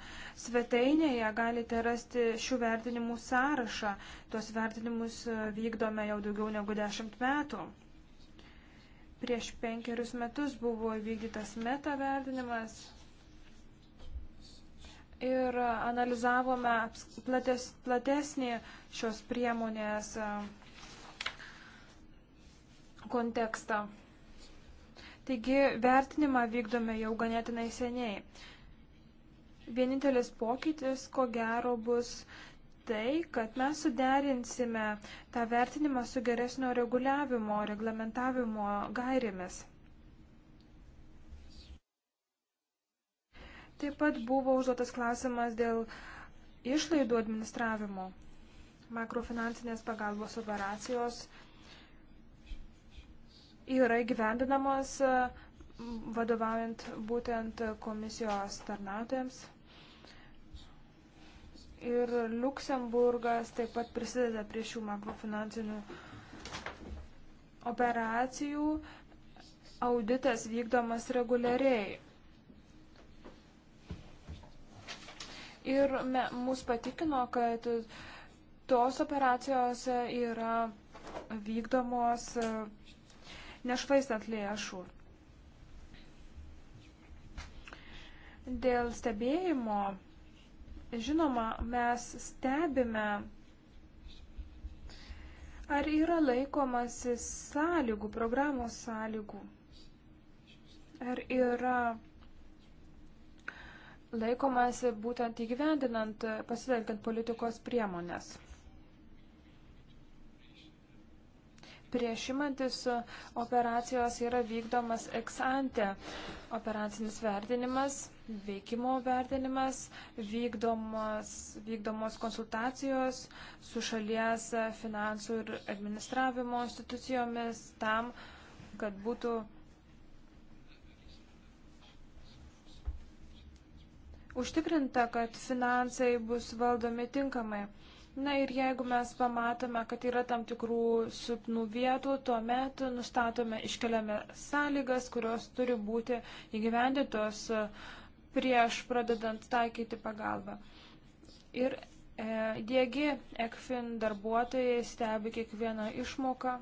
Svetainėje galite rasti šių vertinimų sąrašą. Tuos vertinimus e, vykdome jau daugiau negu dešimt metų. Prieš penkerius metus buvo įvykdytas meta vertinimas ir analizavome plates, platesnį šios priemonės e, kontekstą. Taigi vertinimą vykdome jau ganėtinai seniai. Vienintelis pokytis, ko gero, bus tai, kad mes suderinsime tą vertinimą su geresnio reguliavimo, reglamentavimo gairėmis. Taip pat buvo užduotas klausimas dėl išlaidų administravimo, makrofinansinės pagalbos operacijos yra įgyvendinamos vadovaujant būtent komisijos tarnautojams. Ir Luksemburgas taip pat prisideda prie šių makrofinansinių operacijų. Auditas vykdomas reguliariai. Ir me, mus patikino, kad tos operacijos yra vykdomos nešvaistant lėšų. Dėl stebėjimo, žinoma, mes stebime, ar yra laikomasi sąlygų, programos sąlygų, ar yra laikomasi būtent įgyvendinant, pasitelkiant politikos priemonės. priešimantis operacijos yra vykdomas eksante. Operacinis vertinimas, veikimo vertinimas, vykdomas, vykdomos konsultacijos su šalies finansų ir administravimo institucijomis tam, kad būtų užtikrinta, kad finansai bus valdomi tinkamai. Na ir jeigu mes pamatome, kad yra tam tikrų silpnų vietų, tuomet nustatome, iškeliame sąlygas, kurios turi būti įgyvendytos e, prieš pradedant taikyti pagalbą. Ir e, dėgi ECFIN darbuotojai stebi kiekvieną išmoką,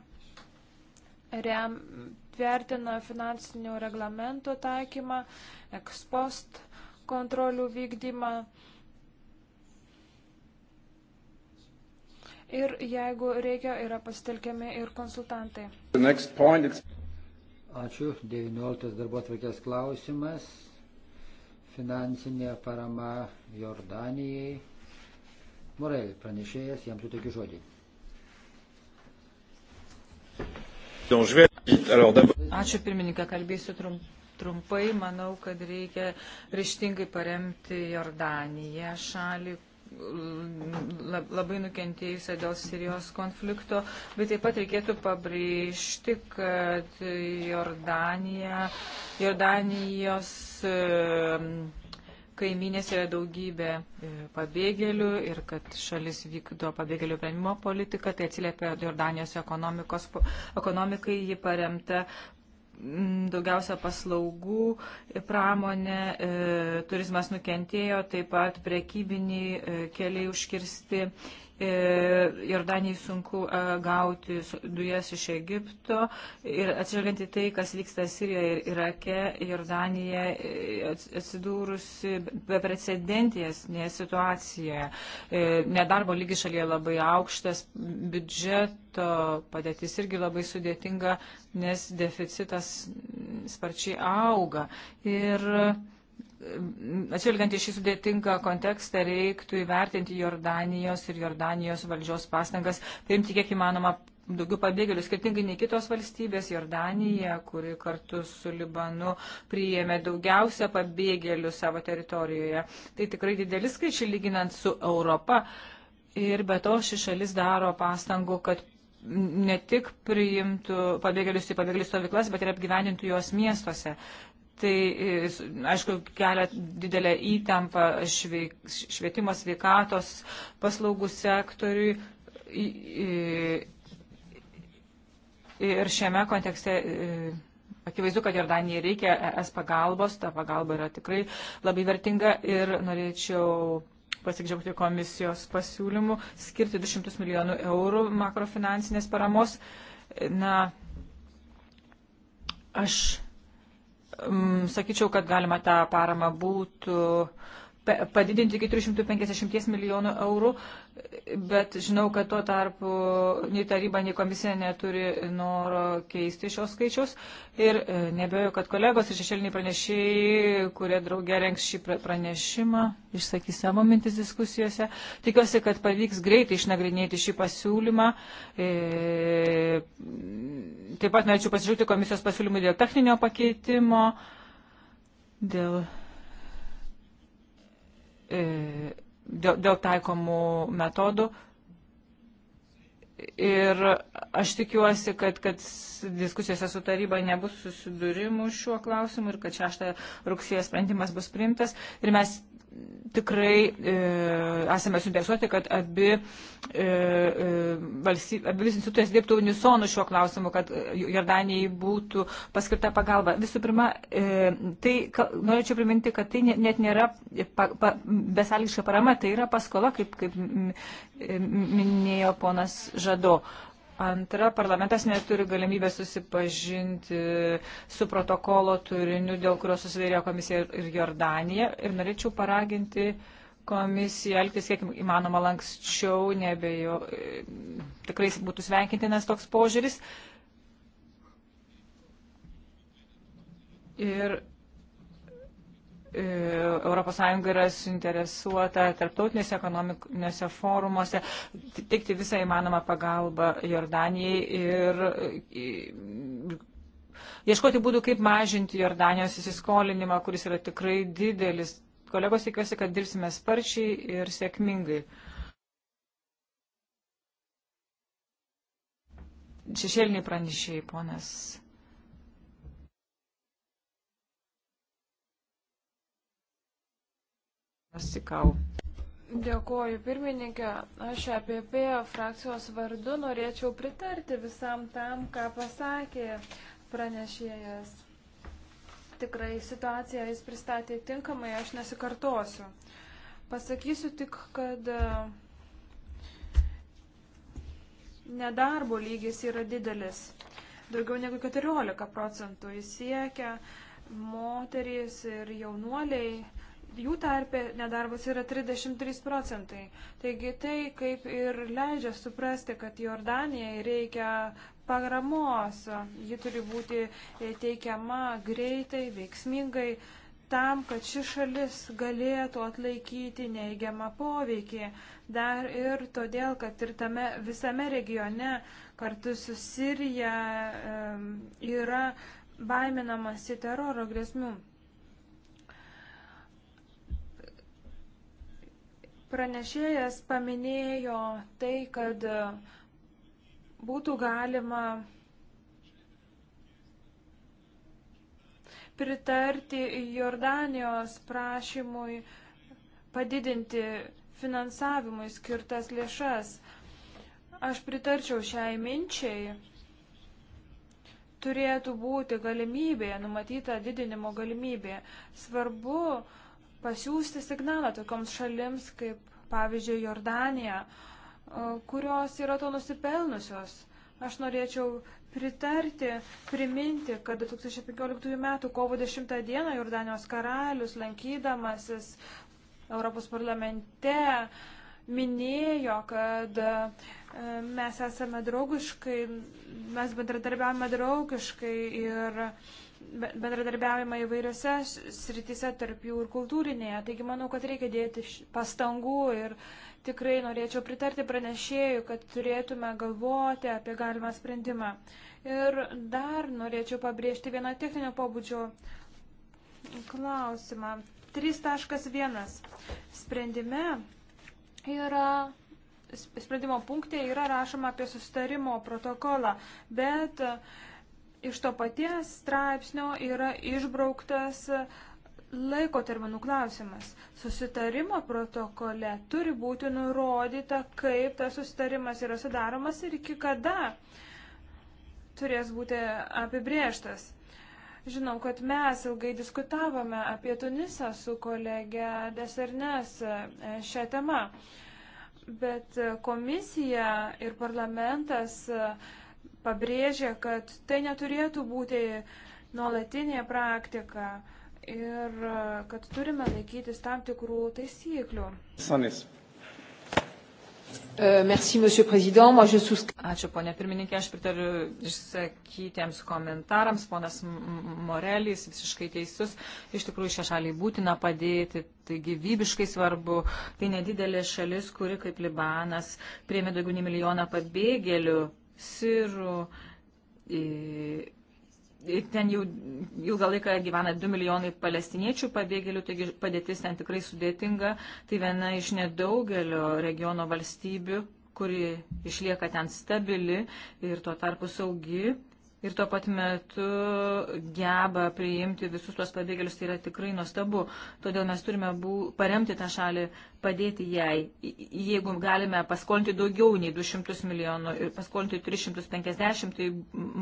rem, vertina finansinio reglamento taikymą, ekspost kontrolių vykdymą. E, ir jeigu reikia, yra pasitelkiami ir konsultantai. Ačiū. 19 darbo atvarkės klausimas. Finansinė parama Jordanijai. Morel, pranešėjas, jam suteikiu žodį. Ačiū pirmininką, kalbėsiu trumpai trumpai, manau, kad reikia ryštingai paremti Jordaniją, šalį, labai nukentėjusią dėl Sirijos konflikto, bet taip pat reikėtų pabrėžti, kad Jordanija, Jordanijos kaiminės yra daugybė e, pabėgėlių ir kad šalis vykdo pabėgėlių prieimimo politiką, tai atsiliepia Jordanijos ekonomikai, ji paremta daugiausia paslaugų e, pramonė, e, turizmas nukentėjo, taip pat prekybiniai e, keliai užkirsti E, Jordanijai sunku e, gauti dujas iš Egipto ir atsižvelgiant į tai, kas vyksta Sirijoje ir Irake, Jordanija e, atsidūrusi beprecedentėsnėje situacijoje. Nedarbo lygis šalyje labai aukštas, biudžeto padėtis irgi labai sudėtinga, nes deficitas sparčiai auga. Ir, mm Atsižvelgiant į šį sudėtingą kontekstą, reiktų įvertinti Jordanijos ir Jordanijos valdžios pastangas priimti kiek įmanoma daugiau pabėgėlių, skirtingai nei kitos valstybės, Jordanija, kuri kartu su Libanu priėmė daugiausia pabėgėlių savo teritorijoje. Tai tikrai didelis skaičiai lyginant su Europa. Ir be to ši šalis daro pastangų, kad ne tik priimtų pabėgėlius į pabėgėlių stovyklas, bet ir apgyvendintų juos miestuose. Tai, e, aišku, kelia didelę įtampą švietimo sveikatos paslaugų sektoriui. Ir šiame kontekste e, akivaizdu, kad Jordanijai reikia es pagalbos, ta pagalba yra tikrai labai vertinga ir norėčiau pasikdžiaugti komisijos pasiūlymų skirti 200 milijonų eurų makrofinansinės paramos. Na, aš sakyčiau, kad galima tą paramą būtų padidinti iki 350 milijonų eurų, bet žinau, kad tuo tarpu nei taryba, nei komisija neturi noro keisti šios skaičius. Ir e, nebejoju, kad kolegos ir šešėliniai pranešėjai, kurie draugė renks šį pranešimą, išsakys savo mintis diskusijose. Tikiuosi, kad pavyks greitai išnagrinėti šį pasiūlymą. E, taip pat norėčiau pasižiūrėti komisijos pasiūlymų dėl techninio pakeitimo. Dėl E, dėl, dėl taikomų metodų. Ir aš tikiuosi, kad, kad diskusijose su taryba nebus susidūrimų šiuo klausimu ir kad 6 rugsėjo sprendimas bus priimtas. Ir mes tikrai e, esame suinteresuoti, kad abi, e, e valstyb, abi institucijas dirbtų unisonų šiuo klausimu, kad Jordanijai būtų paskirta pagalba. Visų pirma, e, tai ka, norėčiau priminti, kad tai net nėra pa, pa, besališka parama, tai yra paskola, kaip, kaip minėjo ponas Žado. E, Antra, parlamentas neturi galimybę susipažinti su protokolo turiniu, dėl kurio susidėrėjo komisija ir Jordanija. Ir norėčiau paraginti komisija elgtis kiek įmanoma lankščiau, nebejo, tikrai būtų sveikintinas toks požiūris. Ir ES yra suinteresuota tarptautinėse ekonominėse forumuose teikti visą įmanomą pagalbą Jordanijai ir e, ieškoti būdų, kaip mažinti Jordanijos įsiskolinimą, kuris yra tikrai didelis. Kolegos tikiuosi, kad dirbsime sparčiai ir sėkmingai. Šešėliniai pranešėjai, ponas Pasikau. Dėkuoju pirmininkė. Aš APP frakcijos vardu norėčiau pritarti visam tam, ką pasakė pranešėjas. Tikrai situaciją jis pristatė tinkamai, aš nesikartosiu. Pasakysiu tik, kad e, nedarbo lygis yra didelis. Daugiau negu 14 procentų jis siekia moterys ir jaunuoliai jų tarpe nedarbas yra 33 procentai. Taigi tai kaip ir leidžia suprasti, kad Jordanijai reikia paramos. Ji turi būti e, teikiama greitai, veiksmingai, tam, kad ši šalis galėtų atlaikyti neigiamą poveikį. Dar ir todėl, kad ir tame visame regione kartu su Sirija yra baiminamasi teroro grėsmių. Pranešėjas paminėjo tai, kad būtų galima pritarti Jordanijos prašymui padidinti finansavimui skirtas lėšas. Aš pritarčiau šiai minčiai. Turėtų būti galimybė, numatyta didinimo galimybė. Svarbu, uh, pasiūsti signalą tokioms šalims kaip, pavyzdžiui, Jordanija, kurios yra to nusipelnusios. Aš norėčiau pritarti, priminti, kad 2015 m. kovo 10 d. Jordanijos karalius, lankydamasis Europos parlamente, minėjo, kad e, mes esame draugiškai, mes bendradarbiavame draugiškai ir bendradarbiaujama įvairiose srityse, tarp jų ir kultūrinėje. Taigi manau, kad reikia dėti pastangų ir tikrai norėčiau pritarti pranešėjų, kad turėtume galvoti apie galimą sprendimą. Ir dar norėčiau pabrėžti vieną techninio pobūdžio klausimą. 3.1. Sprendime yra sprendimo punkte yra rašoma apie sustarimo protokolą, bet iš to paties straipsnio yra išbrauktas laiko terminų klausimas. Susitarimo protokole turi būti nurodyta, kaip tas susitarimas yra sudaromas ir iki kada turės būti apibrieštas. Žinau, kad mes ilgai diskutavome apie Tunisą su kolege Desarnes e, šią temą, bet komisija ir parlamentas uh, pabrėžė, kad tai neturėtų būti nuolatinė praktika ir e, kad turime laikytis tam tikrų taisyklių. Sonis. E, Ačiū, ponė pirmininkė, aš pritariu išsakytiems komentarams. Ponas Morelys visiškai teisus. Iš tikrųjų, šią šalį būtina padėti, tai gyvybiškai svarbu. Tai nedidelė šalis, kuri kaip Libanas priemė daugiau nei milijoną pabėgėlių sirų. Ten jau ilgą laiką gyvena 2 milijonai palestiniečių pabėgėlių, taigi padėtis ten tikrai sudėtinga. Tai viena iš nedaugelio regiono valstybių, kuri išlieka ten stabili ir tuo tarpu saugi ir tuo pat metu geba priimti visus tuos pabėgėlius, tai yra tikrai nuostabu. Todėl mes turime bū, paremti tą šalį, padėti jai, jeigu galime paskolinti daugiau nei 200 milijonų ir paskolinti 350, tai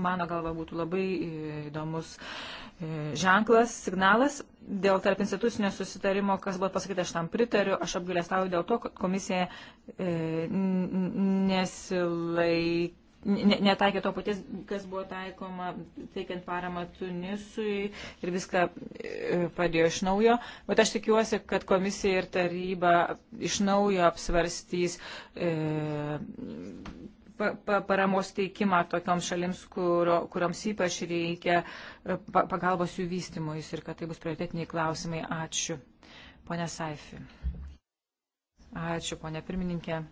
mano galva būtų labai e, įdomus e, ženklas, signalas. Dėl tarp institucinio susitarimo, kas buvo pasakyta, aš tam pritariu, aš apgailestauju dėl to, kad komisija e, nesilaikė netaikė to paties, kas buvo taikoma, teikiant paramą Tunisui ir viską e, pradėjo iš naujo. Bet aš tikiuosi, kad komisija ir taryba iš naujo apsvarstys e, pa, pa, paramos teikimą tokioms šalims, kurio, kurioms ypač reikia e, pagalbos jų vystimuis ir kad tai bus prioritetiniai klausimai. Ačiū. Pone Saifi. Ačiū, ponė pirmininkė.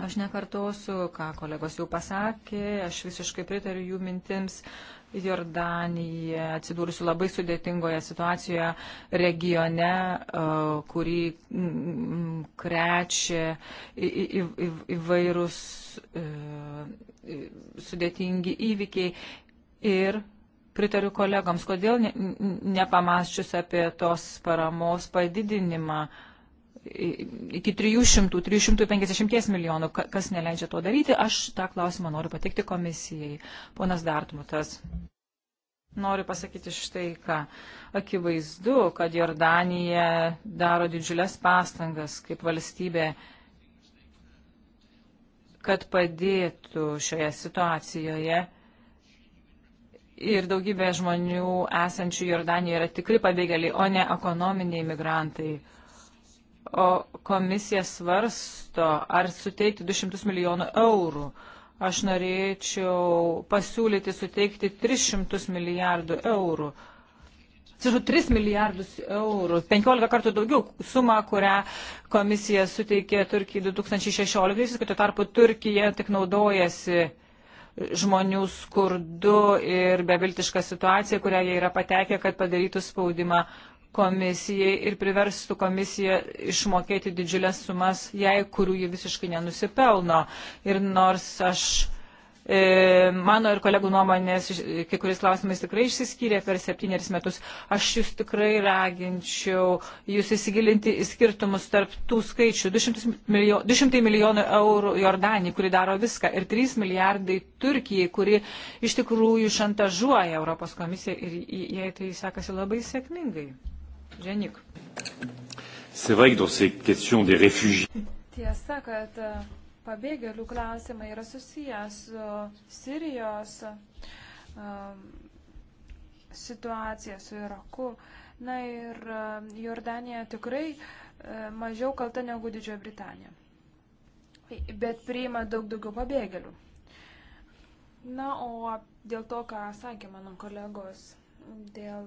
Aš nekartosiu, ką kolegos jau pasakė, aš visiškai pritariu jų mintims. Jordanija atsidūrusi labai sudėtingoje situacijoje regione, e, kurį krečia įvairūs e, sudėtingi įvykiai. Ir pritariu kolegams, kodėl nepamasčius apie tos paramos padidinimą iki 300-350 milijonų, kas neleidžia to daryti, aš tą klausimą noriu patikti komisijai. Ponas Dartmutas, noriu pasakyti štai ką. Akivaizdu, kad Jordanija daro didžiulės pastangas kaip valstybė, kad padėtų šioje situacijoje. Ir daugybė žmonių esančių Jordanijoje yra tikri pabėgėliai, o ne ekonominiai migrantai o komisija svarsto, ar suteikti 200 milijonų eurų. Aš norėčiau pasiūlyti suteikti 300 milijardų eurų. Atsiprašau, 3 milijardus eurų, 15 kartų daugiau suma, kurią komisija suteikė Turkijai 2016, kad tuo tarpu Turkija tik naudojasi žmonių skurdu ir beviltišką situaciją, kurią jie yra patekę, kad padarytų spaudimą uh, komisijai ir priverstų komisiją išmokėti didžiulės sumas, jai kurių ji visiškai nenusipelno. Ir nors aš e, mano ir kolegų nuomonės kai kuris klausimais tikrai išsiskyrė per septynerius metus, aš jūs tikrai raginčiau jūs įsigilinti į skirtumus tarp tų skaičių. 200 milijonų, 200 milijonų eurų Jordanijai, kuri daro viską, ir 3 milijardai Turkijai, kuri iš tikrųjų šantažuoja Europos komisiją ir jai tai sekasi labai sėkmingai. Ženik. Tiesa, kad e, pabėgėlių klausimai yra susijęs su Sirijos um, situacija, su Iraku. Na ir e, Jordanija tikrai mažiau kalta negu Didžioji Britanija. Bet priima daug daugiau pabėgėlių. Na, o dėl to, ką sakė mano kolegos Dėl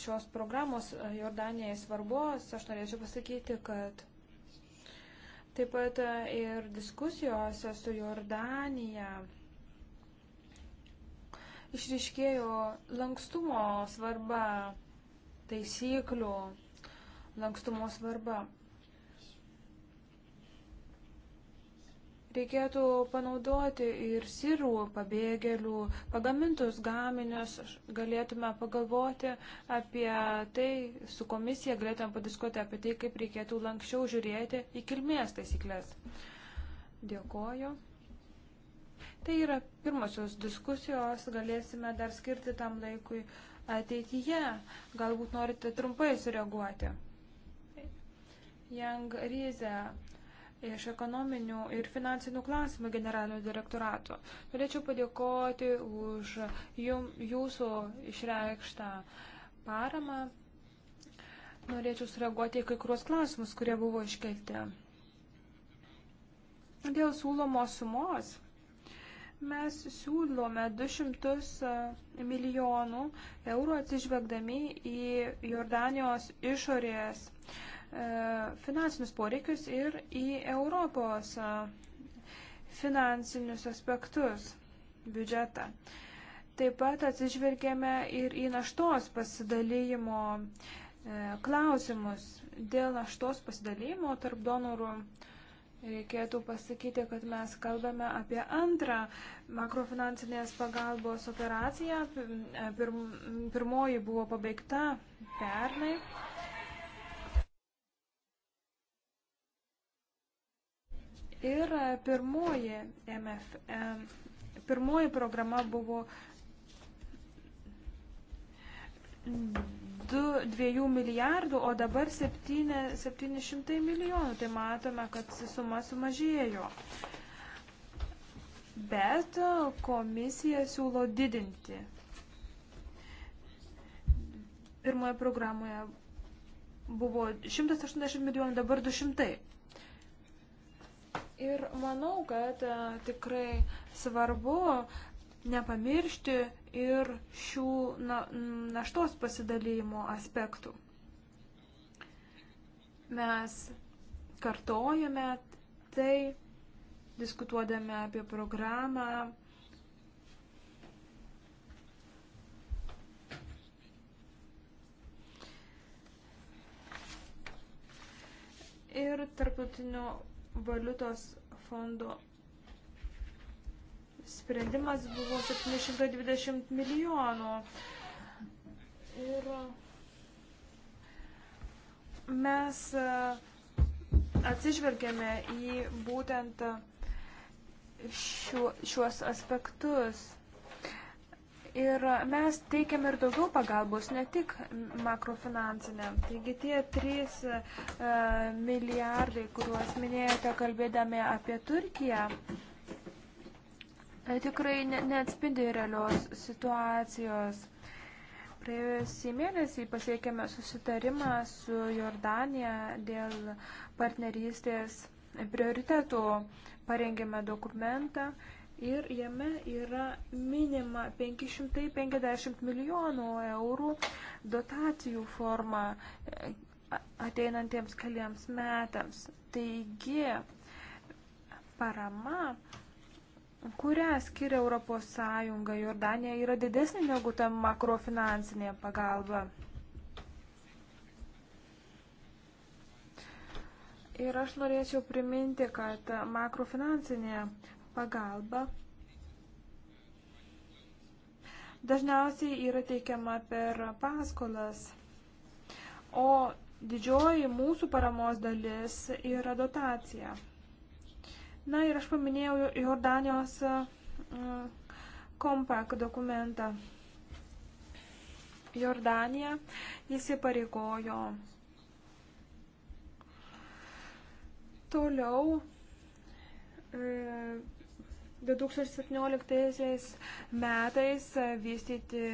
šios programos e, Jordanijai svarbos aš norėčiau pasakyti, kad taip pat e, ir diskusijose su Jordanija išriškėjo lankstumo svarba, taisyklių lankstumo svarba. reikėtų panaudoti ir sirų pabėgėlių pagamintus gaminius. Galėtume pagalvoti apie tai, su komisija galėtume padiskuoti apie tai, kaip reikėtų lankščiau žiūrėti į kilmės taisyklės. Dėkoju. Tai yra pirmosios diskusijos, galėsime dar skirti tam laikui ateityje. Galbūt norite trumpai sureaguoti. Jang Ryze iš ekonominių ir finansinių klausimų generalinio direktorato. Norėčiau padėkoti už jum, jūsų išreikštą paramą. Norėčiau sureaguoti į kai kurios klausimus, kurie buvo iškelti. Dėl siūlomos sumos mes siūlome 200 e, milijonų eurų atsižvelgdami į Jordanijos išorės uh, E, finansinius poreikius ir į Europos e, finansinius aspektus biudžetą. Taip pat atsižvelgėme ir į naštos pasidalymo e, klausimus. Dėl naštos pasidalymo tarp donorų reikėtų pasakyti, kad mes kalbame apie antrą makrofinansinės pagalbos operaciją. Pirmoji buvo pabaigta pernai. Ir e, pirmoji, MF, pirmoji programa buvo 2 milijardų, o dabar 7, 700 milijonų. Tai matome, kad suma sumažėjo. Bet e, komisija siūlo didinti. Pirmoje programoje buvo 180 milijonų, dabar 200. Ir manau, kad e, tikrai svarbu nepamiršti ir šių na, naštos pasidalymo aspektų. Mes kartojame tai, diskutuodami apie programą. Ir tarptautinio valiutos fondo sprendimas buvo 720 milijonų. Ir mes e, atsižvelgėme į būtent šiuos aspektus. Ir mes teikiame ir daugiau pagalbos, ne tik makrofinansinę. Taigi tie 3 e, milijardai, kuriuos minėjote kalbėdami apie Turkiją, e, tikrai neatspindi realios situacijos. Praėjusį mėnesį pasiekėme susitarimą su Jordanija dėl partnerystės prioritetų, parengėme dokumentą ir jame yra minima 550 milijonų eurų dotacijų forma e, ateinantiems keliems metams. Taigi, parama, kurią skiria Europos Sąjunga Jordanija, yra didesnė negu ta makrofinansinė pagalba. Ir aš norėčiau priminti, kad makrofinansinė pagalba pagalba dažniausiai yra teikiama per paskolas, o didžioji mūsų paramos dalis yra dotacija. Na ir aš paminėjau Jordanijos kompakt dokumentą. Jordanija įsipareigojo toliau e, 2017 metais vystyti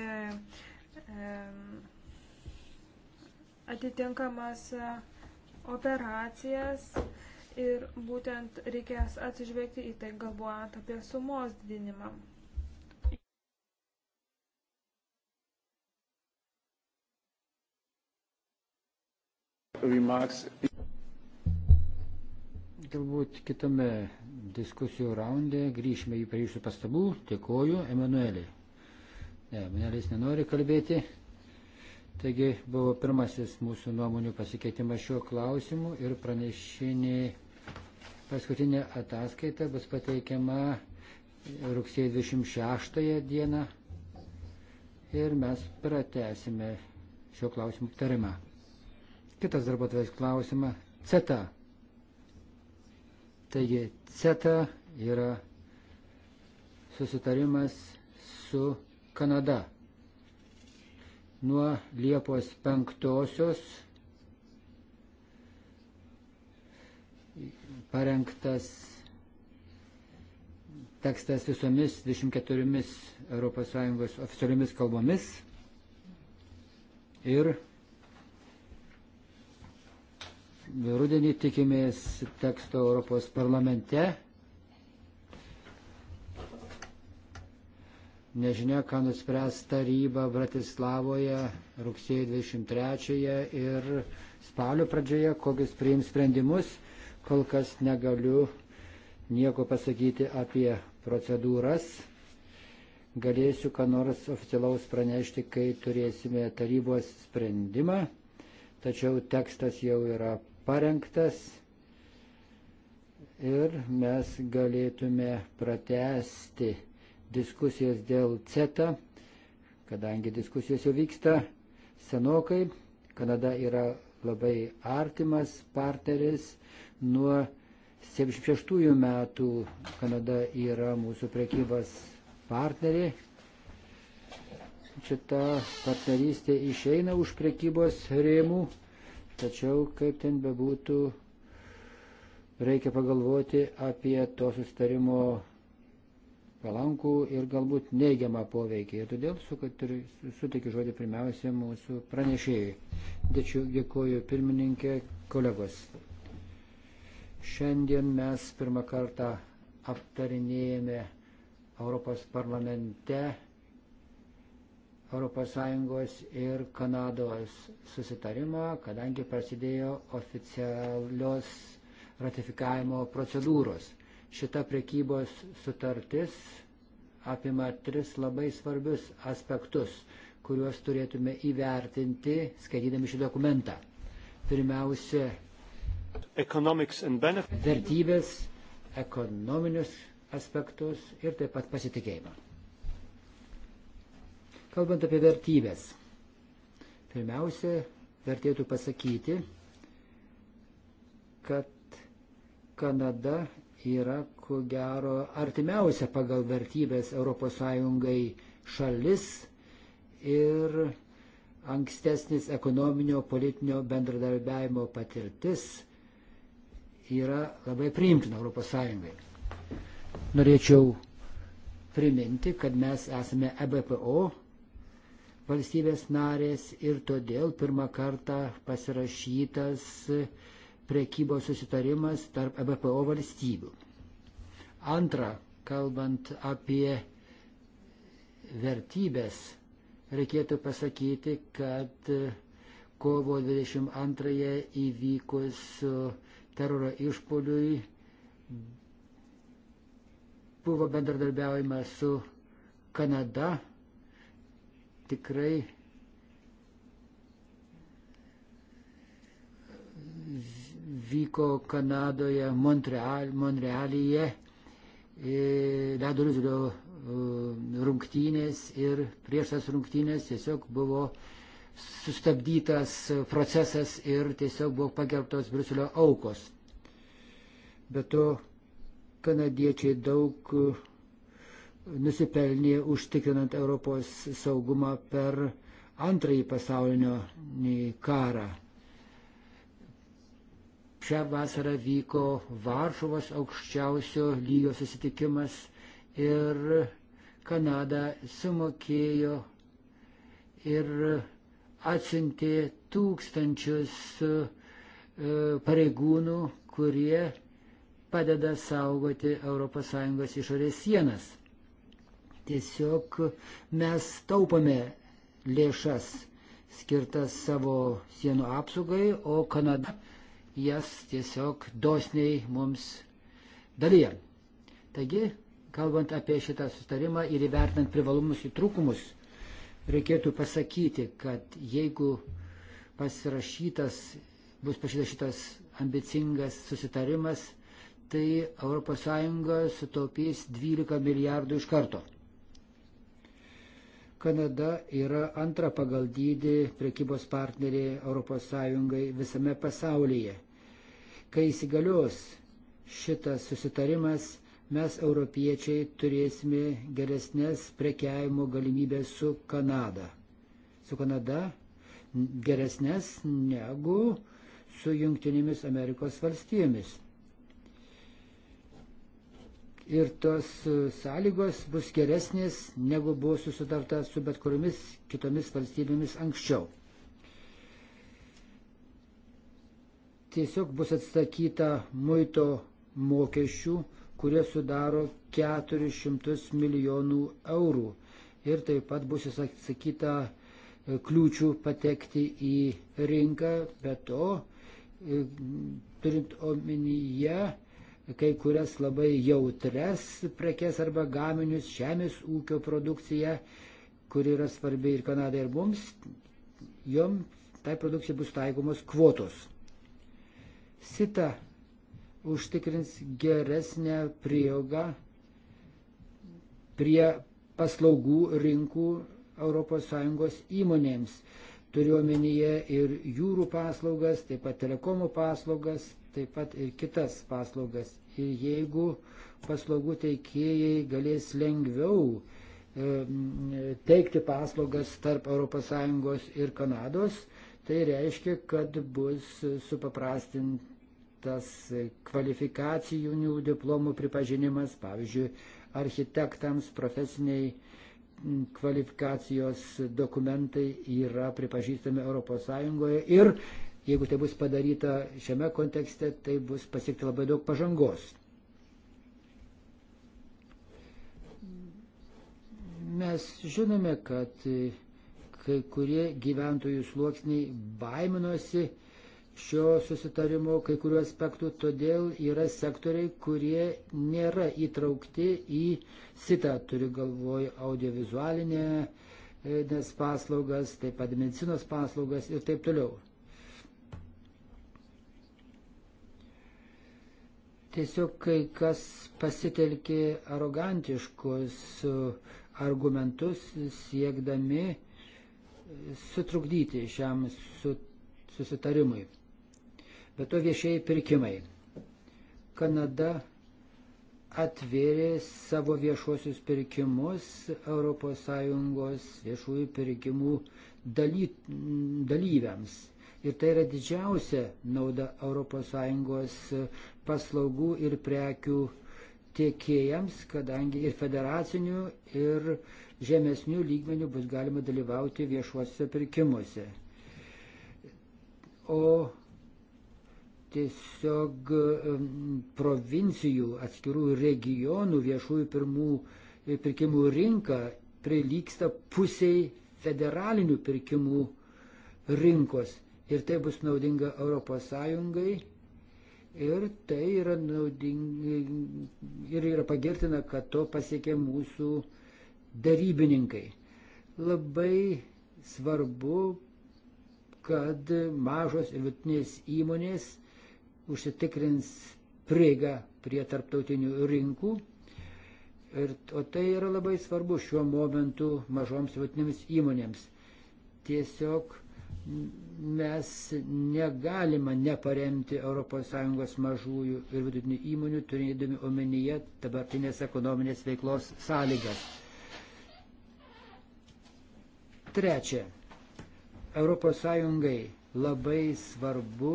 atitinkamas e, operacijas ir būtent reikės atsižvelgti į tai galvojant apie sumos didinimą. Remarks galbūt kitame diskusijų raunde grįšime į prie jūsų pastabų. Dėkoju, Emanueliai. Ne, Emanuelis nenori kalbėti. Taigi buvo pirmasis mūsų nuomonių pasikeitimas šiuo klausimu ir pranešinė paskutinė ataskaita bus pateikiama rugsėjo 26 dieną ir mes pratesime šio klausimų aptarimą. Kitas darbuotojas klausimas - CETA Taigi CETA yra susitarimas su Kanada. Nuo Liepos 5-osios parengtas tekstas visomis 24 ES oficialiomis kalbomis ir rudenį tikimės teksto Europos parlamente. Nežinia, ką nuspręs taryba Bratislavoje rugsėjo 23-ąją ir spalio pradžioje, kokius priims sprendimus. Kol kas negaliu nieko pasakyti apie procedūras. Galėsiu, ką nors oficialaus pranešti, kai turėsime tarybos sprendimą tačiau tekstas jau yra parengtas ir mes galėtume pratesti diskusijas dėl CETA, kadangi diskusijos jau vyksta senokai. Kanada yra labai artimas partneris. Nuo 76 metų Kanada yra mūsų prekybos partnerė. Šita partnerystė išeina už prekybos rėmų Tačiau, kaip ten bebūtų, reikia pagalvoti apie to sustarimo palankų ir galbūt neigiamą poveikį. Ir todėl sutikiu žodį pirmiausia mūsų pranešėjai. Dėčiu, dėkoju pirmininkė, kolegos. Šiandien mes pirmą kartą aptarinėjame Europos parlamente ES ir Kanados susitarimą, kadangi prasidėjo oficialios ratifikavimo procedūros. Šita prekybos sutartis apima tris labai svarbius aspektus, kuriuos turėtume įvertinti skaitydami šį dokumentą. Pirmiausia, vertybės, ekonominius aspektus ir taip pat pasitikėjimą. Kalbant apie vertybės, pirmiausia, vertėtų pasakyti, kad Kanada yra ko gero artimiausia pagal vertybės ES šalis ir ankstesnis ekonominio politinio bendradarbiavimo patirtis yra labai priimtina ES. Norėčiau priminti, kad mes esame EBPO valstybės narės ir todėl pirmą kartą pasirašytas prekybos susitarimas tarp EBPO valstybių. Antra, kalbant apie vertybės, reikėtų pasakyti, kad kovo 22-ąją įvykus teroro išpoliui buvo bendradarbiaujama su Kanada tikrai vyko Kanadoje, Montreal, Montrealyje e, ledo rizulio e, rungtynės ir prieš tas rungtynės tiesiog buvo sustabdytas procesas ir tiesiog buvo pagerbtos Briuselio aukos. Be to, kanadiečiai daug nusipelnė užtikrinant Europos saugumą per antrąjį pasaulinio karą. Šią vasarą vyko Varšuvos aukščiausio lygio susitikimas ir Kanada sumokėjo ir atsintė tūkstančius e, pareigūnų, kurie padeda saugoti ES išorės sienas. Tiesiog mes taupome lėšas skirtas savo sienų apsaugai, o Kanada jas tiesiog dosniai mums dalyja. Taigi, kalbant apie šitą sustarimą ir įvertinant privalumus ir trūkumus, reikėtų pasakyti, kad jeigu pasirašytas, bus pasirašytas ambicingas susitarimas, tai ES sutaupys 12 milijardų iš karto. Kanada yra antra pagal dydį prekybos partnerė ES visame pasaulyje. Kai įsigalios šitas susitarimas, mes europiečiai turėsime geresnės prekiavimo galimybės su Kanada. Su Kanada geresnės negu su Junktinėmis Amerikos valstijomis ir tos e, sąlygos bus geresnės, negu buvo susitarta su bet kuriomis kitomis valstybėmis anksčiau. Tiesiog bus atsakyta muito mokesčių, kurie sudaro 400 milijonų eurų. Ir taip pat bus atsakyta e, kliūčių patekti į rinką, bet to e, turint omenyje, kai kurias labai jautres prekes arba gaminius, žemės ūkio produkciją, kuri yra svarbi ir Kanadai, ir mums, jom tai produkcija bus taikomos kvotos. Sita užtikrins geresnę prieigą prie paslaugų rinkų ES įmonėms. Turiuomenyje ir jūrų paslaugas, taip pat telekomų paslaugas, taip pat ir kitas paslaugas. Ir jeigu paslaugų teikėjai galės lengviau teikti paslaugas tarp ES ir Kanados, tai reiškia, kad bus supaprastintas kvalifikacijų diplomų pripažinimas, pavyzdžiui, architektams profesiniai kvalifikacijos dokumentai yra pripažįstami ES ir Jeigu tai bus padaryta šiame kontekste, tai bus pasiekti labai daug pažangos. Mes žinome, kad kai kurie gyventojų sluoksniai baiminosi šio susitarimo kai kurių aspektų, todėl yra sektoriai, kurie nėra įtraukti į sitą, turiu galvoj audiovizualinę nes paslaugas, taip pat medicinos paslaugas ir taip toliau. Tiesiog kai kas pasitelkė arogantiškus argumentus siekdami sutrukdyti šiam susitarimui. Bet to viešieji pirkimai. Kanada atvėrė savo viešuosius pirkimus ES viešųjų pirkimų daly, dalyviams. Ir tai yra didžiausia nauda ES paslaugų ir prekių tiekėjams, kadangi ir federacinių, ir žemesnių lygmenių bus galima dalyvauti viešuose pirkimuose. O tiesiog provincijų atskirų regionų viešųjų pirmų, e, pirkimų rinka prilyksta pusiai federalinių pirkimų rinkos. Ir tai bus naudinga ES Ir tai yra naudinga ir yra pagirtina, kad to pasiekė mūsų darybininkai. Labai svarbu, kad mažos ir vidutinės įmonės užsitikrins prieigą prie tarptautinių rinkų. Ir, o tai yra labai svarbu šiuo momentu mažoms vidutinėms įmonėms. Tiesiog mes negalima neparemti ES mažųjų ir vidutinių įmonių, turėdami omenyje dabartinės ekonominės veiklos sąlygas. Trečia, ES labai svarbu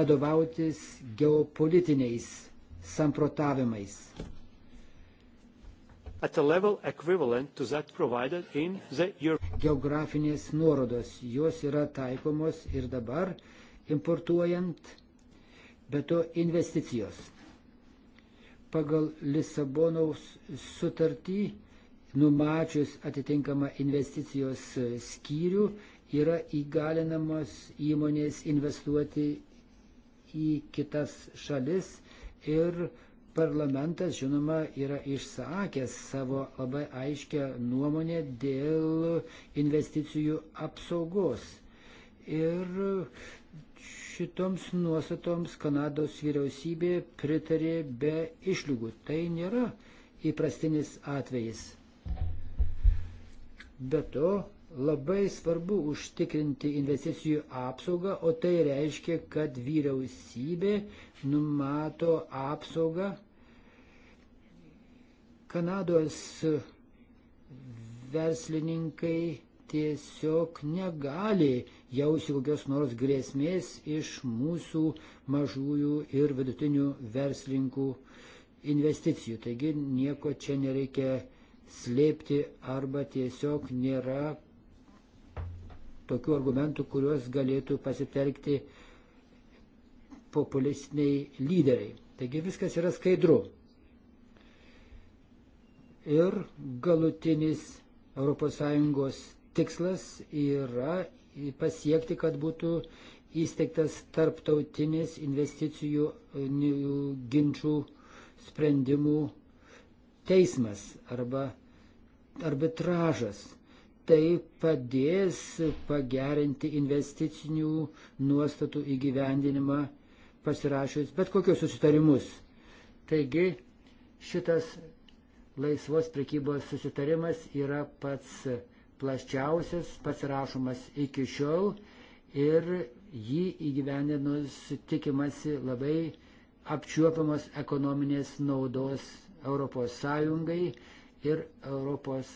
vadovautis geopolitiniais samprotavimais at a level equivalent to that provided in the Euro. Geografinės nuorodos, jos yra taikomos ir dabar importuojant, bet to investicijos. Pagal Lisabonaus sutartį, numačius atitinkamą investicijos skyrių, yra įgalinamos įmonės investuoti į kitas šalis ir Parlamentas, žinoma, yra išsakęs savo labai aiškę nuomonę dėl investicijų apsaugos. Ir šitoms nuostatoms Kanados vyriausybė pritarė be išlygų. Tai nėra įprastinis atvejis. Be to, labai svarbu užtikrinti investicijų apsaugą, o tai reiškia, kad vyriausybė numato apsaugą Kanados verslininkai tiesiog negali jausti kokios nors grėsmės iš mūsų mažųjų ir vidutinių verslininkų investicijų. Taigi nieko čia nereikia slėpti arba tiesiog nėra tokių argumentų, kuriuos galėtų pasitelkti populistiniai lyderiai. Taigi viskas yra skaidru ir galutinis ES tikslas yra pasiekti, kad būtų įsteigtas tarptautinis investicijų e, ginčių sprendimų teismas arba arbitražas. Tai padės pagerinti investicinių nuostatų įgyvendinimą pasirašius bet kokius susitarimus. Taigi šitas laisvos prekybos susitarimas yra pats plaščiausias, pats rašomas iki šiol ir jį įgyvendinus tikimasi labai apčiuopiamos ekonominės naudos ES ir Europos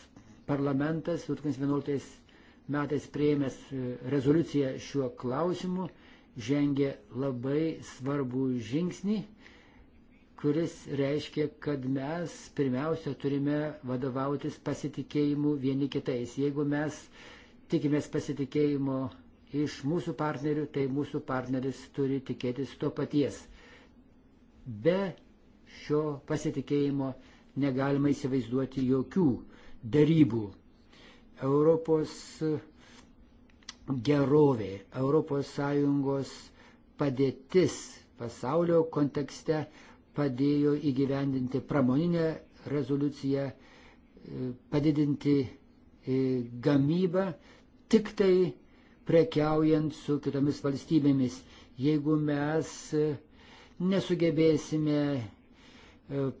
parlamentas 2011 metais prieimęs e, rezoliuciją šiuo klausimu žengė labai svarbų žingsnį kuris reiškia, kad mes pirmiausia turime vadovautis pasitikėjimu vieni kitais. Jeigu mes tikimės pasitikėjimo iš mūsų partnerių, tai mūsų partneris turi tikėtis to paties. Be šio pasitikėjimo negalima įsivaizduoti jokių darybų. Europos gerovė, ES padėtis pasaulio kontekste padėjo įgyvendinti pramoninę rezoliuciją, e, padidinti e, gamybą, tik tai prekiaujant su kitomis valstybėmis. Jeigu mes e, nesugebėsime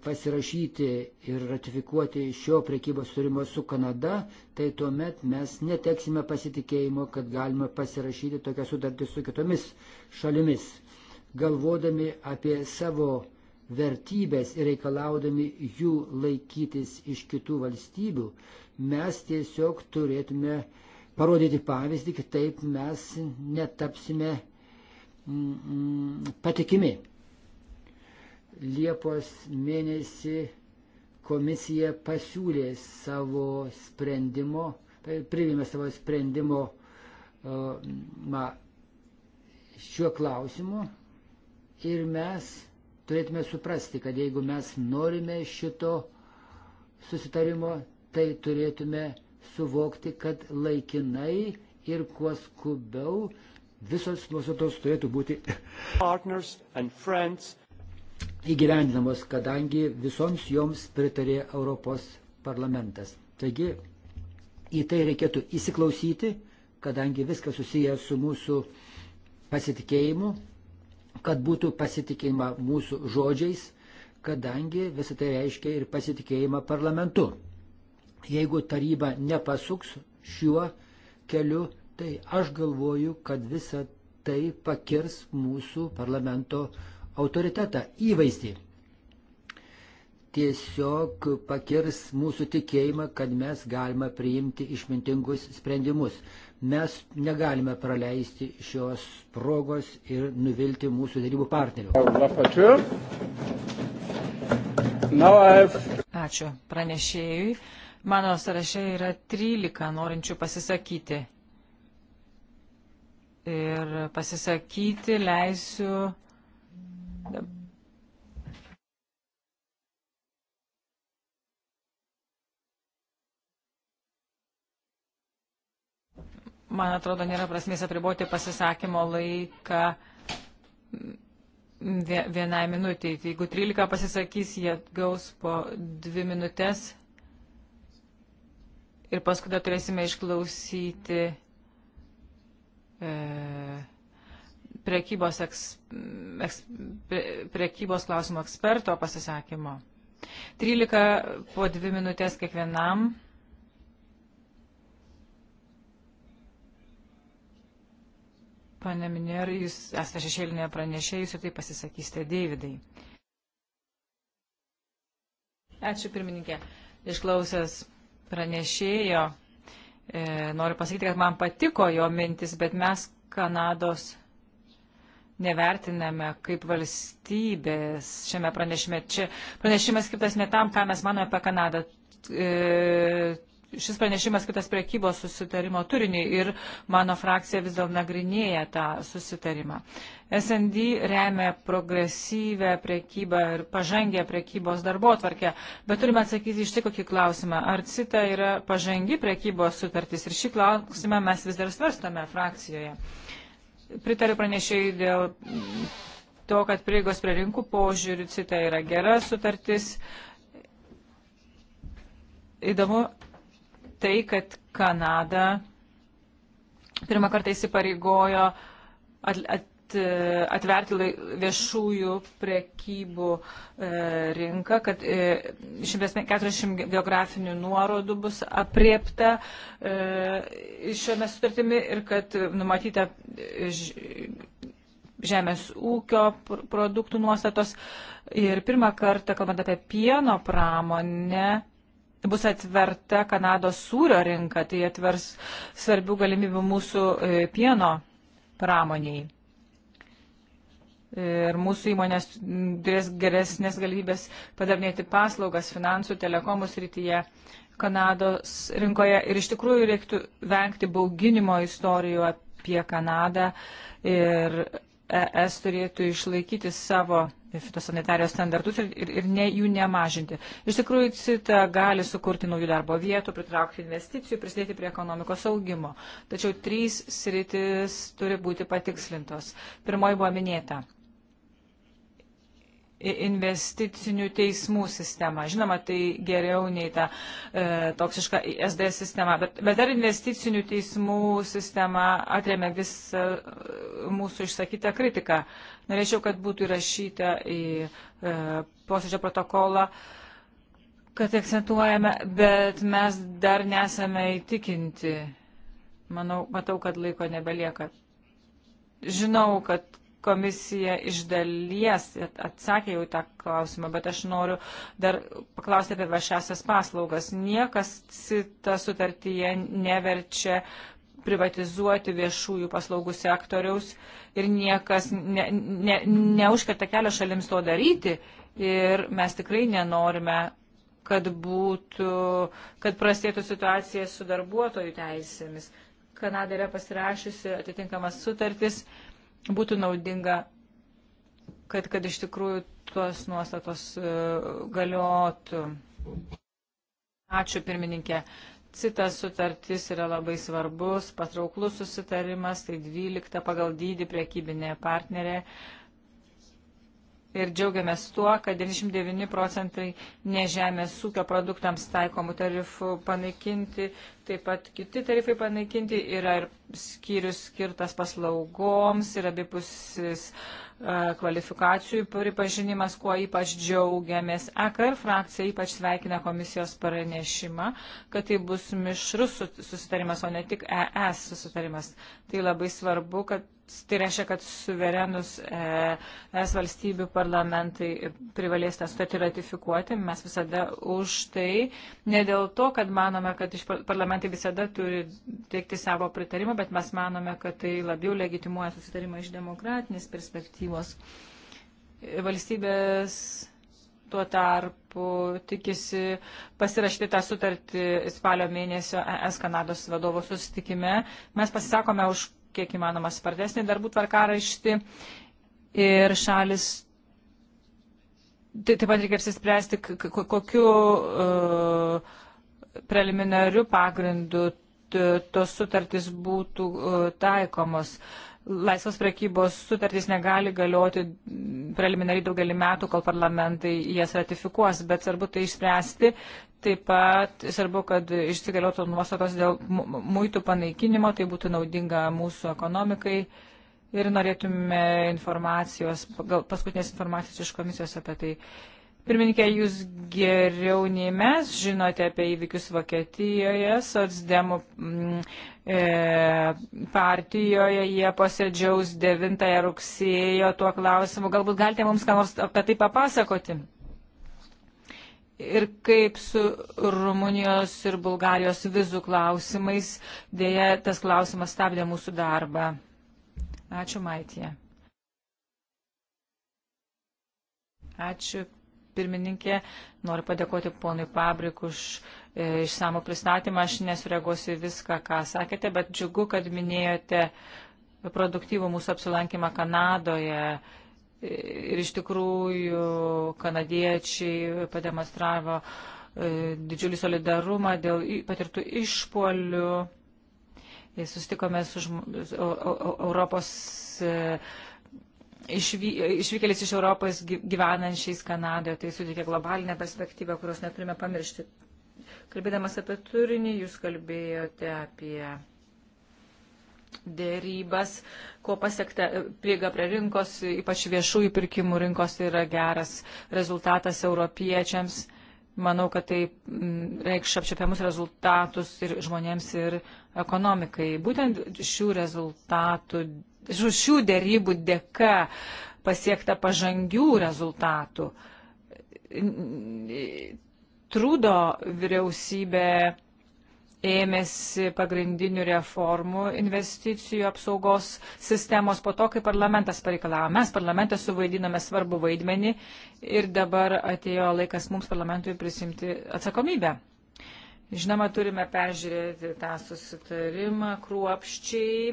pasirašyti ir ratifikuoti šio prekybos surimo su Kanada, tai tuomet mes neteksime pasitikėjimo, kad galime pasirašyti tokią sutartį su kitomis šalimis. Galvodami apie savo vertybės ir reikalaudami jų laikytis iš kitų valstybių, mes tiesiog turėtume parodyti pavyzdį, kitaip mes netapsime mm, patikimi. Liepos mėnesį komisija pasiūlė savo sprendimo, tai priėmė savo sprendimo e, ma, šiuo klausimu ir mes turėtume suprasti, kad jeigu mes norime šito susitarimo, tai turėtume suvokti, kad laikinai ir kuo skubiau visos nuostatos turėtų būti įgyvendinamos, kadangi visoms joms pritarė Europos parlamentas. Taigi į tai reikėtų įsiklausyti, kadangi viskas susijęs su mūsų pasitikėjimu kad būtų pasitikėjima mūsų žodžiais, kadangi visą tai reiškia ir pasitikėjimą parlamentu. Jeigu taryba nepasuks šiuo keliu, tai aš galvoju, kad visa tai pakirs mūsų parlamento autoritetą, įvaizdį tiesiog pakirs mūsų tikėjimą, kad mes galime priimti išmintingus sprendimus. Mes negalime praleisti šios progos ir nuvilti mūsų darybų partnerių. Ačiū pranešėjui. Mano sąraše yra 13 norinčių pasisakyti. Ir pasisakyti leisiu. Dabar man atrodo, nėra prasmės apriboti pasisakymo laiką vienai minutiai. Jeigu 13 pasisakys, jie gaus po 2 minutės ir paskui dar turėsime išklausyti e, prekybos, eks, eks, pre, prekybos klausimų eksperto pasisakymo. 13 po 2 minutės kiekvienam. Pane Miner, jūs esate šešėlinėje pranešėjus ir tai pasisakysite Davidai. Ačiū pirmininkė. Išklausęs pranešėjo, e, noriu pasakyti, kad man patiko jo mintis, bet mes Kanados nevertiname kaip valstybės šiame pranešime. Čia pranešimas skirtas ne tam, ką mes manome apie Kanadą. E, šis pranešimas kitas priekybos susitarimo turinį ir mano frakcija vis dėl nagrinėja tą susitarimą. SND remia progresyvę priekybą ir pažangę priekybos darbo atvarkę, bet turime atsakyti iš tik kokį klausimą. Ar CITA yra pažangi priekybos sutartis? Ir šį klausimą mes vis dar svarstame frakcijoje. Pritariu pranešėjai dėl to, kad prieigos prie rinkų požiūrių CITA yra gera sutartis įdomu tai, kad Kanada pirmą kartą įsipareigojo at, at, atverti viešųjų prekybų e, rinką, kad 140 e, geografinių nuorodų bus apriepta e, šiomis sutartimi ir kad numatyta žemės ūkio produktų nuostatos. Ir pirmą kartą, kalbant apie pieno pramonę, Tai bus atverta Kanados sūrio rinka, tai atvers svarbių galimybių mūsų e, pieno pramoniai. Ir mūsų įmonės turės geresnės galimybės padarnėti paslaugas finansų, telekomų srityje Kanados rinkoje. Ir iš tikrųjų reiktų vengti bauginimo istorijų apie Kanadą ir ES turėtų išlaikyti savo fitosanitarijos standartus ir, ir, ir ne, jų nemažinti. Iš tikrųjų, CITA gali sukurti naujų darbo vietų, pritraukti investicijų, prisidėti prie ekonomikos augimo. Tačiau trys sritis turi būti patikslintos. Pirmoji buvo minėta investicinių teismų sistemą. Žinoma, tai geriau nei ta e, toksiška ISD sistema, bet, bet dar investicinių teismų sistema atremia visą mūsų išsakytą kritiką. Norėčiau, kad būtų įrašyta į e, posėdžio protokolą, kad akcentuojame, bet mes dar nesame įtikinti. Manau, matau, kad laiko nebelieka. Žinau, kad komisija iš dalies atsakė jau tą klausimą, bet aš noriu dar paklausti apie viešasias paslaugas. Niekas cita sutartyje neverčia uh, privatizuoti viešųjų paslaugų sektoriaus ir niekas ne, ne, neužkerta kelio šalims to daryti ir mes tikrai nenorime, kad būtų, kad prastėtų situacija su darbuotojų teisėmis. Kanada yra pasirašiusi atitinkamas sutartis, būtų naudinga, kad, kad iš tikrųjų tuos nuostatos e, galiotų. Ačiū pirmininkė. Citas sutartis yra labai svarbus, patrauklus susitarimas, tai 12 pagal dydį priekybinė partnerė. Ir džiaugiamės tuo, kad 99 procentai nežemės ūkio produktams taikomų tarifų panaikinti, taip pat kiti tarifai panaikinti, yra ir skyrius skirtas paslaugoms ir abipusis uh, kvalifikacijų pripažinimas, kuo ypač džiaugiamės. EKR frakcija ypač sveikina komisijos pranešimą, kad tai bus mišrus susitarimas, o ne tik ES susitarimas. Tai labai svarbu, kad tai reiškia, kad suverenus ES e valstybių parlamentai privalės tą sutartį ratifikuoti. Mes visada už tai. Ne dėl to, kad manome, kad parlamentai visada turi teikti savo pritarimą, bet mes manome, kad tai labiau legitimuoja susitarimą iš demokratinės perspektyvos iniciatyvos. Valstybės tuo tarpu tikisi pasirašyti tą sutartį spalio mėnesio ES Kanados vadovo susitikime. Mes pasisakome už kiek įmanoma spartesnį darbų tvarkaraištį ir šalis. Tai taip pat reikia apsispręsti, kokiu uh, preliminariu pagrindu tos sutartys būtų uh, taikomos. Uh, laisvos prekybos sutartys negali galioti preliminariai daugelį metų, kol parlamentai jas ratifikuos, bet svarbu tai išspręsti. Taip pat svarbu, kad išsigaliotų nuostatos dėl muitų panaikinimo, tai būtų naudinga mūsų ekonomikai. Ir norėtume informacijos, gal paskutinės informacijos iš komisijos apie tai. Uh, Pirmininkė, jūs geriau nei mes žinote apie įvykius Vokietijoje, socdemų mm, e, partijoje, jie posėdžiaus 9 rugsėjo tuo klausimu. Galbūt galite mums ką nors apie tai papasakoti? Ir kaip su Rumunijos ir Bulgarijos vizų klausimais, dėja, tas klausimas stabdė mūsų darbą. Ačiū, Maitė. Ačiū pirmininkė. Noriu padėkoti ponui Pabrik už e, išsamų pristatymą. Aš nesureaguosiu viską, ką sakėte, bet džiugu, kad minėjote produktyvų mūsų apsilankymą Kanadoje. E, ir iš tikrųjų kanadiečiai pademonstravo e, didžiulį solidarumą dėl patirtų išpolių e, susitikome su Europos e, išvykėlis iš Europos gyvenančiais Kanadoje. Tai suteikia globalinę perspektyvą, kurios neturime pamiršti. Kalbėdamas apie turinį, jūs kalbėjote apie dėrybas, ko pasiekta e, prieiga prie rinkos, ypač viešųjų pirkimų rinkos tai yra geras rezultatas europiečiams. Manau, kad tai reikš apčiopiamus rezultatus ir žmonėms, ir ekonomikai. Būtent šių rezultatų šių dėrybų dėka pasiekta pažangių rezultatų. Trūdo vyriausybė ėmėsi pagrindinių reformų investicijų apsaugos sistemos po to, kai parlamentas pareikalavo. Mes parlamentas suvaidiname svarbu vaidmenį ir dabar atėjo laikas mums parlamentui prisimti atsakomybę. Žinoma, turime peržiūrėti tą susitarimą kruopščiai.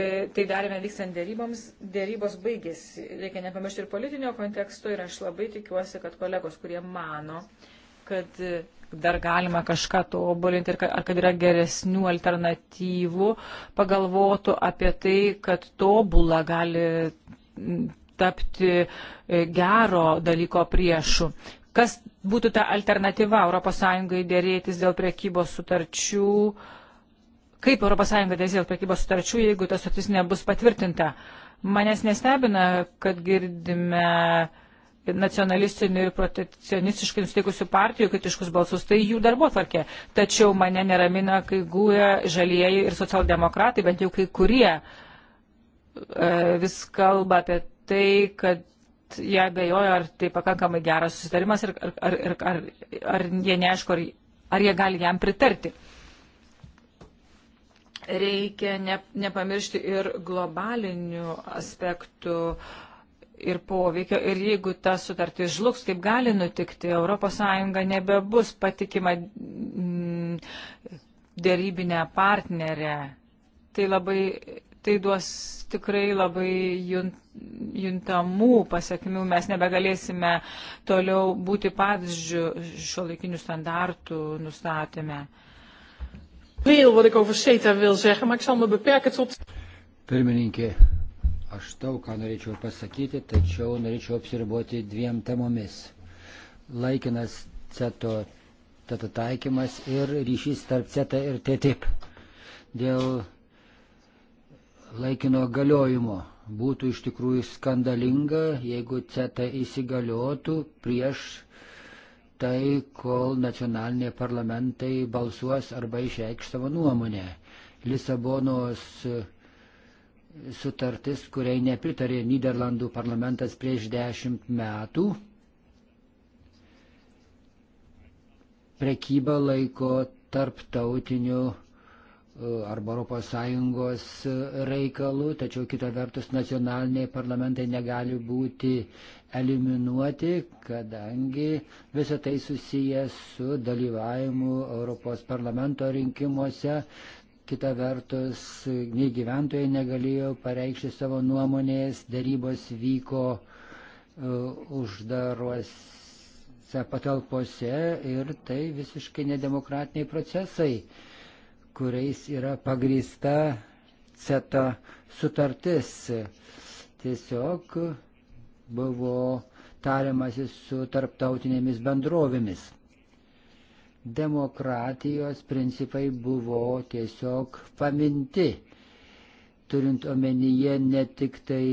E, tai darėme vykstant dėryboms. Dėrybos baigėsi. Reikia nepamiršti ir politinio konteksto ir aš labai tikiuosi, kad kolegos, kurie mano, kad dar galima kažką tobulinti ir kad, ar kad yra geresnių alternatyvų, pagalvotų apie tai, kad tobulą gali tapti e, gero dalyko priešų. Kas būtų ta alternatyva ES dėrėtis dėl prekybos sutarčių? Kaip ES dėrėtis dėl prekybos sutarčių, jeigu ta sutartis nebus patvirtinta? Manęs nestebina, kad girdime nacionalistinių ir protekcionistiškai nusteikusių partijų kritiškus balsus, tai jų darbo tvarkė. Tačiau mane neramina, kai guja žalieji ir socialdemokratai, bent jau kai kurie e, vis kalba apie tai, kad jie abejojo, ar tai pakankamai geras susitarimas ir ar, ar, ar, ar jie neaišku, ar, ar jie gali jam pritarti. Reikia ne, nepamiršti ir globalinių aspektų ir poveikio. Ir jeigu ta sutartis žlugs, kaip gali nutikti, ES nebebus patikima mm, dėrybinė partnerė. Tai labai tai duos tikrai labai juntamų pasiekmių. Mes nebegalėsime toliau būti pavyzdžių šio laikinių standartų nustatymę. Pirmininkė, aš daug ką norėčiau pasakyti, tačiau norėčiau apsiriboti dviem temomis. Laikinas CETO taikymas ir ryšys tarp CETA ir TTIP. Dėl laikino galiojimo. Būtų iš tikrųjų skandalinga, jeigu CETA įsigaliotų prieš tai, kol nacionaliniai parlamentai balsuos arba išreikš savo nuomonę. Lisabonos e, sutartis, kuriai nepritarė Niderlandų parlamentas prieš dešimt metų, prekyba laiko tarptautiniu arba ES reikalų, tačiau kita vertus nacionaliniai parlamentai negali būti eliminuoti, kadangi visą tai susijęs su dalyvavimu Europos parlamento rinkimuose. Kita vertus, nei gyventojai negalėjo pareikšti savo nuomonės, darybos vyko uh, uždaruose patalpose ir tai visiškai nedemokratiniai procesai. Uh, kuriais yra pagrįsta CETA sutartis. Tiesiog buvo tariamasi su tarptautinėmis bendrovėmis. Demokratijos principai buvo tiesiog paminti turint omenyje ne tik tai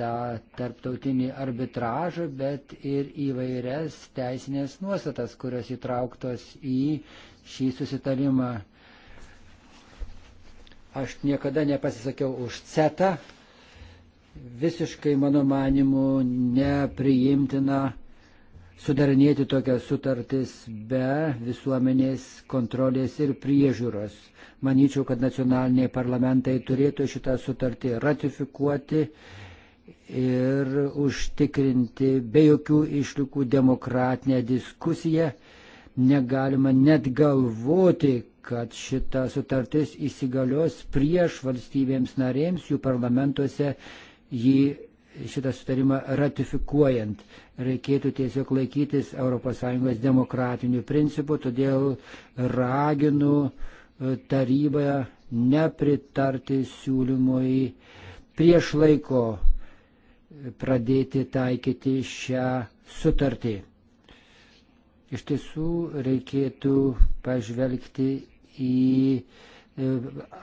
tą tarptautinį arbitražą, bet ir įvairias teisinės nuostatas, kurios įtrauktos į šį susitarimą. Aš niekada nepasisakiau už CETA. Visiškai mano manimu nepriimtina sudarinėti tokias sutartis be visuomenės kontrolės ir priežiūros. Manyčiau, kad nacionaliniai parlamentai turėtų šitą sutartį ratifikuoti ir užtikrinti be jokių išlikų demokratinę diskusiją. Negalima net galvoti, kad šita sutartis įsigalios prieš valstybėms narėms, jų parlamentuose jį šitą sutarimą ratifikuojant. Reikėtų tiesiog laikytis ES demokratinių principų, todėl raginu e, tarybą nepritarti siūlymui prieš laiko pradėti taikyti šią sutartį. Iš tiesų reikėtų pažvelgti į e,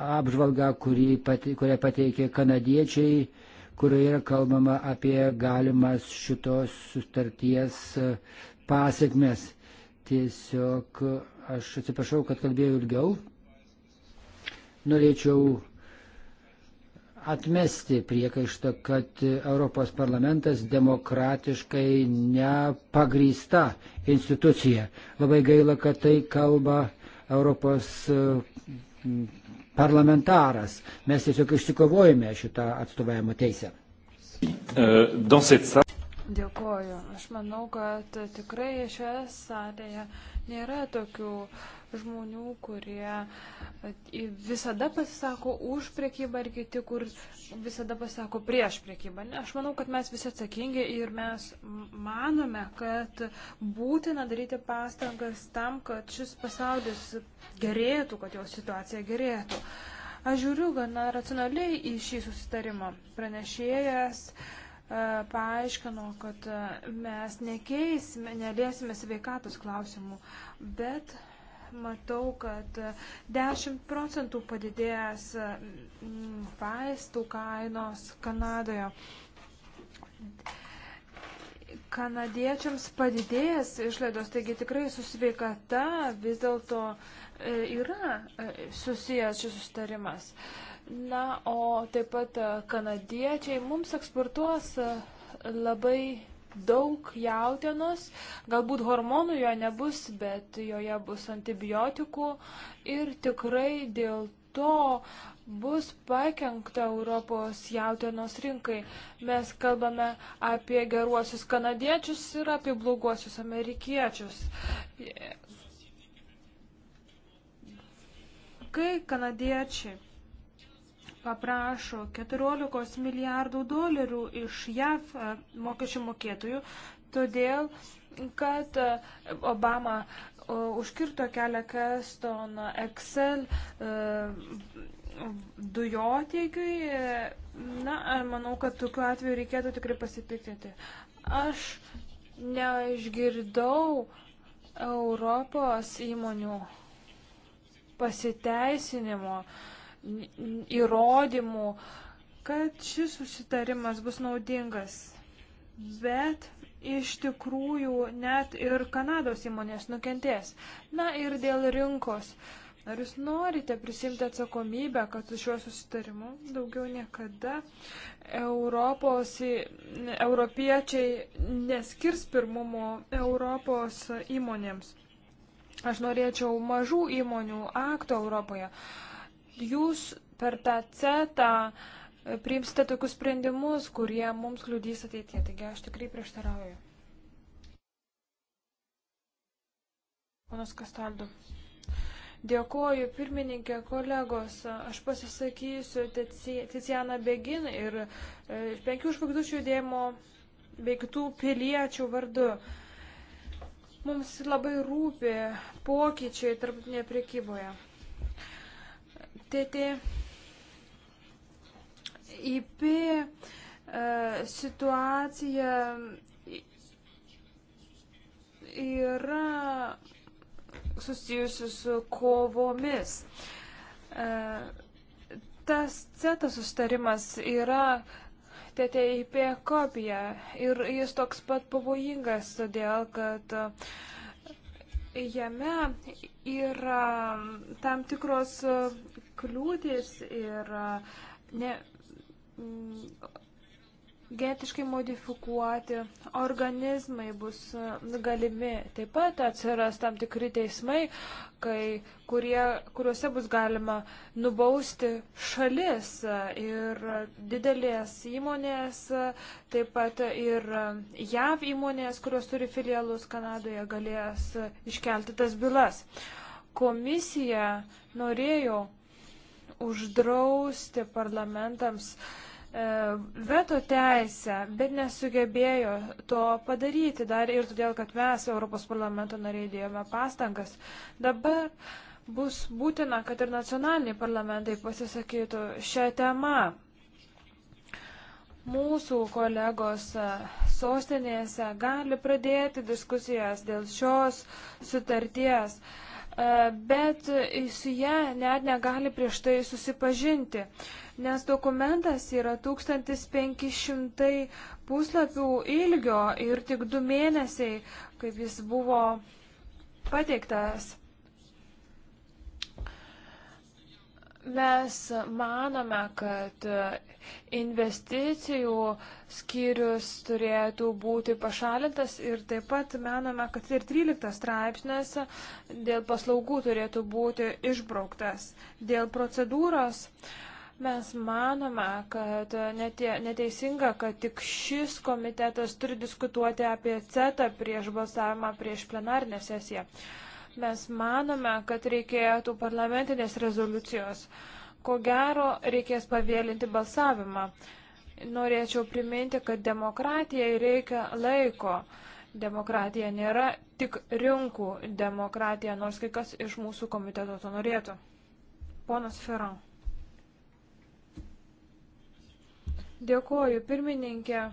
apžvalgą, pati, kurią pateikė kanadiečiai, kurioje yra kalbama apie galimas šitos sutarties e, pasiekmes. Tiesiog aš atsiprašau, kad kalbėjau ilgiau. Norėčiau atmesti priekaištą, kad Europos parlamentas demokratiškai nepagrysta institucija. Labai gaila, kad tai kalba Europos e, parlamentaras. Mes tiesiog išsikovojame šitą atstovavimo teisę. E, Dėkuoju. Aš manau, kad tikrai šioje salėje nėra tokių uh, žmonių, kurie e, visada pasisako už priekybą ir kiti, kur visada pasisako prieš priekybą. Aš manau, kad mes visi atsakingi ir mes manome, kad būtina daryti pastangas tam, kad šis pasaulis gerėtų, kad jo situacija gerėtų. Aš žiūriu gana racionaliai į šį susitarimą. Pranešėjas e, paaiškino, kad e, mes nekeisime, neliesime sveikatos klausimų, bet matau, kad 10 procentų padidėjęs mm, vaistų kainos Kanadoje. Kanadiečiams padidėjęs išlaidos, taigi tikrai su sveikata vis dėlto e, yra e, susijęs šis sustarimas. Na, o taip pat e, kanadiečiai mums eksportuos labai daug jautienos, galbūt hormonų jo nebus, bet joje bus antibiotikų ir tikrai dėl to bus pakengta Europos jautienos rinkai. Mes kalbame apie geruosius kanadiečius ir apie bloguosius amerikiečius. Kai kanadiečiai paprašo 14 milijardų dolerių iš JAV e, mokesčių mokėtojų, todėl kad e, Obama e, užkirto kelią Keston Excel dujotiekiui. Na, manau, kad tokiu atveju reikėtų tikrai pasipiktinti. Aš neišgirdau Europos įmonių pasiteisinimo. Uh, įrodymų, kad šis susitarimas bus naudingas. Bet iš tikrųjų net ir Kanados įmonės nukentės. Na ir dėl rinkos. Ar jūs norite prisimti atsakomybę, kad su šiuo susitarimu daugiau niekada Europos, europiečiai neskirs pirmumo Europos įmonėms? Aš norėčiau mažų įmonių akto Europoje. Uh, jūs per tą cetą e, priimsite tokius sprendimus, kurie mums kliudys ateitie. Taigi aš tikrai prieštarauju. Ponas Kastaldu. Dėkoju, pirmininkė, kolegos. Aš pasisakysiu Ticianą Begin ir e, penkių žvaigždučių judėjimo bei kitų piliečių vardu. Mums labai rūpi pokyčiai tarptautinėje priekyboje. TT. IP e, situacija yra susijusi su kovomis. E, tas CETA sustarimas yra TTIP kopija ir jis toks pat pavojingas, todėl kad jame yra tam tikros kliūtis ir e, ne, mm, getiškai modifikuoti organizmai bus e, galimi. Taip pat atsiras tam tikri teismai, kai, kurie, kuriuose bus galima nubausti šalis ir didelės įmonės, taip pat ir JAV įmonės, kurios turi filialus Kanadoje, galės iškelti tas bylas. Komisija norėjo uždrausti parlamentams e, veto teisę, bet nesugebėjo to padaryti dar ir todėl, kad mes, Europos parlamento nariai, dėjome pastangas. Dabar bus būtina, kad ir nacionaliniai parlamentai pasisakytų šią temą. Mūsų kolegos e, sostinėse gali pradėti diskusijas dėl šios sutarties. Uh, E, bet su ją net negali prieš tai susipažinti, nes dokumentas yra 1500 puslapių ilgio ir tik du mėnesiai, kaip jis buvo pateiktas. Mes manome, kad investicijų skyrius turėtų būti pašalintas ir taip pat manome, kad ir 13 straipsnis dėl paslaugų turėtų būti išbrauktas. Dėl procedūros mes manome, kad netie, neteisinga, kad tik šis komitetas turi diskutuoti apie CETA prieš balsavimą prieš plenarinę sesiją. Uh, Mes manome, kad reikėtų parlamentinės rezoliucijos. Ko gero, reikės pavėlinti balsavimą. Norėčiau priminti, kad demokratijai reikia laiko. Demokratija nėra tik rinkų demokratija, nors kai kas iš mūsų komiteto to norėtų. Ponas Ferran. Dėkuoju, pirmininkė.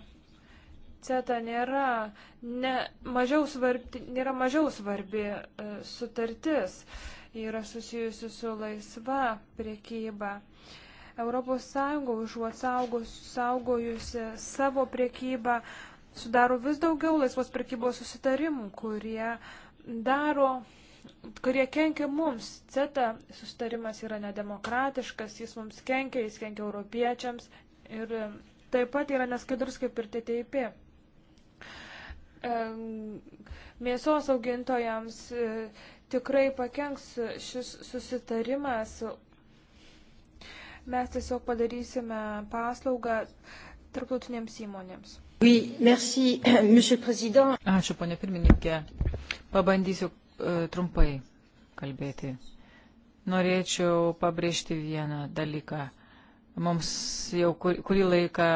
CETA nėra, ne, mažiau svarbi, nėra mažiau svarbi e, sutartis, yra susijusi su laisva priekyba. ES užuot saugojusi savo priekybą sudaro vis daugiau laisvos priekybos susitarimų, kurie daro kurie kenkia mums. CETA sustarimas yra nedemokratiškas, jis mums kenkia, jis kenkia europiečiams ir taip pat yra neskaidrus kaip ir TTIP mėsos augintojams e, tikrai pakenks šis susitarimas. Mes tiesiog padarysime paslaugą tarptautinėms įmonėms. Oui, merci, <clears throat> Ačiū, ponė pirmininkė. Pabandysiu e, trumpai kalbėti. Norėčiau pabrėžti vieną dalyką. Mums jau kur, kurį laiką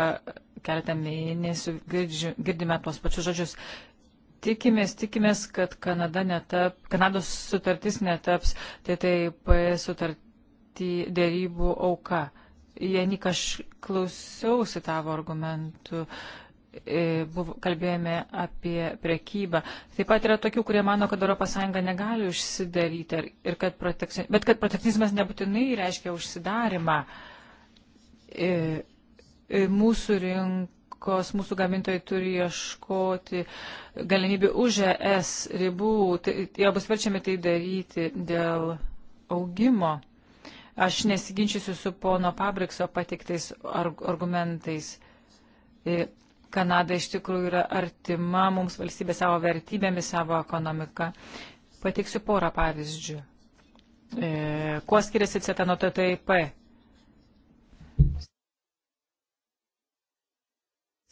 keletą mėnesių girdžiu, girdime tuos pačius žodžius. Tikimės, tikimės, kad Kanada netap, Kanados sutartis netaps TTIP sutartį dėrybų auka. Janik, aš klausiausi tavo argumentų e, buvo, kalbėjome apie prekybą. Taip pat yra tokių, kurie mano, kad ES negali užsidaryti, ir kad protekci... bet kad protekcionizmas nebūtinai reiškia užsidarimą. Ir e, E, mūsų rinkos, mūsų gamintojai turi ieškoti galimybių už ES ribų, tai, jie bus verčiami tai daryti dėl augimo. Aš nesiginčysiu su pono Pabrikso patiktais argumentais. E, Kanada iš tikrųjų yra artima mums valstybė savo vertybėmis, savo ekonomika. Pateiksiu porą pavyzdžių. E, kuo skiriasi CETA nuo TTIP?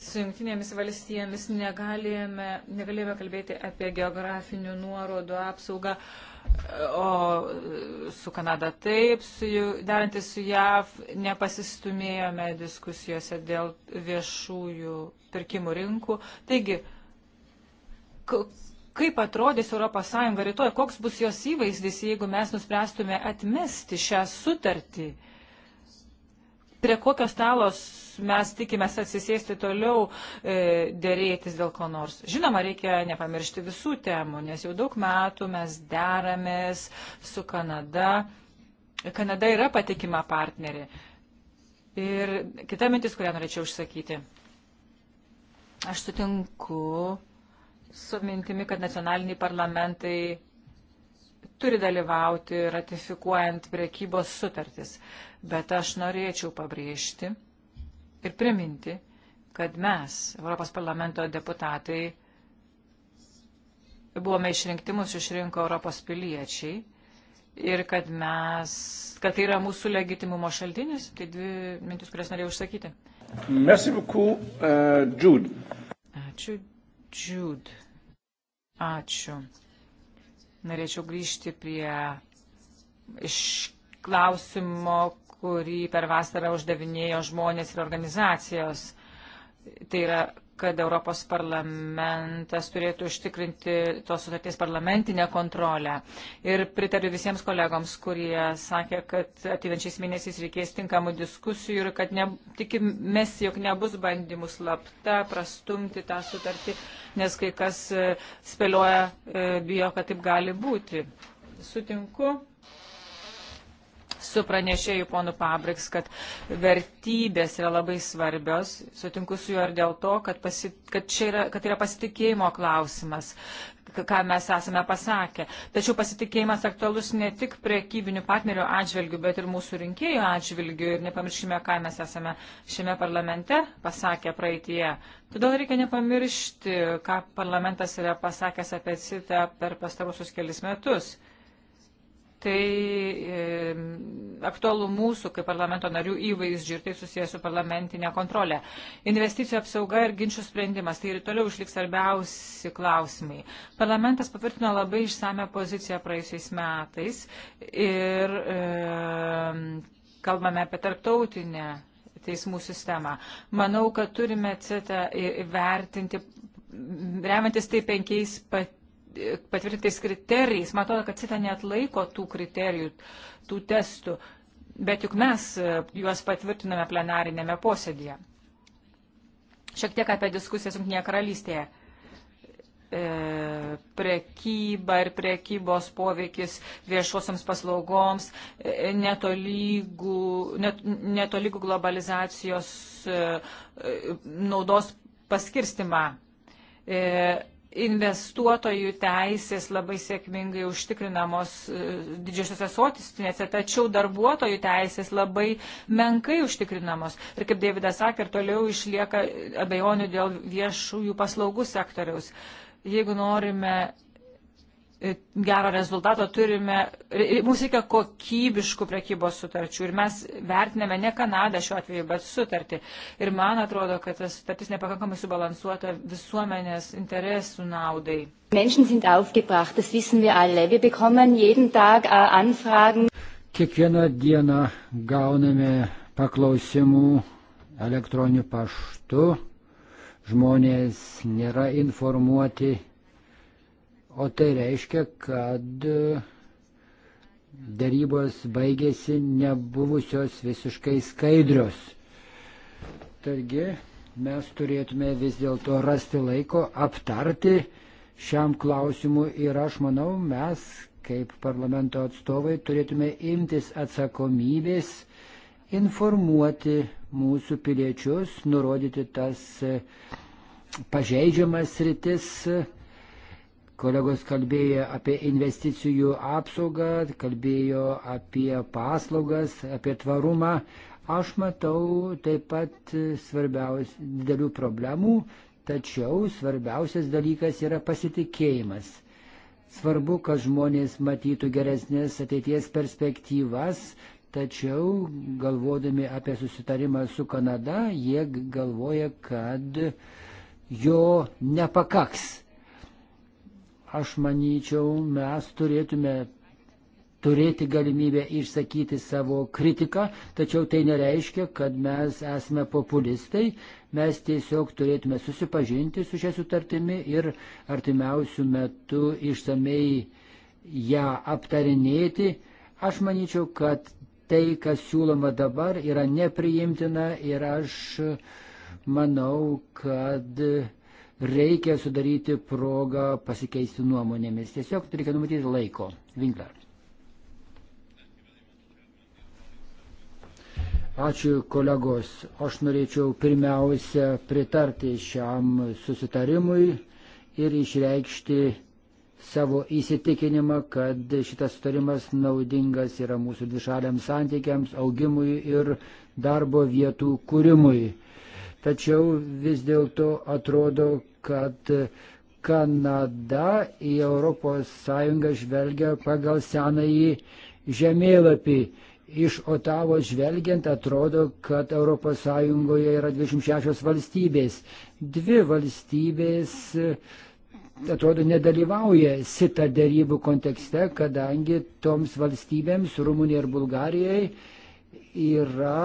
Su jungtinėmis valstijomis negalėjome, negalėjome kalbėti apie geografinių nuorodų apsaugą, o su Kanada taip, su, darantis su JAV, nepasistumėjome diskusijose dėl viešųjų pirkimų rinkų. Taigi, kaip atrodys ES rytoj, koks bus jos įvaizdis, jeigu mes nuspręstume atmesti šią sutartį? prie kokios talos mes tikimės atsisėsti toliau e, dėrėtis dėl ko nors. Žinoma, reikia nepamiršti visų temų, nes jau daug metų mes deramės su Kanada. Kanada yra patikima partnerė. Ir kita mintis, kurią norėčiau užsakyti. Aš sutinku su mintimi, kad nacionaliniai parlamentai turi dalyvauti ratifikuojant priekybos sutartis. Bet aš norėčiau pabrėžti ir priminti, kad mes, Europos parlamento deputatai, buvome išrinkti, mūsų išrinko Europos piliečiai ir kad mes, kad tai yra mūsų legitimumo šaltinis. Tai dvi mintis, kurias norėjau užsakyti. Merci beaucoup, uh, Jude. Ačiū, Jude. Ačiū. Norėčiau grįžti prie išklausimo, kurį per vasarą uždavinėjo žmonės ir organizacijos. Tai yra kad Europos parlamentas turėtų užtikrinti tos sutarties parlamentinę kontrolę. Ir pritariu visiems kolegoms, kurie sakė, kad ateinančiais mėnesiais reikės tinkamų diskusijų ir kad ne, tikimės, jog nebus bandymų slapta prastumti tą sutartį, nes kai kas e, spėlioja, e, bijo, kad taip gali būti. Sutinku su pranešėju ponu Pabriks, kad vertybės yra labai svarbios. Sutinku su juo ir dėl to, kad, pasi, kad, yra, kad yra pasitikėjimo klausimas ką mes esame pasakę. Tačiau pasitikėjimas aktualus ne tik priekybinių partnerių atžvilgių, bet ir mūsų rinkėjų atžvilgių. Ir nepamirškime, ką mes esame šiame parlamente pasakę praeitie. Todėl reikia nepamiršti, ką parlamentas yra pasakęs apie CITA per pastarusius kelis metus tai e, aktualu mūsų kaip parlamento narių įvaizdžių ir tai susijęs su parlamentinė kontrolė. Investicijų apsauga ir ginčių sprendimas, tai ir toliau išliks svarbiausi klausimai. Parlamentas patvirtino labai išsame poziciją praėjusiais metais ir e, kalbame apie tarptautinę teismų sistemą. Manau, kad turime CETA įvertinti remiantis tai penkiais pat patvirtintais kriterijais. Man atrodo, kad CITA net laiko tų kriterijų, tų testų, bet juk mes e, juos patvirtiname plenarinėme posėdėje. Šiek tiek apie diskusiją Junktinėje karalystėje. E, prekyba ir prekybos poveikis viešuosiams paslaugoms, e, netolygų, net, netolygų globalizacijos e, e naudos paskirstimą. E, investuotojų teisės labai sėkmingai užtikrinamos e, didžiosiuose sotistinėse, tačiau darbuotojų teisės labai menkai užtikrinamos. Ir kaip Davidas sakė, ir toliau išlieka abejonių dėl viešųjų paslaugų sektoriaus. Jeigu norime E, gero rezultato turime, e, e, mums reikia kokybiškų prekybos sutarčių ir mes vertiname ne Kanadą šiuo atveju, bet sutartį. Ir man atrodo, kad tas sutartis nepakankamai subalansuota visuomenės interesų naudai. Menschen sind aufgebracht, das wissen wir alle. Wir bekommen jeden Tag äh, Anfragen. Kiekvieną dieną gauname paklausimų elektroniniu paštu. Žmonės nėra informuoti O tai reiškia, kad e, darybos baigėsi nebuvusios visiškai skaidrios. Taigi mes turėtume vis dėlto rasti laiko aptarti šiam klausimui ir aš manau, mes kaip parlamento atstovai turėtume imtis atsakomybės informuoti mūsų piliečius, nurodyti tas e, pažeidžiamas rytis Kolegos kalbėjo apie investicijų apsaugą, kalbėjo apie paslaugas, apie tvarumą. Aš matau taip pat svarbiausių didelių problemų, tačiau svarbiausias dalykas yra pasitikėjimas. Svarbu, kad žmonės matytų geresnės ateities perspektyvas, tačiau galvodami apie susitarimą su Kanada, jie galvoja, kad jo nepakaks Aš manyčiau, mes turėtume turėti galimybę išsakyti savo kritiką, tačiau tai nereiškia, kad mes esame populistai, mes tiesiog turėtume susipažinti su šia sutartimi ir artimiausių metų išsamei ją aptarinėti. Aš manyčiau, kad tai, kas siūloma dabar, yra nepriimtina ir aš manau, kad reikia sudaryti progą pasikeisti nuomonėmis. Tiesiog reikia numatyti laiko. Vinkler. Ačiū kolegos. Aš norėčiau pirmiausia pritarti šiam susitarimui ir išreikšti savo įsitikinimą, kad šitas sutarimas naudingas yra mūsų dvišaliams santykiams, augimui ir darbo vietų kūrimui. Tačiau vis dėlto atrodo, kad Kanada į ES žvelgia pagal senąjį žemėlapį. Iš Otavos žvelgiant atrodo, kad ES yra 26 valstybės. Dvi valstybės atrodo nedalyvauja sita dėrybų kontekste, kadangi toms valstybėms, Rumunijai ir Bulgarijai, yra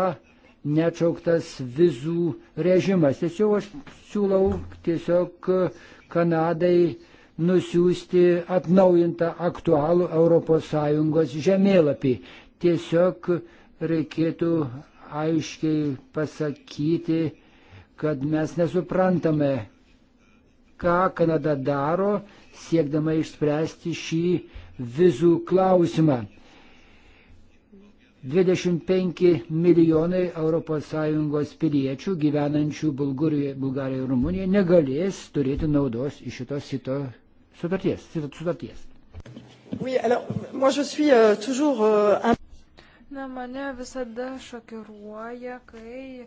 neatšauktas vizų režimas. Tačiau aš siūlau tiesiog Kanadai nusiųsti atnaujintą aktualų ES žemėlapį. Tiesiog reikėtų aiškiai pasakyti, kad mes nesuprantame, ką Kanada daro, siekdama išspręsti šį vizų klausimą. 25 milijonai ES piliečių gyvenančių Bulgarijoje, Bulgarijoje ir Rumunijoje negalės turėti naudos iš šitos sito sutarties. sutarties. Oui, alors, moi, je suis, euh, toujours, euh, un... Na, mane visada šokiruoja, kai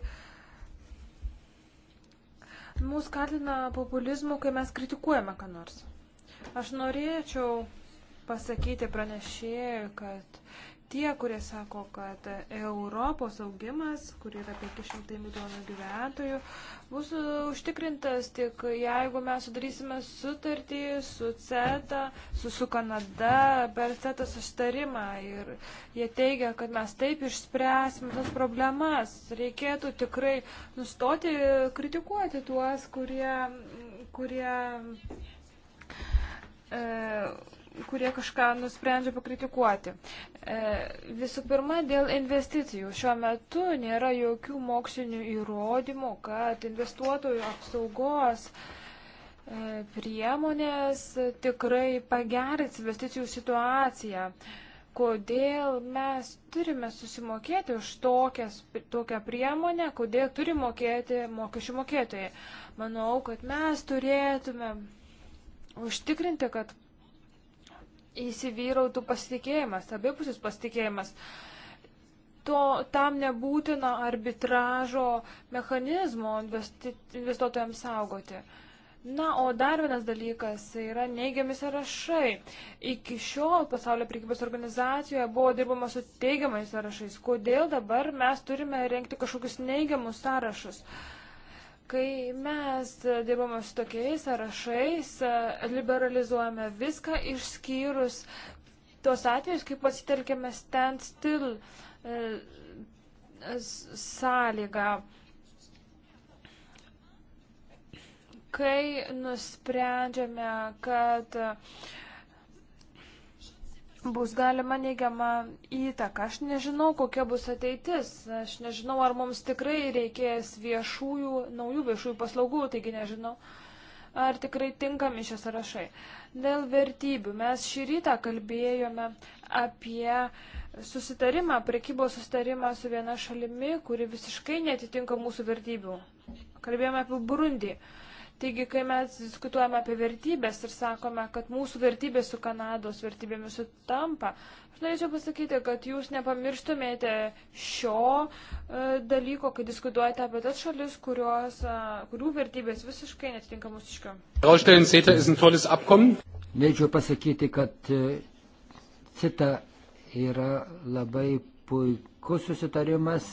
mūsų kaltina populizmu, kai mes kritikuojame ką nors. Aš norėčiau pasakyti pranešėjui, kad tie, kurie sako, kad Europos augimas, kur yra 500 milijonų gyventojų, bus e, užtikrintas tik jeigu mes sudarysime sutartį su CETA, su, su Kanada, per CETA sustarimą. Ir jie teigia, kad mes taip išspręsime tas problemas. Reikėtų tikrai nustoti kritikuoti tuos, kurie. kurie e, kurie kažką nusprendžia pakritikuoti. E, visų pirma, dėl investicijų. Šiuo metu nėra jokių mokslinių įrodymų, kad investuotojų apsaugos e, priemonės tikrai pagerins investicijų situaciją. Kodėl mes turime susimokėti už tokias, tokią priemonę, kodėl turi mokėti mokesčių mokėtojai. Manau, kad mes turėtume užtikrinti, kad įsivyrautų pasitikėjimas, abipusis pasitikėjimas. To, tam nebūtina arbitražo mechanizmo investuotojams saugoti. Na, o dar vienas dalykas yra neigiami sąrašai. Iki šiol pasaulio prekybos organizacijoje buvo dirbama su teigiamais sąrašais. Kodėl dabar mes turime renkti kažkokius neigiamus sąrašus? Uh, Kai mes dirbame su tokiais sąrašais, liberalizuojame viską išskyrus tos atvejus, kai pasitelkėme stand still e, sąlygą. Kai nusprendžiame, kad uh, bus galima neigiama įtaka. Aš nežinau, kokia bus ateitis. Aš nežinau, ar mums tikrai reikės viešųjų, naujų viešųjų paslaugų, taigi nežinau, ar tikrai tinkami šie sąrašai. Dėl vertybių mes šį rytą kalbėjome apie susitarimą, prekybos susitarimą su viena šalimi, kuri visiškai netitinka mūsų vertybių. Kalbėjome apie Burundį. Uh, Taigi, kai mes diskutuojame apie vertybės ir sakome, kad mūsų vertybės su Kanados vertybėmis sutampa, aš norėčiau pasakyti, kad jūs nepamirštumėte šio e, dalyko, kai diskutuojate apie tas šalis, kurios, e, kurių vertybės visiškai netitinka mūsų iškiu. Norėčiau pasakyti, kad e, CITA yra labai puikus susitarimas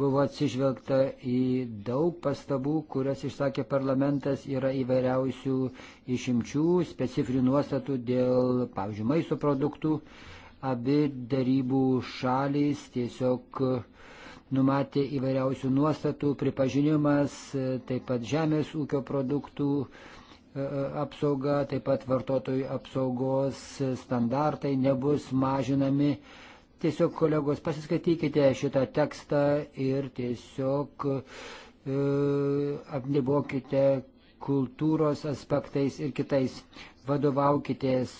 buvo atsižvelgta į daug pastabų, kurias išsakė parlamentas, yra įvairiausių išimčių, specifinių nuostatų dėl, pavyzdžiui, maisto produktų. Abi darybų šalys tiesiog numatė įvairiausių nuostatų, pripažinimas, taip pat žemės ūkio produktų e, e, apsauga, taip pat vartotojų apsaugos standartai nebus mažinami Tiesiog kolegos pasiskaitykite šitą tekstą ir tiesiog e, apnibokite kultūros aspektais ir kitais. Vadovaukitės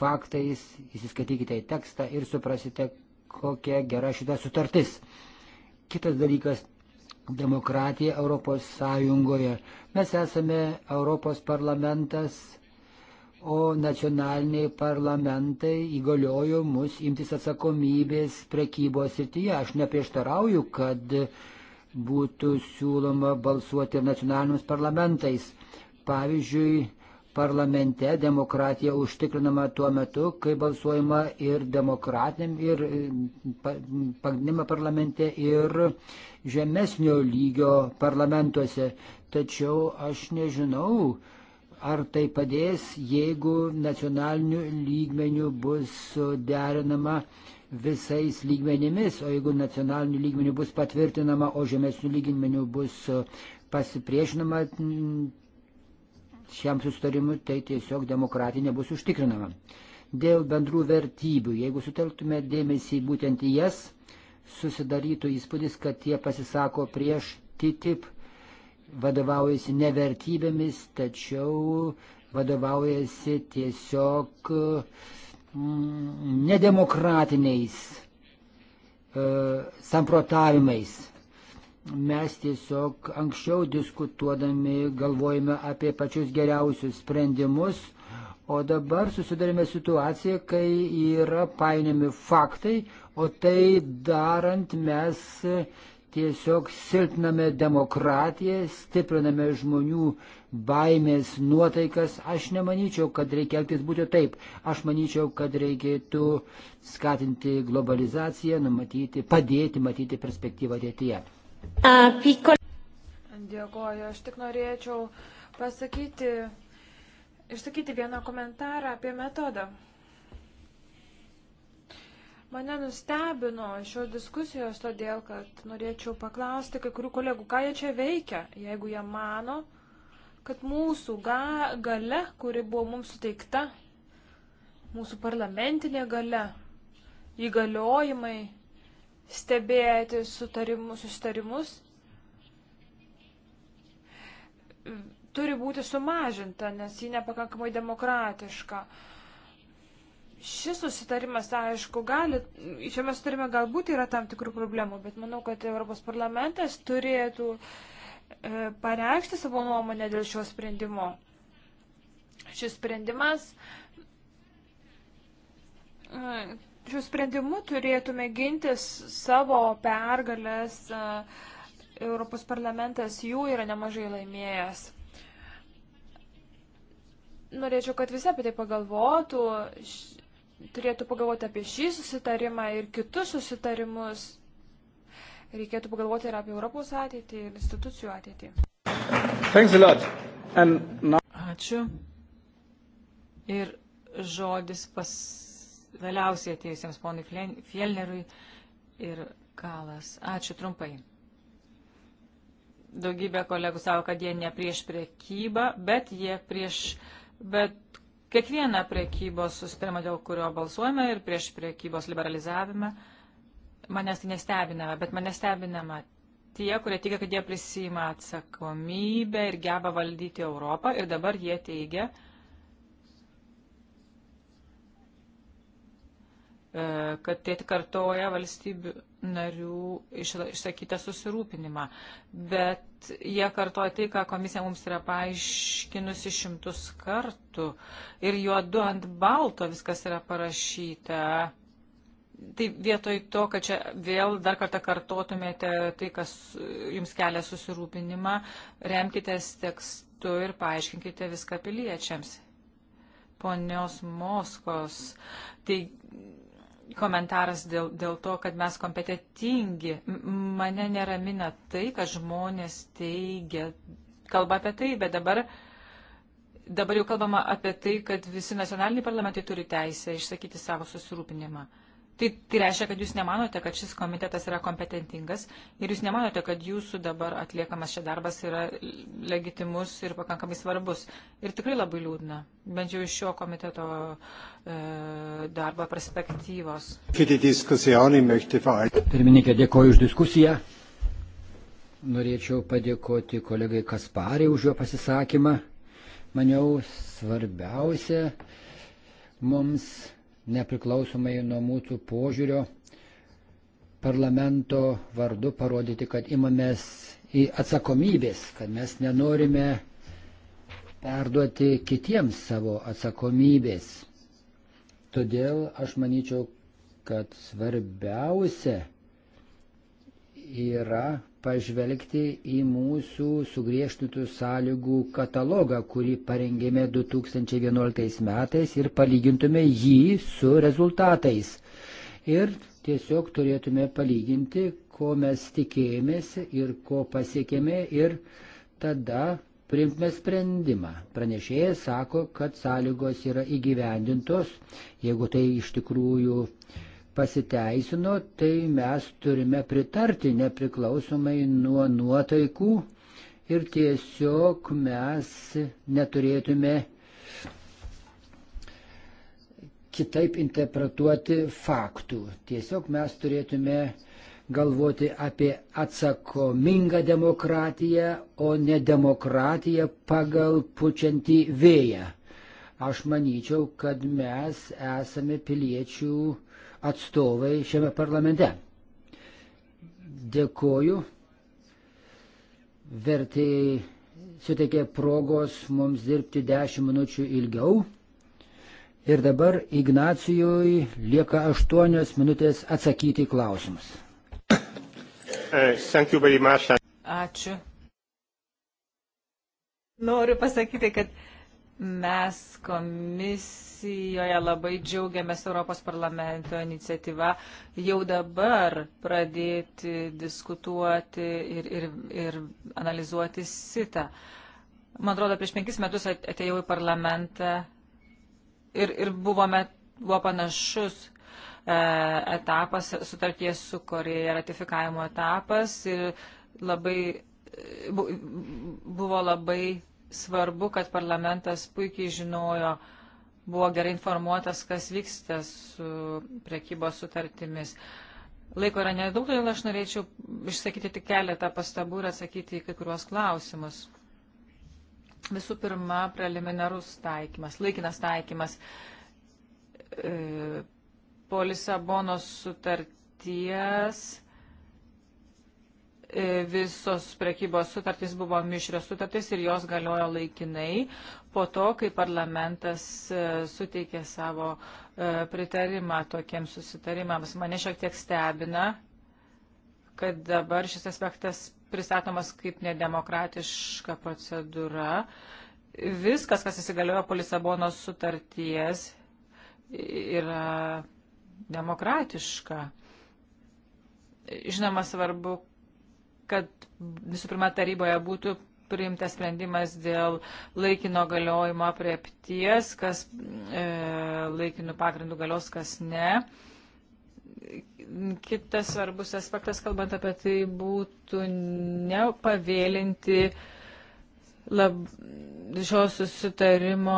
faktais, įsiskaitykite į tekstą ir suprasite, kokia gera šita sutartis. Kitas dalykas - demokratija Europos Sąjungoje. Mes esame Europos parlamentas o nacionaliniai parlamentai įgaliojo mus imtis atsakomybės prekybos srityje. Aš neprieštarauju, kad būtų siūloma balsuoti ir nacionaliniams parlamentais. Pavyzdžiui, parlamente demokratija užtikrinama tuo metu, kai balsuojama ir demokratiniam, ir e, pagrindinėme parlamente, ir žemesnio lygio parlamentuose. Tačiau aš nežinau, Ar tai padės, jeigu nacionaliniu lygmeniu bus derinama visais lygmenimis, o jeigu nacionaliniu lygmeniu bus patvirtinama, o žemesniu lygmeniu bus pasipriešinama šiam sustarimui, tai tiesiog demokratinė bus užtikrinama. Dėl bendrų vertybių, jeigu sutelktume dėmesį būtent į jas, susidarytų įspūdis, kad jie pasisako prieš TTIP. Tai vadovaujasi ne vertybėmis, tačiau vadovaujasi tiesiog mm, nedemokratiniais e, samprotavimais. Mes tiesiog anksčiau diskutuodami galvojame apie pačius geriausius sprendimus, o dabar susidarėme situaciją, kai yra painiami faktai, o tai darant mes tiesiog silpname demokratiją, stipriname žmonių baimės nuotaikas. Aš nemanyčiau, kad reikia elgtis būtent taip. Aš manyčiau, kad reikėtų skatinti globalizaciją, numatyti, padėti matyti perspektyvą ateityje. Dėkoju, aš tik norėčiau pasakyti, išsakyti vieną komentarą apie metodą. Mane nustebino šios diskusijos, todėl kad norėčiau paklausti kai kurių kolegų, ką jie čia veikia, jeigu jie mano, kad mūsų ga, gale, kuri buvo mums suteikta, mūsų parlamentinė gale, įgaliojimai stebėti sutarimus, sustarimus, turi būti sumažinta, nes ji nepakankamai demokratiška. Uh, Šis susitarimas, aišku, gali, šiame susitarime galbūt yra tam tikrų problemų, bet manau, kad Europos parlamentas turėtų e, pareikšti savo nuomonę dėl šio sprendimo. Šis sprendimas, e, šiuo sprendimu turėtume ginti savo pergalės. E, Europos parlamentas jų yra nemažai laimėjęs norėčiau, kad visi apie tai pagalvotų turėtų pagalvoti apie šį susitarimą ir kitus susitarimus. Reikėtų pagalvoti ir apie Europos ateitį ir institucijų ateitį. Now... Ačiū. Ir žodis pas vėliausiai atėjusiems ponui Fielnerui ir Kalas. Ačiū trumpai. Daugybė kolegų savo, kad jie ne prieš priekybą, bet jie prieš bet kiekvieną priekybos susitarimą, dėl kurio balsuojame ir prieš priekybos liberalizavimą, manęs tai nestebinama, bet mane stebinama tie, kurie teigia, kad jie prisima atsakomybę ir geba valdyti Europą ir dabar jie teigia, e, kad tai atkartoja valstybių narių išsakytą susirūpinimą. Bet jie kartoja tai, ką komisija mums yra paaiškinusi šimtus kartų. Ir juodu ant balto viskas yra parašyta. Tai vietoj to, kad čia vėl dar kartą kartotumėte tai, kas jums kelia susirūpinimą, remkitės tekstu ir paaiškinkite viską piliečiams. Ponios Moskos teig komentaras dėl, dėl to, kad mes kompetitingi. Mane neramina tai, kad žmonės teigia, kalba apie tai, bet dabar, dabar jau kalbama apie tai, kad visi nacionaliniai parlamentai turi teisę išsakyti savo susirūpinimą. Tai, tai reiškia, kad jūs nemanote, kad šis komitetas yra kompetentingas ir jūs nemanote, kad jūsų dabar atliekamas šia darbas yra legitimus ir pakankamai svarbus. Ir tikrai labai liūdna, bent jau iš šio komiteto e, darbo perspektyvos. Pirmininkė, dėkoju už diskusiją. Norėčiau padėkoti kolegai Kasparį už jo pasisakymą. Maniau, svarbiausia mums nepriklausomai nuo mūsų požiūrio parlamento vardu parodyti, kad imamės į atsakomybės, kad mes nenorime perduoti kitiems savo atsakomybės. Todėl aš manyčiau, kad svarbiausia yra pažvelgti į mūsų sugriežtintų sąlygų katalogą, kurį parengėme 2011 metais ir palygintume jį su rezultatais. Ir tiesiog turėtume palyginti, ko mes tikėjomės ir ko pasiekėme ir tada priimtume sprendimą. Pranešėjas sako, kad sąlygos yra įgyvendintos, jeigu tai iš tikrųjų uh, pasiteisino, tai mes turime pritarti nepriklausomai nuo nuotaikų ir tiesiog mes neturėtume kitaip interpretuoti faktų. Tiesiog mes turėtume galvoti apie atsakomingą demokratiją, o ne demokratiją pagal pučiantį vėją. Aš manyčiau, kad mes esame piliečių atstovai šiame parlamente. Dėkoju. Vertėjai suteikė progos mums dirbti 10 minučių ilgiau. Ir dabar Ignacijui lieka 8 minutės atsakyti klausimus. Uh, Ačiū. Noriu pasakyti, kad Mes komisijoje labai džiaugiamės Europos parlamento iniciatyva jau dabar pradėti diskutuoti ir, ir, ir analizuoti sitą. Man atrodo, prieš penkis metus atėjau į parlamentą ir, ir buvome, buvo panašus e, etapas, sutarties su Koreja ratifikavimo etapas ir labai, e, bu, buvo labai svarbu, kad parlamentas puikiai žinojo, buvo gerai informuotas, kas vyksta su prekybos sutartimis. Laiko yra nedaug, todėl aš norėčiau išsakyti tik keletą pastabų ir atsakyti į kai kuriuos klausimus. Visų pirma, preliminarus taikymas, laikinas taikymas. E, po Lisabonos sutarties E, visos prekybos sutartys buvo mišrios sutartys ir jos galiojo laikinai po to, kai parlamentas e, suteikė savo e, pritarimą tokiems susitarimams. Mane šiek tiek stebina, kad dabar šis aspektas pristatomas kaip nedemokratiška procedūra. Viskas, kas įsigaliojo po Lisabonos sutarties, yra demokratiška. Žinoma, svarbu, kad visų pirma taryboje būtų priimtas sprendimas dėl laikino galiojimo priepties, kas e, laikinų pagrindų galios, kas ne. Kitas svarbus aspektas, kalbant apie tai, būtų nepavėlinti lab, šio susitarimo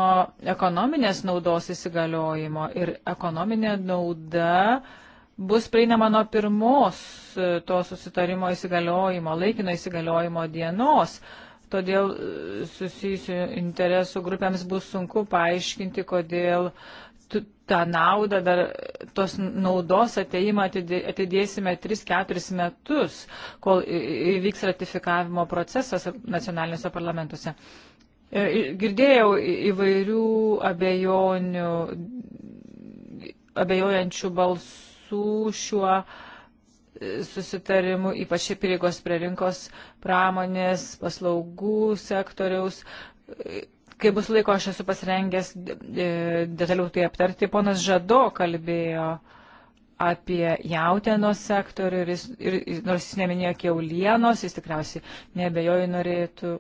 ekonominės naudos įsigaliojimo ir ekonominė nauda e, bus prieinama nuo pirmos e, to susitarimo įsigaliojimo, laikino įsigaliojimo dienos. Todėl e, susijusių interesų grupėms bus sunku paaiškinti, kodėl tą naudą, dar e, tos naudos ateimą atidėsime 3-4 metus, kol įvyks ratifikavimo procesas nacionaliniuose parlamentuose. Girdėjau įvairių abejonių, abejojančių balsų su šiuo e, susitarimu, ypač prieigos prie rinkos pramonės, paslaugų sektoriaus. E, kai bus laiko, aš esu pasirengęs e, detaliau tai aptarti. Ponas Žado kalbėjo apie jautienos sektorių ir, jis, ir nors jis neminėjo keulienos, jis tikriausiai nebejoju norėtų.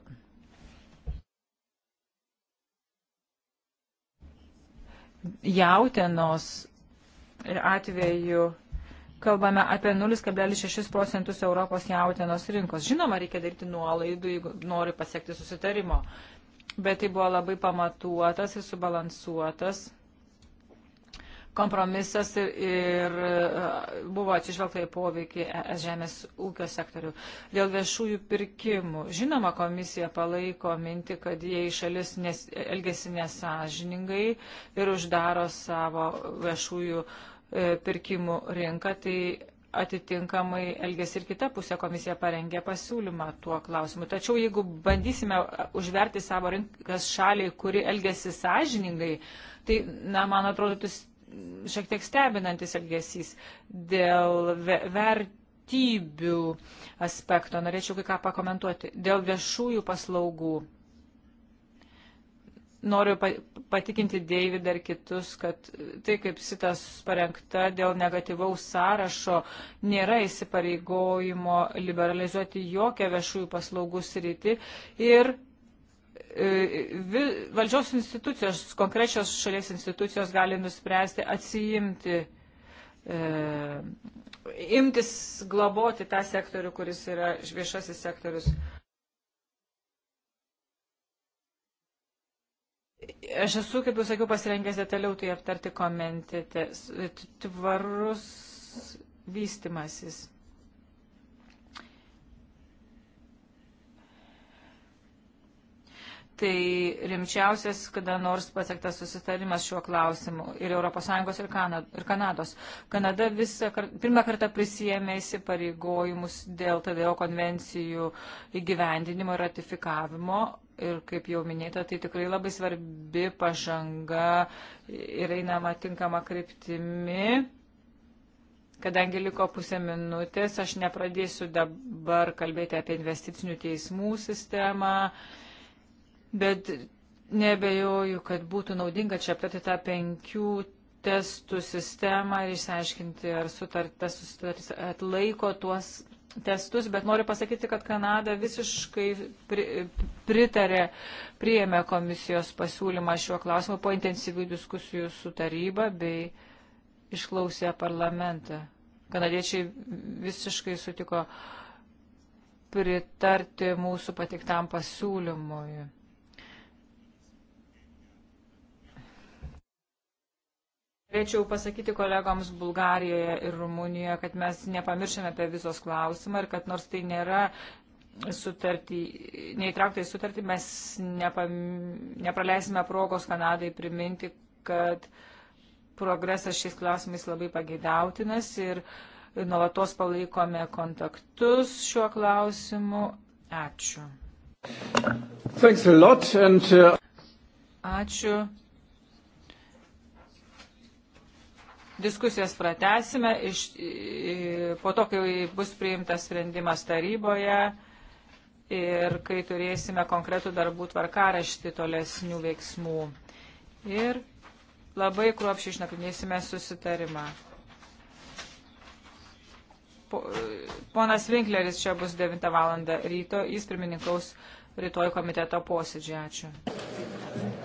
Jautienos atveju kalbame apie 0,6 procentus Europos jautienos rinkos. Žinoma, reikia daryti nuolaidų, jeigu nori pasiekti susitarimo. Bet tai buvo labai pamatuotas ir subalansuotas kompromisas ir, ir e, buvo atsižvelgta į poveikį ES žemės ūkio sektorių. Dėl viešųjų pirkimų. Žinoma, komisija palaiko minti, kad jei šalis nes, elgesi nesažiningai ir uždaro savo viešųjų pirkimų E, pirkimų rinką, tai atitinkamai elgesi ir kita pusė komisija parengė pasiūlymą tuo klausimu. Tačiau jeigu bandysime užverti savo rinkas šaliai, kuri elgesi sąžiningai, tai, na, man atrodo, tu tai šiek tiek stebinantis elgesys dėl vertybių aspekto. Norėčiau kai ką pakomentuoti. Dėl viešųjų paslaugų Noriu patikinti Deividą ir kitus, kad tai, kaip sitas parengta dėl negatyvaus sąrašo, nėra įsipareigojimo liberalizuoti jokią viešųjų paslaugų sritį ir e, valdžios institucijos, konkrečios šalies institucijos gali nuspręsti atsijimti, e, imtis globoti tą sektorių, kuris yra viešasis sektorius. E, Aš esu, kaip jau sakiau, pasirengęs detaliau tai aptarti komentite. Tvarus vystimasis. Tai rimčiausias, kada nors pasiektas susitarimas šiuo klausimu ir ES ir, Kanad ir Kanados. Kanada visą, kar pirmą kartą prisijėmė įsipareigojimus dėl TDO konvencijų įgyvendinimo ir ratifikavimo ir kaip jau minėta, tai tikrai labai svarbi pažanga ir einama tinkama kryptimi. Kadangi liko pusę minutės, aš nepradėsiu dabar kalbėti apie investicinių teismų sistemą, bet nebejoju, kad būtų naudinga čia aptarti tą penkių testų sistemą ir išsiaiškinti, ar sutartas susitaris atlaiko tuos testus, bet noriu pasakyti, kad Kanada visiškai pri, pritarė, priėmė komisijos pasiūlymą šiuo klausimu po intensyvių diskusijų su taryba bei išklausė parlamentą. Kanadiečiai visiškai sutiko pritarti mūsų patiktam pasiūlymui. Norėčiau pasakyti kolegoms Bulgarijoje ir Rumunijoje, kad mes nepamiršėme apie vizos klausimą ir kad nors tai nėra sutartį, neįtraukta į sutartį, mes nepam, nepraleisime progos Kanadai priminti, kad progresas šiais klausimais labai pageidautinas ir nuolatos palaikome kontaktus šiuo klausimu. Ačiū. Lot and, uh... Ačiū. Diskusijas pratesime iš, po to, kai bus priimtas sprendimas taryboje ir kai turėsime konkretų darbų tvarkaraštį tolesnių veiksmų. Ir labai kruopšiai išnagrinėsime susitarimą. Po, ponas Winkleris čia bus 9 val. ryto, jis pirmininkaus rytoj komiteto posėdžiai. Ačiū.